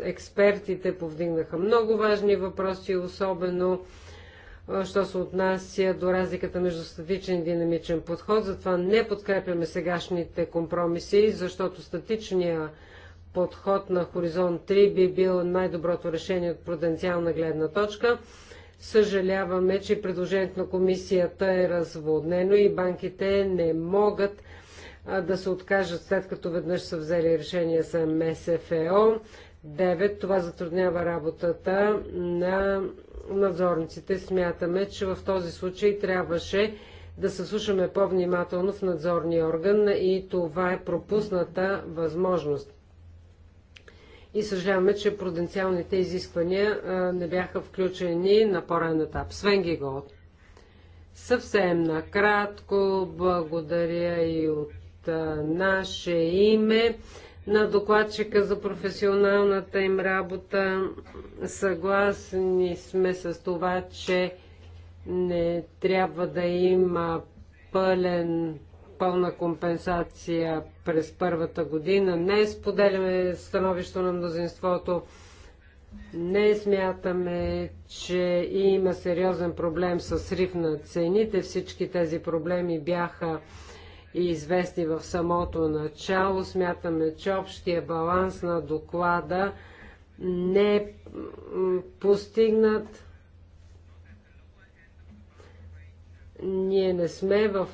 експертите повдигнаха много важни въпроси, особено що се отнася до разликата между статичен и динамичен подход. Затова не подкрепяме сегашните компромиси, защото статичният подход на Хоризонт 3 би бил най-доброто решение от проденциална гледна точка. Съжаляваме, че предложението на комисията е разводнено и банките не могат да се откажат след като веднъж са взели решение за МСФО. 9. Това затруднява работата на надзорниците. Смятаме, че в този случай трябваше да се слушаме по-внимателно в надзорния орган и това е пропусната възможност и съжаляваме, че пруденциалните изисквания не бяха включени на по-ранен етап. Свен гигот. Съвсем накратко, благодаря и от наше име на докладчика за професионалната им работа. Съгласни сме с това, че не трябва да има пълен пълна компенсация през първата година. Не споделяме становището на мнозинството. Не смятаме, че има сериозен проблем с риф на цените. Всички тези проблеми бяха известни в самото начало. Смятаме, че общия баланс на доклада не е постигнат Ние не сме в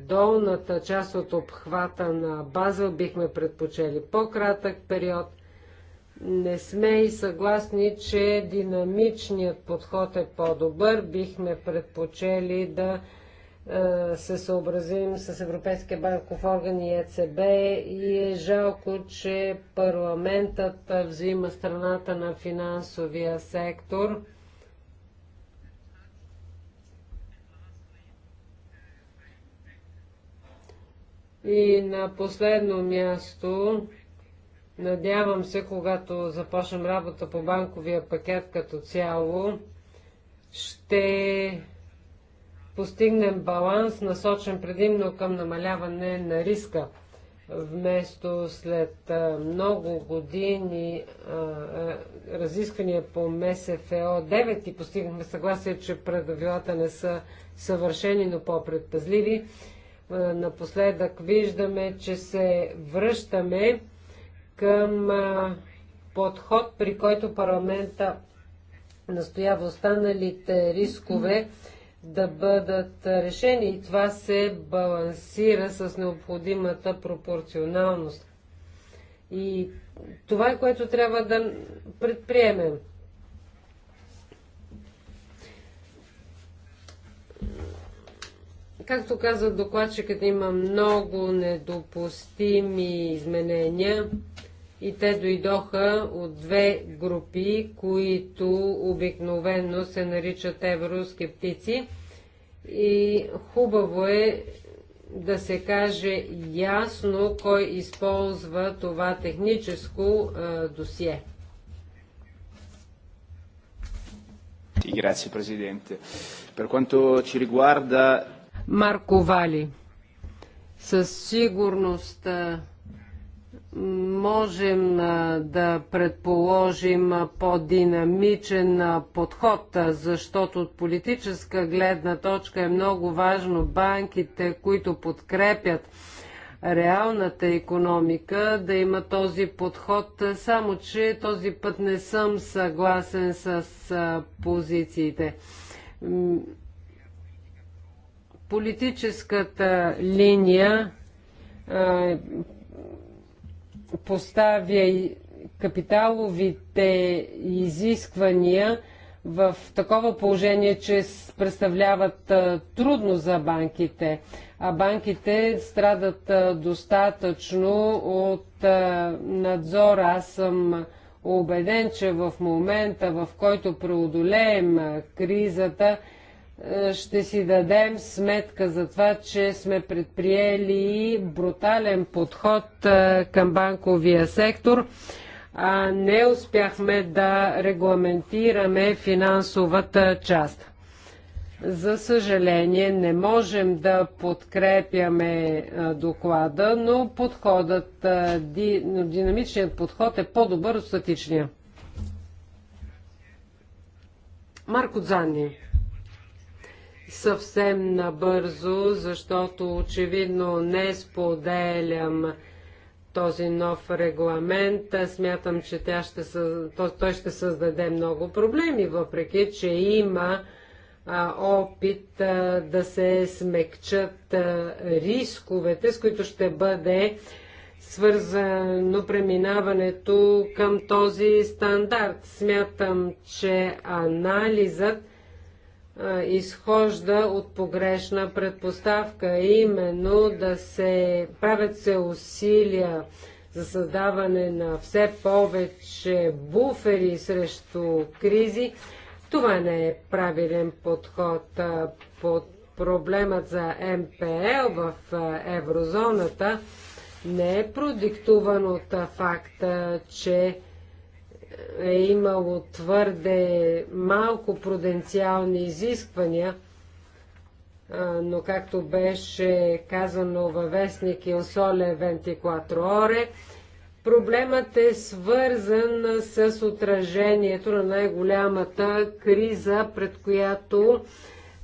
долната част от обхвата на Базел, бихме предпочели по-кратък период. Не сме и съгласни, че динамичният подход е по-добър, бихме предпочели да се съобразим с Европейския банков орган и ЕЦБ и е жалко, че парламентът взима страната на финансовия сектор И на последно място, надявам се, когато започнем работа по банковия пакет като цяло, ще постигнем баланс, насочен предимно към намаляване на риска, вместо след много години разисквания по МСФО 9 и постигнахме съгласие, че правилата не са съвършени, но по-предпазливи е, напоследък виждаме, че се връщаме към е, подход, при който парламента настоява останалите рискове да бъдат решени и това се балансира с необходимата пропорционалност. И това е което трябва да предприемем. Както каза докладчикът, има много недопустими изменения и те дойдоха от две групи, които обикновенно се наричат евроскептици. И хубаво е да се каже ясно кой използва това техническо а, досие. Grazie Presidente. Per quanto ci riguarda Марко Вали. Със сигурност можем да предположим по-динамичен подход, защото от политическа гледна точка е много важно банките, които подкрепят реалната економика, да има този подход, само че този път не съм съгласен с позициите. Политическата линия поставя капиталовите изисквания в такова положение, че представляват трудно за банките, а банките страдат достатъчно от надзора. Аз съм убеден, че в момента, в който преодолеем кризата, е, ще си дадем сметка за това, че сме предприели брутален подход е, към банковия сектор, а не успяхме да регламентираме финансовата част. За съжаление, не можем да подкрепяме е, доклада, но подходът, динамичният подход е по-добър от статичния. Марко Дзанни съвсем набързо, защото очевидно не споделям този нов регламент. Смятам, че тя ще, той ще създаде много проблеми, въпреки че има опит да се смекчат рисковете, с които ще бъде свързано преминаването към този стандарт. Смятам, че анализът изхожда от погрешна предпоставка, именно да се правят се усилия за създаване на все повече буфери срещу кризи. Това не е правилен подход под проблемът за МПЛ в еврозоната не е продиктуван от факта, че е имало твърде малко пруденциални изисквания, но както беше казано във вестник Il Sole 24 Ore, проблемът е свързан с отражението на най-голямата криза, пред която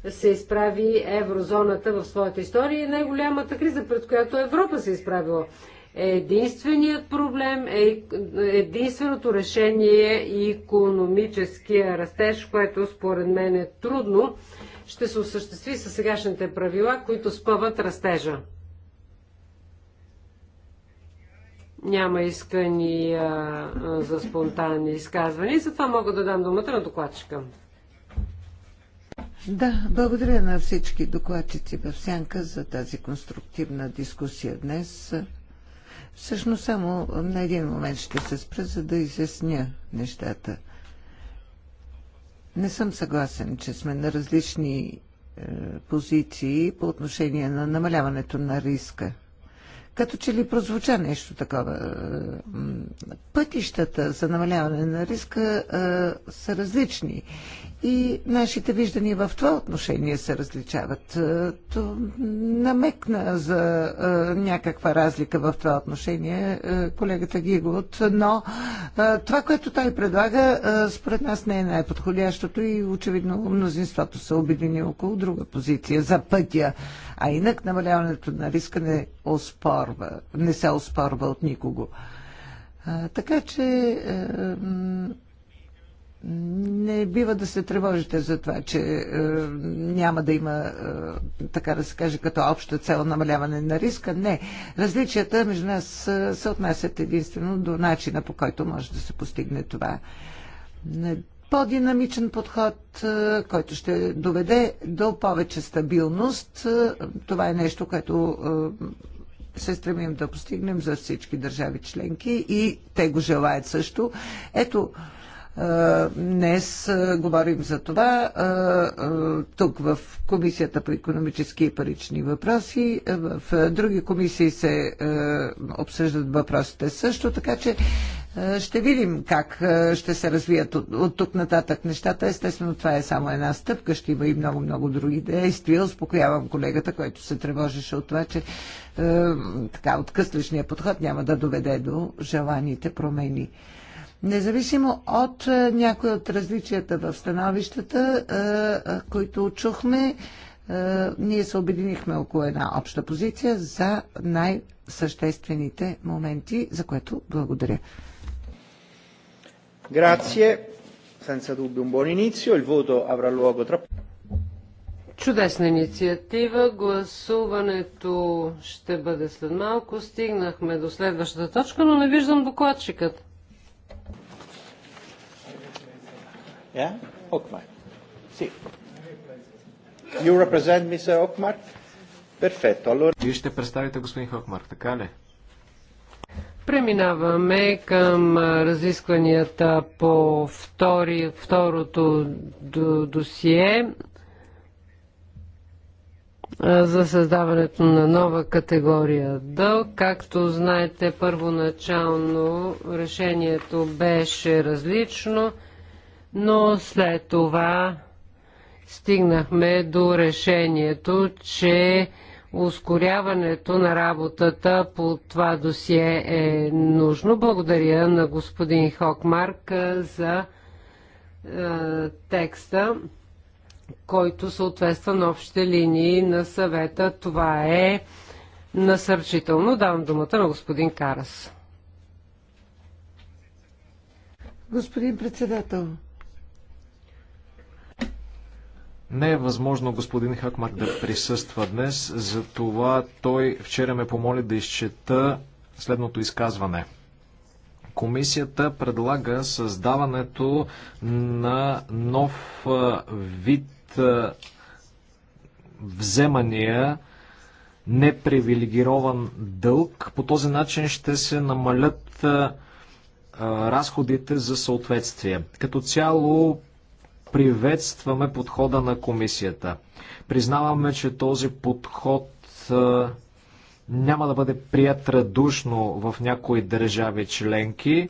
се изправи еврозоната в своята история и най-голямата криза, пред която Европа се е изправила. Единственият проблем е единственото решение и економическия растеж, което според мен е трудно, ще се осъществи с сегашните правила, които спъват растежа. Няма искания за спонтанни изказвания, затова мога да дам думата на докладчика. Да, благодаря на всички докладчици в Сянка за тази конструктивна дискусия днес. Всъщност само на един момент ще се спра, за да изясня нещата. Не съм съгласен, че сме на различни е, позиции по отношение на намаляването на риска. Като че ли прозвуча нещо такова. Е, пътищата за намаляване на риска е, са различни и нашите виждания в това отношение се различават. Е, то намекна за е, някаква разлика в това отношение е, колегата Гигот, но това, което той предлага, според нас не е най-подходящото и очевидно мнозинството се обедини около друга позиция за пътя. А инак намаляването на риска не, оспорва, не се оспорва от никого. Така че не бива да се тревожите за това, че е, няма да има, е, така да се каже, като обща цел намаляване на риска. Не. Различията между нас се, се отнасят единствено до начина по който може да се постигне това. Е, по-динамичен подход, е, който ще доведе до повече стабилност, е, това е нещо, което е, се стремим да постигнем за всички държави членки и те го желаят също. Ето, Днес говорим за това тук в Комисията по економически и парични въпроси. В други комисии се обсъждат въпросите също, така че ще видим как ще се развият от, от тук нататък нещата. Естествено, това е само една стъпка. Ще има и много-много други действия. Успокоявам колегата, който се тревожеше от това, че е, така откъсличният подход няма да доведе до желаните промени. Независимо от е, някои от различията в становищата, е, е, които чухме, ние се обединихме около една обща позиция за най-съществените моменти, за което благодаря. Grazie. Senza dubbio un buon inizio, il voto avrà luogo tra... Чудесна инициатива. Гласуването ще бъде след малко. Стигнахме до следващата точка, но не виждам докладчикът. Yeah? Okmar. Sì. You represent Mr. Okmar? Perfetto. Allora... Вие ще представите господин Хокмарк, така ли? Преминаваме към разискванията по втори, второто досие за създаването на нова категория дълг. Както знаете, първоначално решението беше различно – но след това стигнахме до решението, че ускоряването на работата по това досие е нужно. Благодаря на господин Хокмарк за е, текста, който съответства на общите линии на съвета. Това е насърчително. Давам думата на господин Карас. Господин председател, не е възможно господин Хакмар да присъства днес, затова той вчера ме помоли да изчета следното изказване. Комисията предлага създаването на нов вид вземания, непривилегирован дълг. По този начин ще се намалят разходите за съответствие. Като цяло приветстваме подхода на комисията. Признаваме, че този подход няма да бъде прият радушно в някои държави членки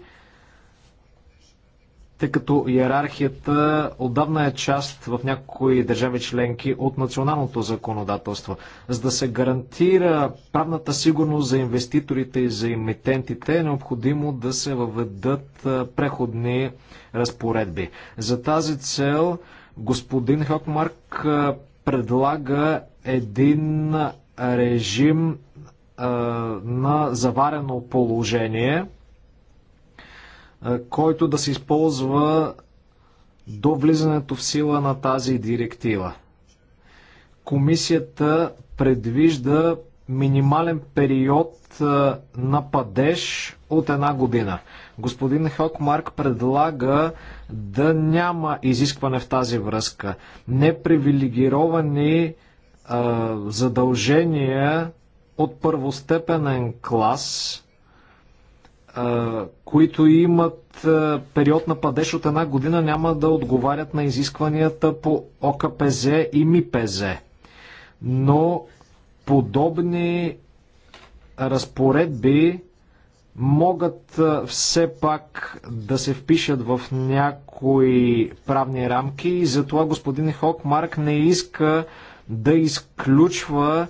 тъй като иерархията отдавна е част в някои държави членки от националното законодателство. За да се гарантира правната сигурност за инвеститорите и за имитентите е необходимо да се въведат преходни разпоредби. За тази цел господин Хокмарк предлага един режим на заварено положение – който да се използва до влизането в сила на тази директива. Комисията предвижда минимален период на падеж от една година. Господин Хокмарк предлага да няма изискване в тази връзка. Непривилегировани задължения от първостепенен клас които имат период на падеж от една година, няма да отговарят на изискванията по ОКПЗ и МИПЗ. Но подобни разпоредби могат все пак да се впишат в някои правни рамки и затова господин Хокмарк не иска да изключва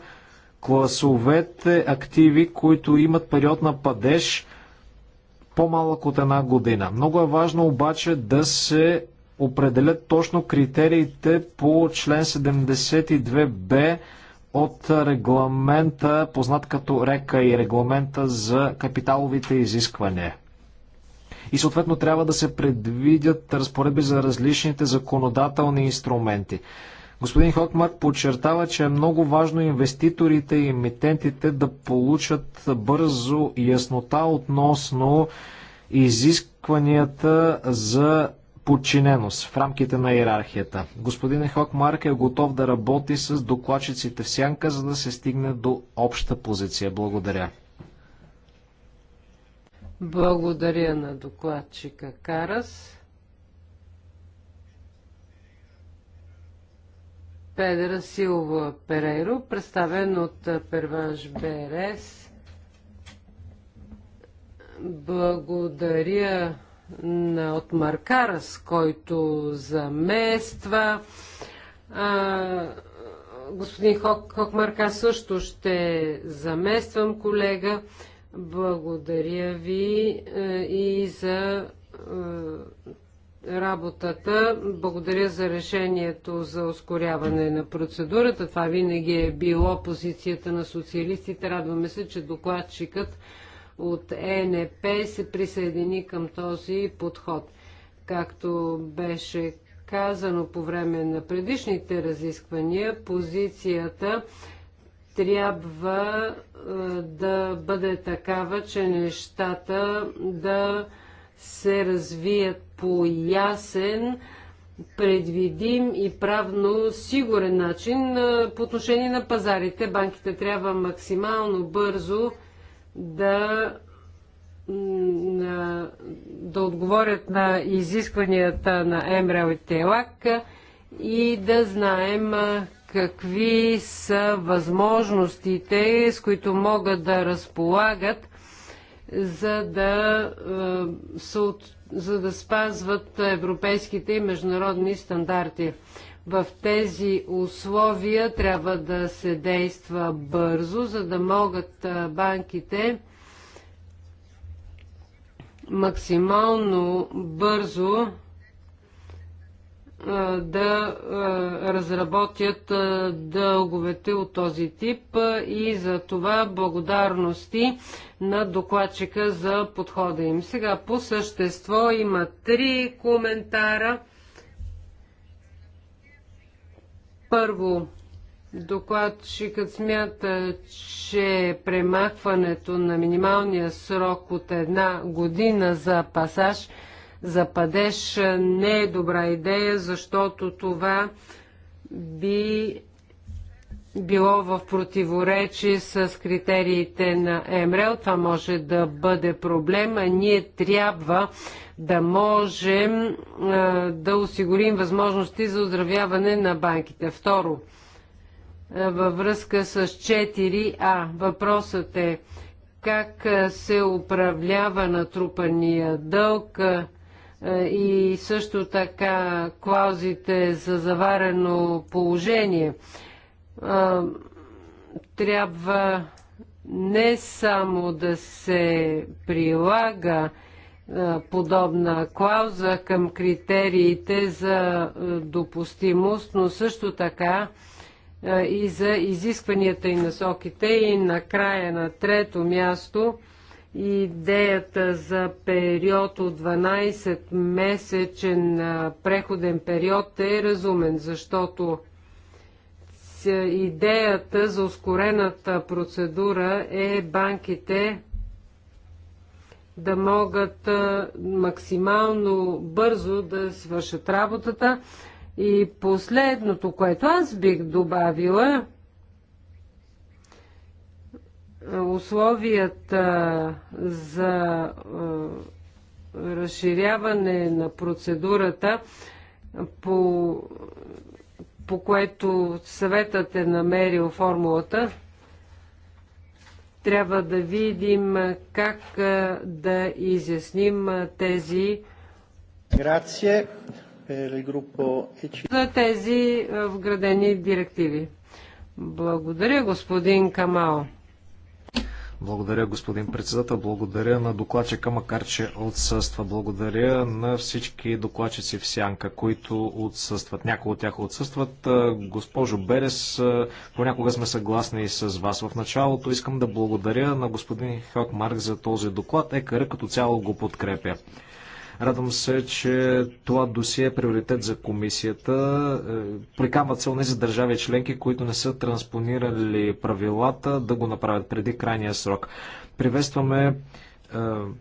класовете активи, които имат период на падеж – по-малък от една година. Много е важно обаче да се определят точно критериите по член 72б от регламента, познат като река и регламента за капиталовите изисквания. И съответно трябва да се предвидят разпоредби за различните законодателни инструменти. Господин Хокмарк подчертава, че е много важно инвеститорите и емитентите да получат бързо яснота относно изискванията за подчиненост в рамките на иерархията. Господин Хокмарк е готов да работи с докладчиците в сянка, за да се стигне до обща позиция. Благодаря. Благодаря на докладчика Карас. Педра Силва Перейро, представен от Перванш Берес. Благодаря на от Маркарас, който замества. А, господин Хок, Хокмарка също ще замествам колега. Благодаря ви е, и за е, работата. Благодаря за решението за ускоряване на процедурата. Това винаги е било позицията на социалистите. Радваме се, че докладчикът от ЕНП се присъедини към този подход. Както беше казано по време на предишните разисквания, позицията трябва е, да бъде такава, че нещата да се развият по ясен, предвидим и правно сигурен начин по отношение на пазарите. Банките трябва максимално бързо да, да отговорят на изискванията на МРЛ и ТЕЛАК и да знаем какви са възможностите, с които могат да разполагат за да, е, за да спазват европейските и международни стандарти. В тези условия трябва да се действа бързо, за да могат е, банките максимално бързо да разработят дълговете от този тип и за това благодарности на докладчика за подхода им. Сега по същество има три коментара. Първо, докладчикът смята, че премахването на минималния срок от една година за пасаж – за падеж не е добра идея, защото това би било в противоречие с критериите на МРЛ. Това може да бъде проблем. А ние трябва да можем да осигурим възможности за оздравяване на банките. Второ, във връзка с 4А, въпросът е как се управлява натрупания дълг. Е, и също така клаузите за заварено положение. Е, трябва не само да се прилага е, подобна клауза към критериите за допустимост, но също така и за изискванията и насоките. И на края на трето място – идеята за период от 12 месечен преходен период е разумен, защото идеята за ускорената процедура е банките да могат максимално бързо да свършат работата. И последното, което аз бих добавила, условията за разширяване на процедурата, по, по което съветът е намерил формулата, трябва да видим как да изясним тези е, за тези вградени директиви. Благодаря, господин Камао. Благодаря, господин председател. Благодаря на докладчика, макар че отсъства. Благодаря на всички докладчици в Сянка, които отсъстват. Някои от тях отсъстват. Госпожо Берес, понякога сме съгласни и с вас. В началото искам да благодаря на господин Марк за този доклад. Екара като цяло го подкрепя. Радвам се, че това досие е приоритет за комисията. Е, Прикамват се онези държави членки, които не са транспонирали правилата, да го направят преди крайния срок. Приветстваме е,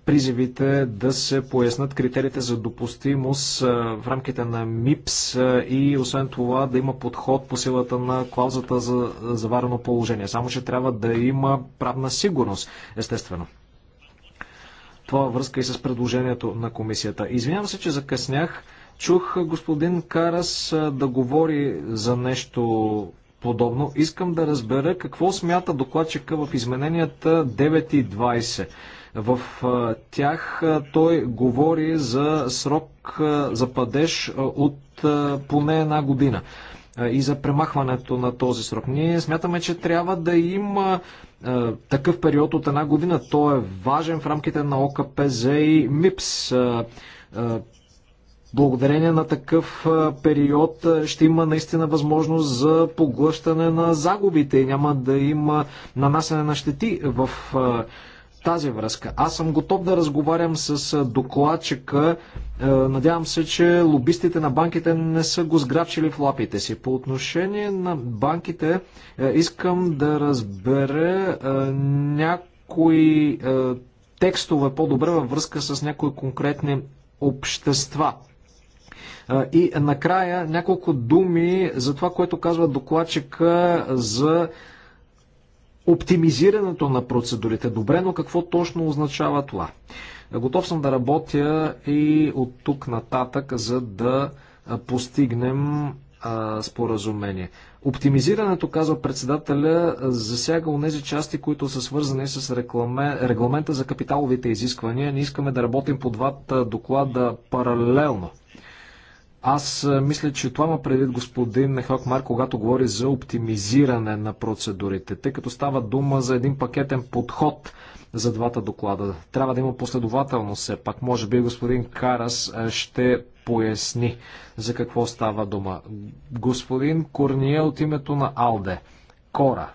призивите да се пояснат критериите за допустимост е, в рамките на МИПС и освен това да има подход по силата на клаузата за заварено положение. Само, че трябва да има правна сигурност, естествено. Това връзка и с предложението на комисията. Извинявам се, че закъснях. Чух господин Карас да говори за нещо подобно. Искам да разбера какво смята докладчика в измененията 9 и 20. В тях той говори за срок за падеж от поне една година и за премахването на този срок. Ние смятаме, че трябва да има е, такъв период от една година. Той е важен в рамките на ОКПЗ и МИПС. Е, е, благодарение на такъв период ще има наистина възможност за поглъщане на загубите и няма да има нанасяне на щети в тази връзка. Аз съм готов да разговарям с докладчика. Е, надявам се, че лобистите на банките не са го сграбчили в лапите си. По отношение на банките, е, искам да разбера е, някои текстове по-добре във връзка с някои конкретни общества. И накрая няколко думи за това, което казва докладчика за оптимизирането на процедурите. Добре, но какво точно означава това? Готов съм да работя и от тук нататък, за да постигнем а, споразумение. Оптимизирането, казва председателя, засяга онези части, които са свързани с рекламе, регламента за капиталовите изисквания. Не искаме да работим по двата доклада паралелно. Аз мисля, че това има предвид господин Хокмар, когато говори за оптимизиране на процедурите, тъй като става дума за един пакетен подход за двата доклада. Трябва да има последователно все пак. Може би господин Карас ще поясни за какво става дума. Господин Корние от името на Алде. Кора.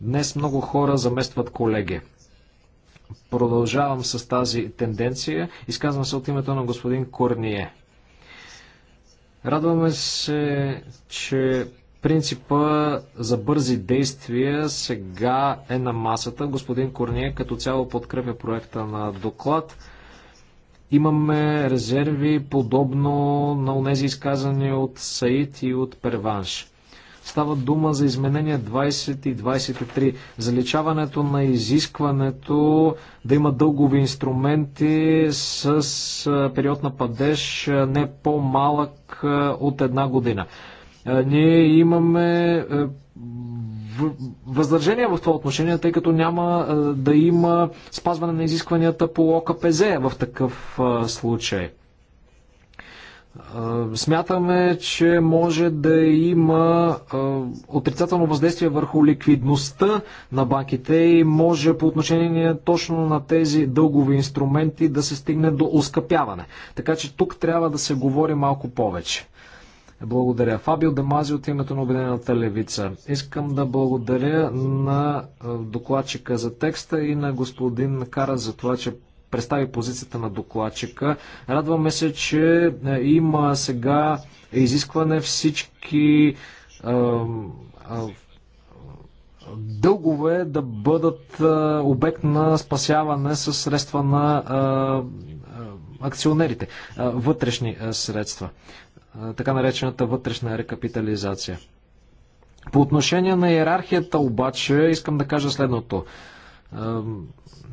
Днес много хора заместват колеги. Продължавам с тази тенденция. Изказвам се от името на господин Корние. Радваме се, че принципа за бързи действия сега е на масата. Господин Корния като цяло подкрепя проекта на доклад. Имаме резерви подобно на тези изказани от Саид и от Перванш. Става дума за изменения 20 и 23. Заличаването на изискването да има дългови инструменти с период на падеж не по-малък от една година. Ние имаме въздържания в това отношение, тъй като няма да има спазване на изискванията по ОКПЗ в такъв случай. Смятаме, че може да има отрицателно въздействие върху ликвидността на банките и може по отношение точно на тези дългови инструменти да се стигне до оскъпяване. Така че тук трябва да се говори малко повече. Благодаря. Фабио Демази от името на Обединената левица. Искам да благодаря на докладчика за текста и на господин Кара за това, че представи позицията на докладчика. Радваме се, че е, има сега изискване всички дългове да бъдат е, обект на спасяване с средства на е, акционерите, вътрешни средства, така наречената вътрешна рекапитализация. По отношение на иерархията обаче искам да кажа следното.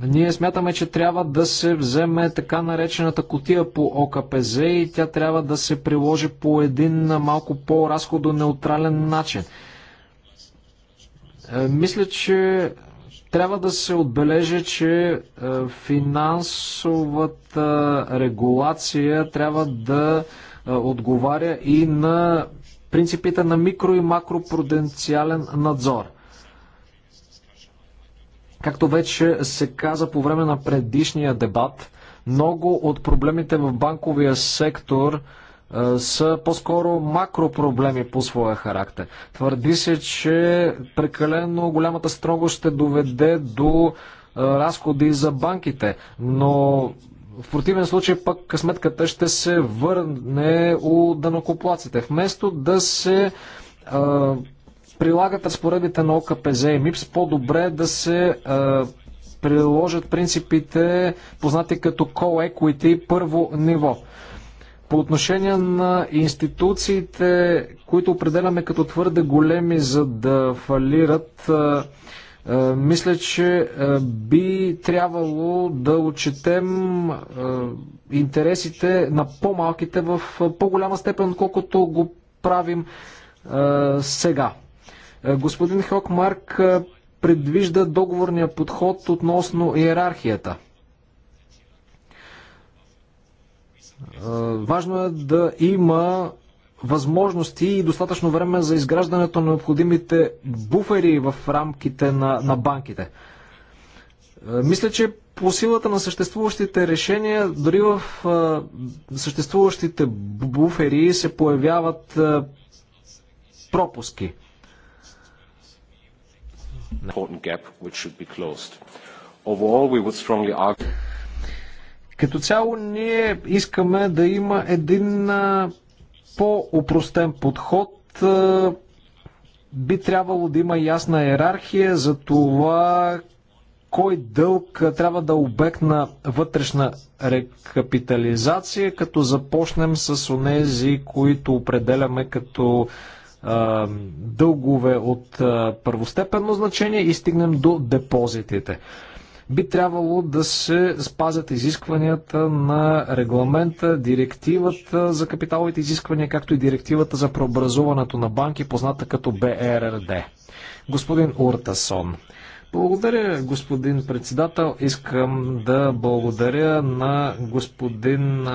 Ние смятаме, че трябва да се вземе така наречената котия по ОКПЗ и тя трябва да се приложи по един малко по-разходонеутрален начин. Е, мисля, че трябва да се отбележи, че е, финансовата регулация трябва да е, отговаря и на принципите на микро и макропруденциален надзор. Както вече се каза по време на предишния дебат, много от проблемите в банковия сектор е, са по-скоро макропроблеми по своя характер. Твърди се, че прекалено голямата строгост ще доведе до е, разходи за банките, но в противен случай пък сметката ще се върне у данокоплаците. Вместо да се е, прилагат разпоредбите на ОКПЗ и МИПС, по-добре е да се е, приложат принципите, познати като Call Equity първо ниво. По отношение на институциите, които определяме като твърде големи, за да фалират, е, е мисля, че е, би трябвало да отчетем интересите на по-малките в по-голяма степен, колкото го правим сега. Е, господин Хокмарк е, предвижда договорния подход относно иерархията. Е, важно е да има възможности и достатъчно време за изграждането на необходимите буфери в рамките на, на банките. Мисля, че по силата на съществуващите решения, дори в съществуващите буфери се появяват пропуски. Като цяло ние искаме да има един по упростен подход. Би трябвало да има ясна иерархия за това кой дълг трябва да е обект на вътрешна рекапитализация, като започнем с онези, които определяме като дългове от първостепенно значение и стигнем до депозитите. Би трябвало да се спазят изискванията на регламента, директивата за капиталовите изисквания, както и директивата за преобразуването на банки, позната като БРРД. Е господин Уртасон. Благодаря, господин председател. Искам да благодаря на господин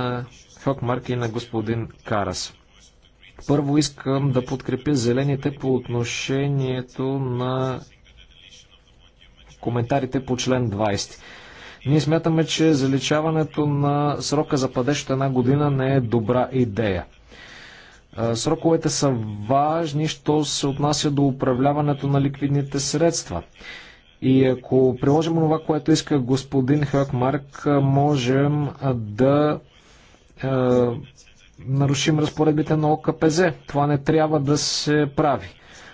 Хокмарк и на господин Карас. Първо искам да подкрепя зелените по отношението на коментарите по член 20. Ние смятаме, че заличаването на срока за падеж от една година не е добра идея. Сроковете са важни, що се отнася до управляването на ликвидните средства. И ако приложим това, което иска господин Хакмарк, можем да нарушим разпоредбите на ОКПЗ. Това не трябва да се прави.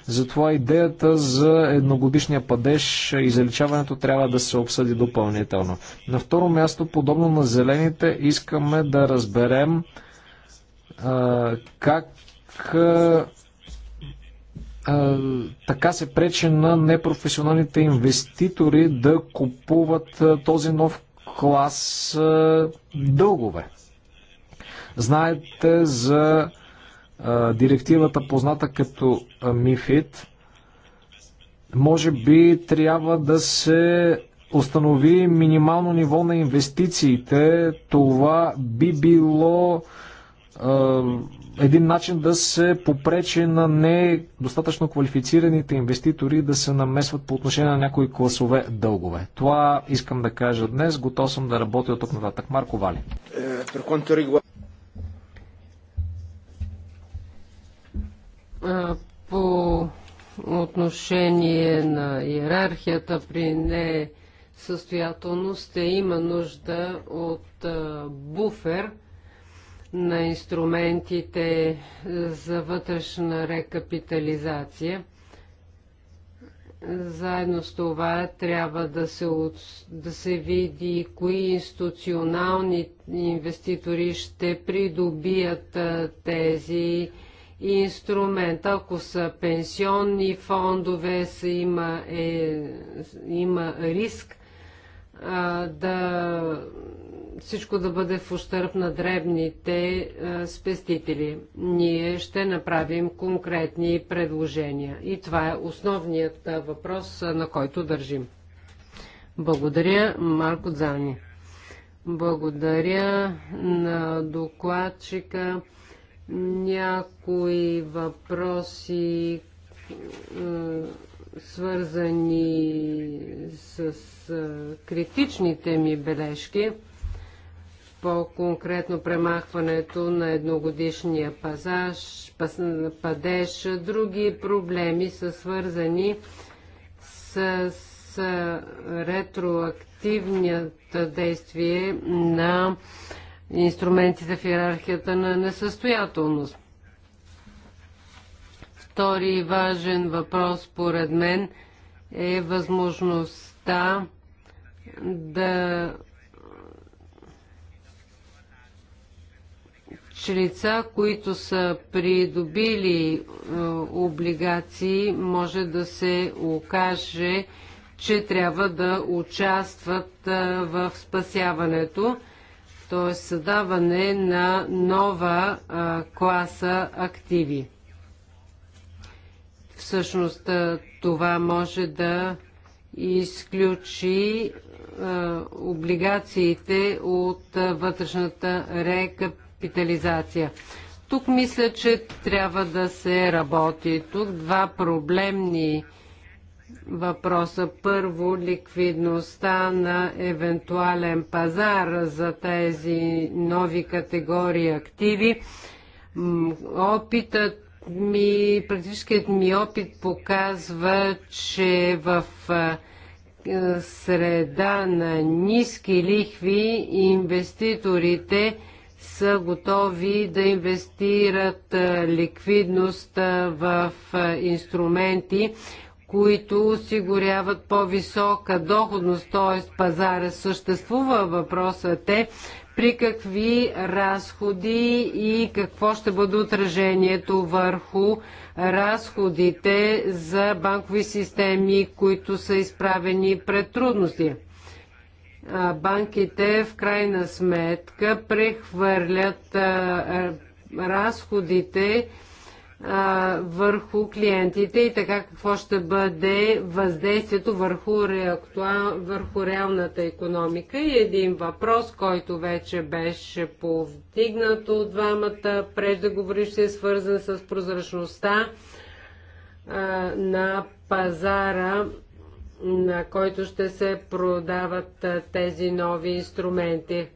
Затова идеята за едногодишния падеж и заличаването трябва да се обсъди допълнително. На второ място, подобно на зелените, искаме да разберем а, как а, така се пречи на непрофесионалните инвеститори да купуват а, този нов клас а, дългове. Знаете за а, директивата, позната като МИФИД. Може би трябва да се установи минимално ниво на инвестициите. Това би било а, един начин да се попречи на недостатъчно квалифицираните инвеститори да се намесват по отношение на някои класове дългове. Това искам да кажа днес. Готов съм да работя от тук нататък. Марко Вали. Е, по отношение на иерархията при несъстоятелност е има нужда от буфер на инструментите за вътрешна рекапитализация. Заедно с това трябва да се, от, да се види кои институционални инвеститори ще придобият тези инструмент. Ако са пенсионни фондове, са, има, е, има риск а, да всичко да бъде в ущърп на дребните а, спестители. Ние ще направим конкретни предложения. И това е основният а, въпрос, а, на който държим. Благодаря, Марко Дзани. Благодаря на докладчика някои въпроси, свързани с критичните ми бележки, по-конкретно премахването на едногодишния пазаж, падеж, други проблеми са свързани с ретроактивният действие на инструментите в иерархията на несъстоятелност. Втори важен въпрос, според мен, е възможността да лица, които са придобили е, облигации, може да се окаже, че трябва да участват е, в спасяването т.е. създаване на нова а, класа активи. Всъщност това може да изключи а, облигациите от а, вътрешната рекапитализация. Тук мисля, че трябва да се работи. Тук два проблемни а, въпроса. Първо, ликвидността на евентуален пазар за тези нови категории активи. Опитът ми, практическият ми опит показва, че в е, среда на ниски лихви инвеститорите са готови да инвестират ликвидност в инструменти, които осигуряват по-висока доходност, т.е. пазара съществува. Въпросът е при какви разходи и какво ще бъде отражението върху разходите за банкови системи, които са изправени пред трудности. Банките в крайна сметка прехвърлят разходите върху клиентите и така какво ще бъде въздействието върху, реактуал, върху реалната економика. И един въпрос, който вече беше повдигнат от двамата преждеговорище, е свързан с прозрачността а, на пазара на който ще се продават а, тези нови инструменти.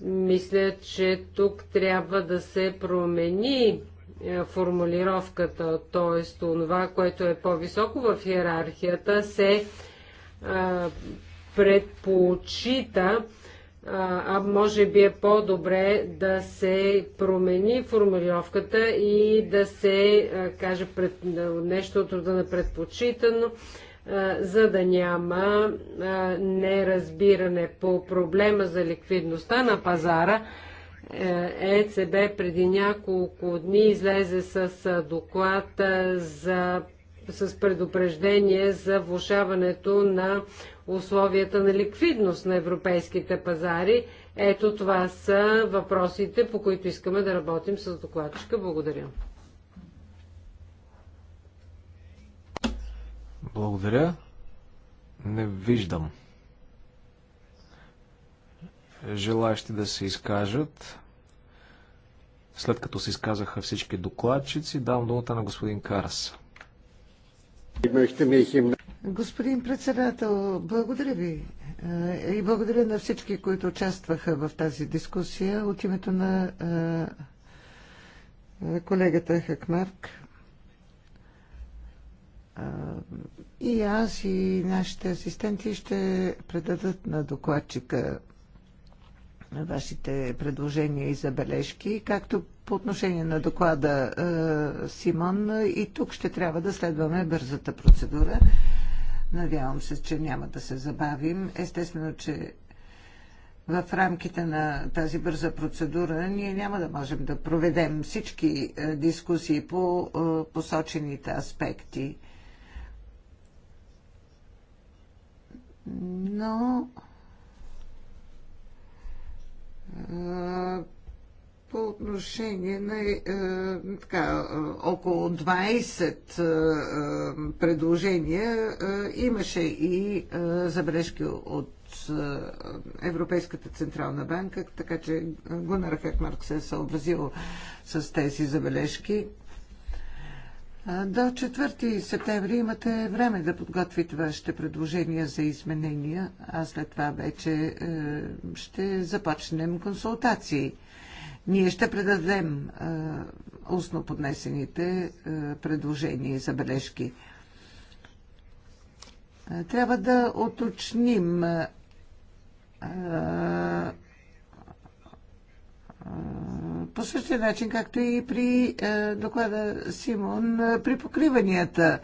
Мисля, че тук трябва да се промени е, формулировката, т.е. това, което е по-високо в иерархията, се а, е, предпочита, е, а, може би е по-добре да се промени формулировката и да се а, каже пред, нещо от рода на предпочитано, а, за да няма а, неразбиране по проблема за ликвидността на пазара е, ЕЦБ преди няколко дни излезе с доклад за, с предупреждение за влушаването на условията на ликвидност на европейските пазари. Ето това са въпросите, по които искаме да работим с докладчика. Благодаря. Благодаря. Не виждам желаящи да се изкажат. След като се изказаха всички докладчици, давам думата на господин Карас. Господин председател, благодаря ви е, и благодаря на всички, които участваха в тази дискусия от името на е, е, колегата Хакмарк. И аз и нашите асистенти ще предадат на докладчика вашите предложения и забележки, както по отношение на доклада е, Симон. И тук ще трябва да следваме бързата процедура. Надявам се, че няма да се забавим. Естествено, че в рамките на тази бърза процедура ние няма да можем да проведем всички е, дискусии по е, посочените аспекти. Но... No по отношение на е, е така, около 20 е, е, предложения имаше и забележки от Европейската Централна банка, така че Гунар Хекмарк се е съобразил с тези забележки. До 4 септември имате време да подготвите вашите предложения за изменения, а след това вече е, ще започнем консултации. Ние ще предадем е, устно поднесените е, предложения и забележки. Трябва да оточним по същия начин, както и при е, доклада Симон, е, при покриванията,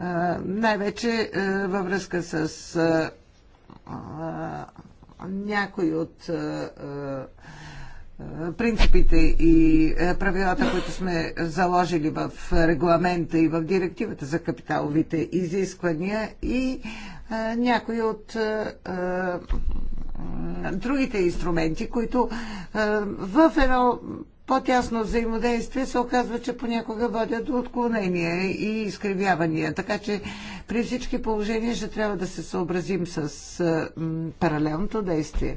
е, най-вече във връзка с някои от принципите и правилата, които сме заложили в регламента и в директивата за капиталовите изисквания и някои от другите инструменти, които е, в едно по-тясно взаимодействие се оказва, че понякога водят до отклонения и изкривявания. Така че при всички положения ще трябва да се съобразим с е, паралелното действие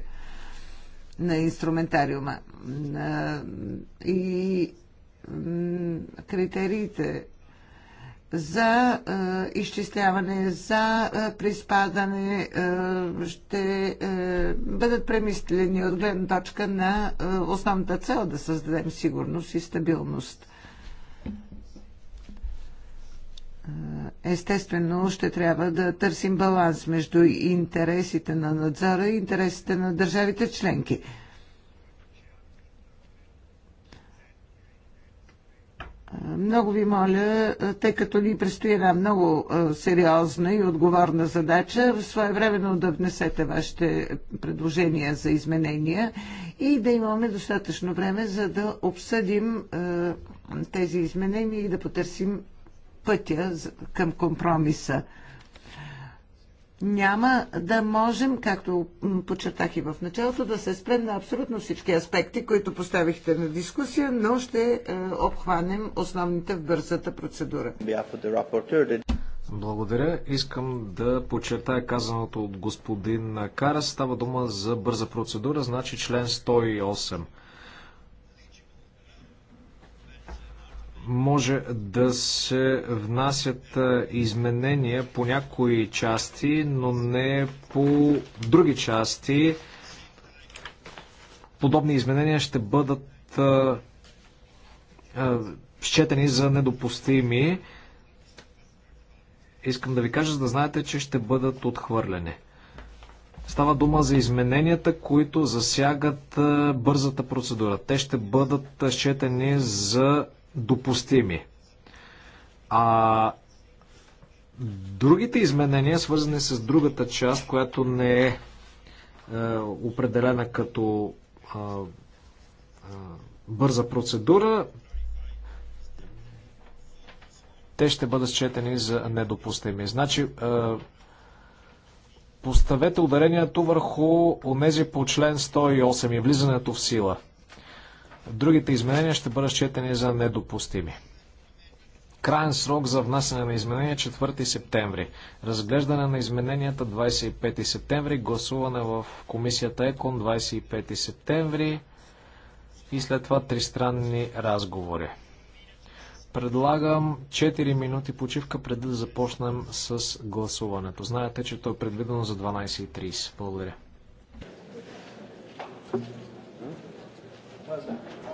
на инструментариума е, и критериите за е, изчисляване, за е, приспадане е, ще е, бъдат премислени от гледна точка на е, основната цел да създадем сигурност и стабилност. Е, естествено, ще трябва да търсим баланс между интересите на надзора и интересите на държавите членки. Много ви моля, тъй като ни предстои една много сериозна и отговорна задача, своевременно да внесете вашите предложения за изменения и да имаме достатъчно време, за да обсъдим тези изменения и да потърсим пътя към компромиса няма да можем, както подчертах и в началото, да се спрем на абсолютно всички аспекти, които поставихте на дискусия, но ще е, обхванем основните в бързата процедура. Благодаря. Искам да подчертая казаното от господин Карас. Става дума за бърза процедура, значи член 108. може да се внасят изменения по някои части, но не по други части. Подобни изменения ще бъдат счетени за недопустими. Искам да ви кажа, за да знаете, че ще бъдат отхвърлени. Става дума за измененията, които засягат бързата процедура. Те ще бъдат счетени за допустими. А другите изменения, свързани с другата част, която не е, е определена като е, е, бърза процедура, те ще бъдат счетени за недопустими. Значи, поставете ударението върху онези по член 108 и влизането в сила – Другите изменения ще бъдат счетени за недопустими. Крайен срок за внасяне на изменения 4 е септември. Разглеждане на измененията 25 септември. Гласуване в комисията ЕКОН 25 септември. И след това тристранни разговори. Предлагам 4 минути почивка преди да започнем с гласуването. Знаете, че то е предвидено за 12.30. Благодаря пазар.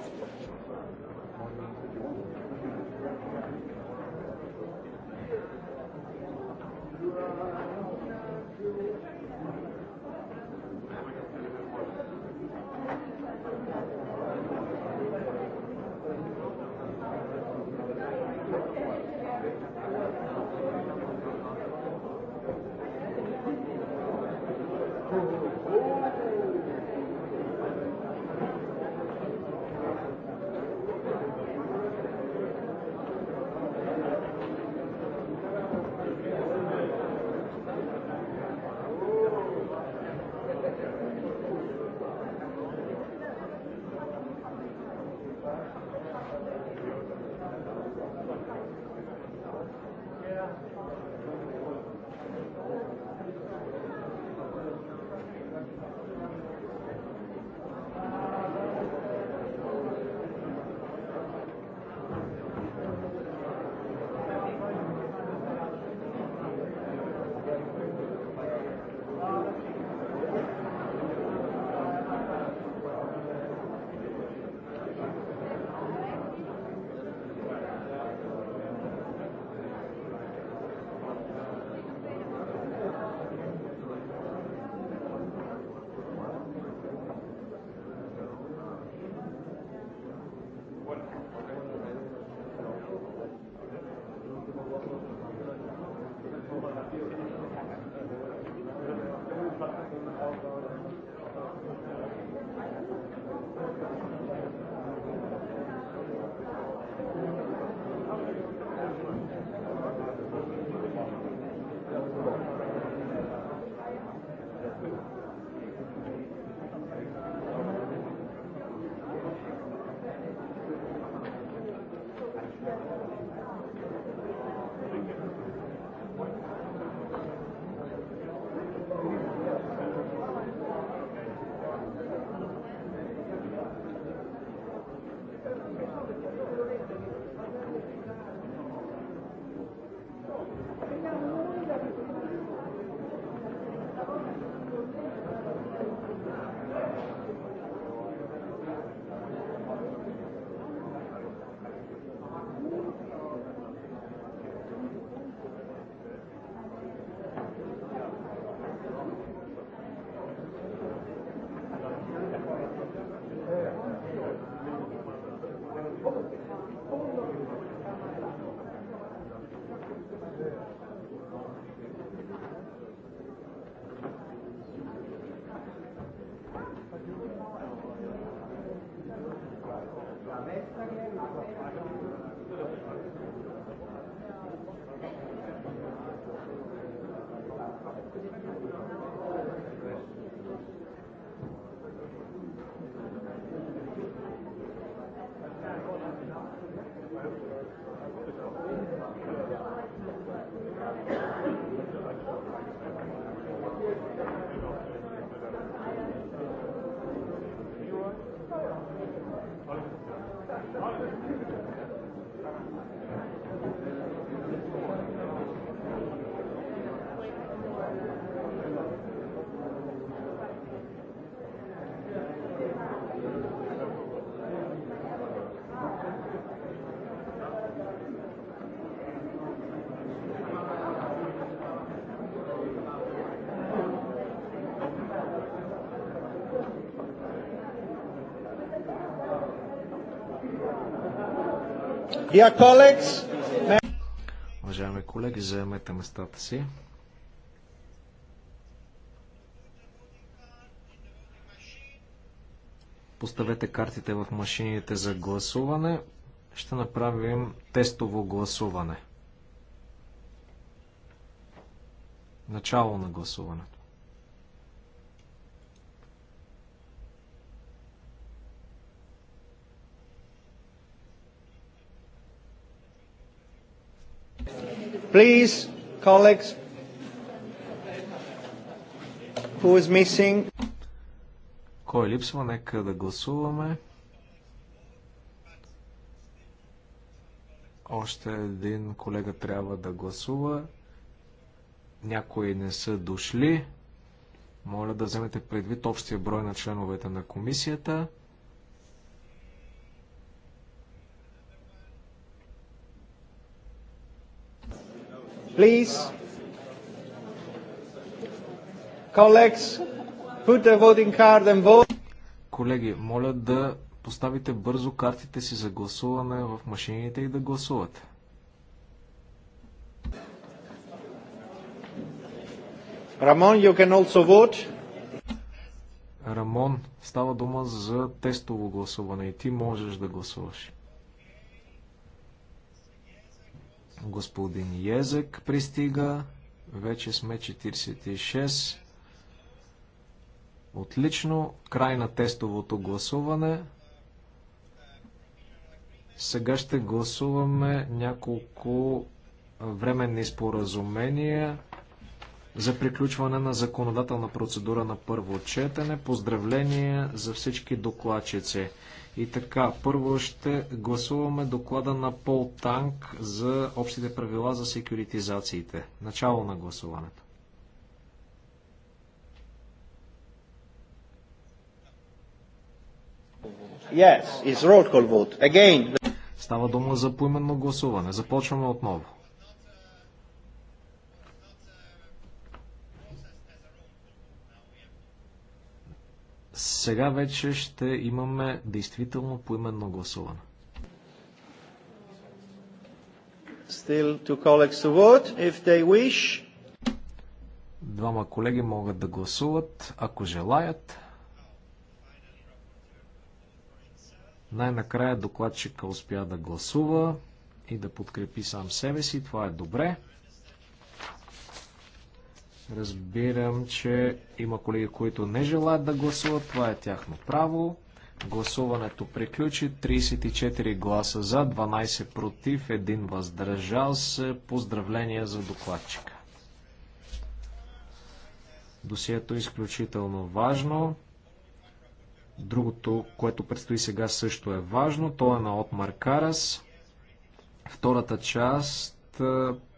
Уважаеми колеги, заемете местата си. Поставете картите в машините за гласуване. Ще направим тестово гласуване. Начало на гласуването. Please, colleagues, who is missing? Кой липсва? Нека да гласуваме. Още един колега трябва да гласува. Някои не са дошли. Моля да вземете предвид общия брой на членовете на комисията. Please, colleagues, put the voting card and vote. Колеги, моля да поставите бързо картите си за гласуване в машините и да гласувате. Рамон, you can also vote. Рамон, става дума за тестово гласуване и ти можеш да гласуваш. Господин Язък пристига. Вече сме 46. Отлично. Край на тестовото гласуване. Сега ще гласуваме няколко временни споразумения за приключване на законодателна процедура на първо четене. Поздравления за всички докладчици. И така, първо ще гласуваме доклада на Пол Танк за общите правила за секюритизациите. Начало на гласуването. Yes, it's roll call vote. Again. Става дума за поименно гласуване. Започваме отново. Сега вече ще имаме действително поименно гласуване. Still to vote if they wish. Двама колеги могат да гласуват, ако желаят. Най-накрая докладчика успя да гласува и да подкрепи сам себе си. Това е добре. Разбирам, че има колеги, които не желаят да гласуват. Това е тяхно право. Гласуването приключи. 34 гласа за, 12 против, 1 въздържал се. Поздравления за докладчика. Досието е изключително важно. Другото, което предстои сега също е важно. То е на Отмар Карас. Втората част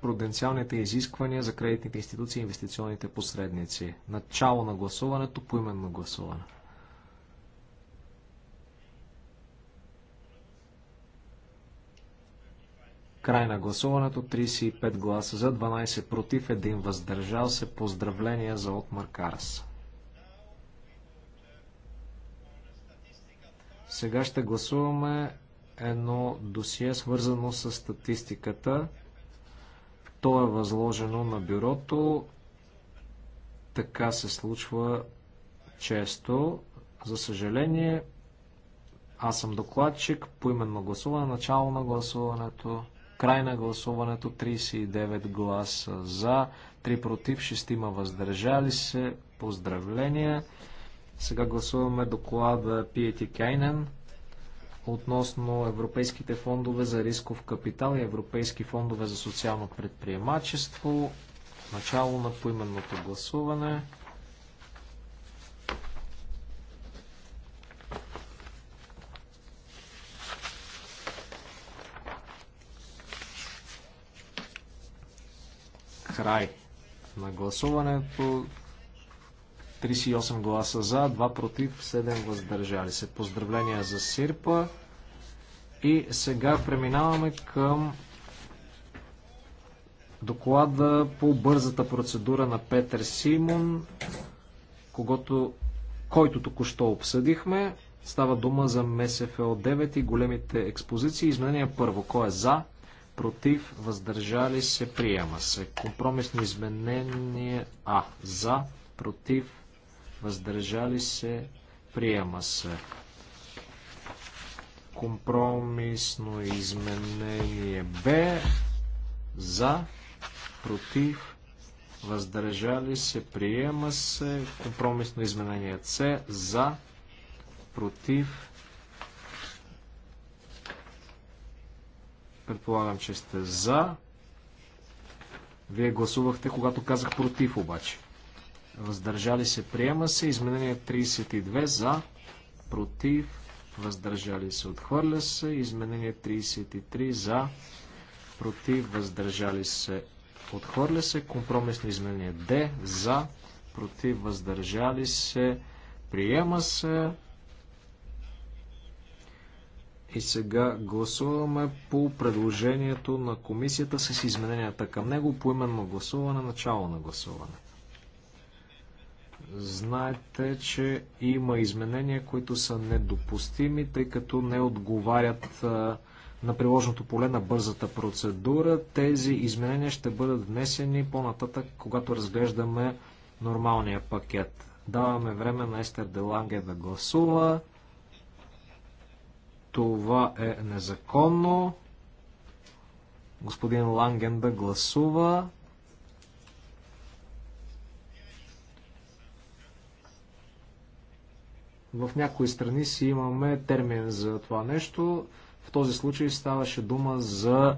пруденциалните изисквания за кредитните институции и инвестиционните посредници. Начало на гласуването, поименно гласуване. Край на гласуването 35 гласа за, 12 против, 1 въздържал се. Поздравления за Отмар Карас. Сега ще гласуваме едно досие, свързано с статистиката. То е възложено на бюрото. Така се случва често. За съжаление, аз съм докладчик по именно гласуване, начало на гласуването, край на гласуването, 39 гласа за, 3 против, 6 въздържали се. Поздравления! Сега гласуваме доклада Пиети Кайнен относно европейските фондове за рисков капитал и европейски фондове за социално предприемачество. Начало на поименното гласуване. Край на гласуването. 38 гласа за, 2 против, 7 въздържали се. Поздравления за Сирпа. И сега преминаваме към доклада по бързата процедура на Петър Симон, когато, който току-що обсъдихме. Става дума за МСФО 9 и големите експозиции. Изменение първо. Кой е за? Против? Въздържали се? Приема се. Компромисно изменение А. За? Против? въздържали се, приема се. Компромисно изменение Б за, против, въздържали се, приема се. Компромисно изменение С за, против. Предполагам, че сте за. Вие гласувахте, когато казах против обаче въздържали се, приема се. Изменение 32 за, против, въздържали се, отхвърля се. Изменение 33 за, против, въздържали се, отхвърля се. Компромисно изменение Д за, против, въздържали се, приема се. И сега гласуваме по предложението на комисията с измененията към него по именно гласуване, начало на гласуване. Знаете, че има изменения, които са недопустими, тъй като не отговарят на приложното поле на бързата процедура. Тези изменения ще бъдат внесени по-нататък, когато разглеждаме нормалния пакет. Даваме време на Естер Деланге да гласува. Това е незаконно. Господин Ланген да гласува. В някои страни си имаме термин за това нещо. В този случай ставаше дума за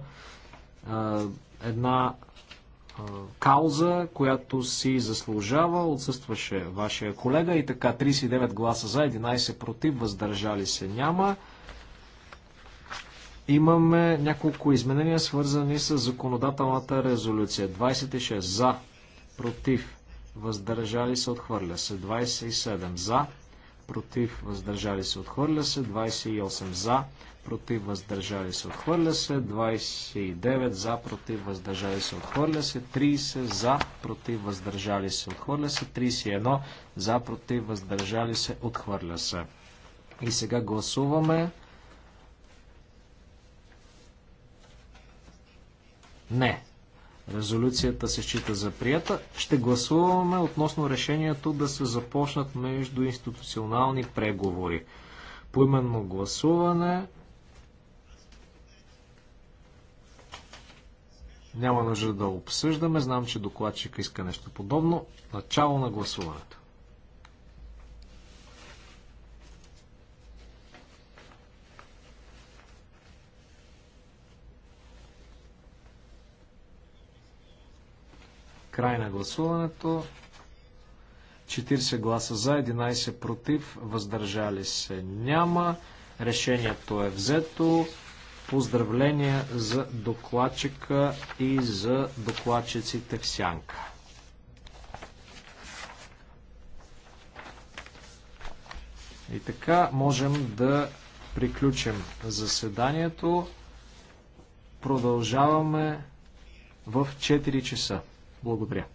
а, една а, кауза, която си заслужава. Отсъстваше вашия колега и така 39 гласа за, 11 против, въздържали се няма. Имаме няколко изменения, свързани с законодателната резолюция. 26 за, против, въздържали се, отхвърля се. 27 за, против, въздържали се, отхвърля се, 28 за, против, въздържали се, отхвърля се, 29 за, против, въздържали се, отхвърля се, 30 за, против, въздържали се, отхвърля се, 31 за, против, въздържали се, отхвърля се. И сега гласуваме. Не, Резолюцията се счита за прията. Ще гласуваме относно решението да се започнат между институционални преговори. Поименно гласуване. Няма нужда да обсъждаме. Знам, че докладчик иска нещо подобно. Начало на гласуването. Край на гласуването. 40 гласа за, 11 против, въздържали се няма. Решението е взето. Поздравления за докладчика и за докладчиците в сянка. И така можем да приключим заседанието. Продължаваме в 4 часа. Благодаря.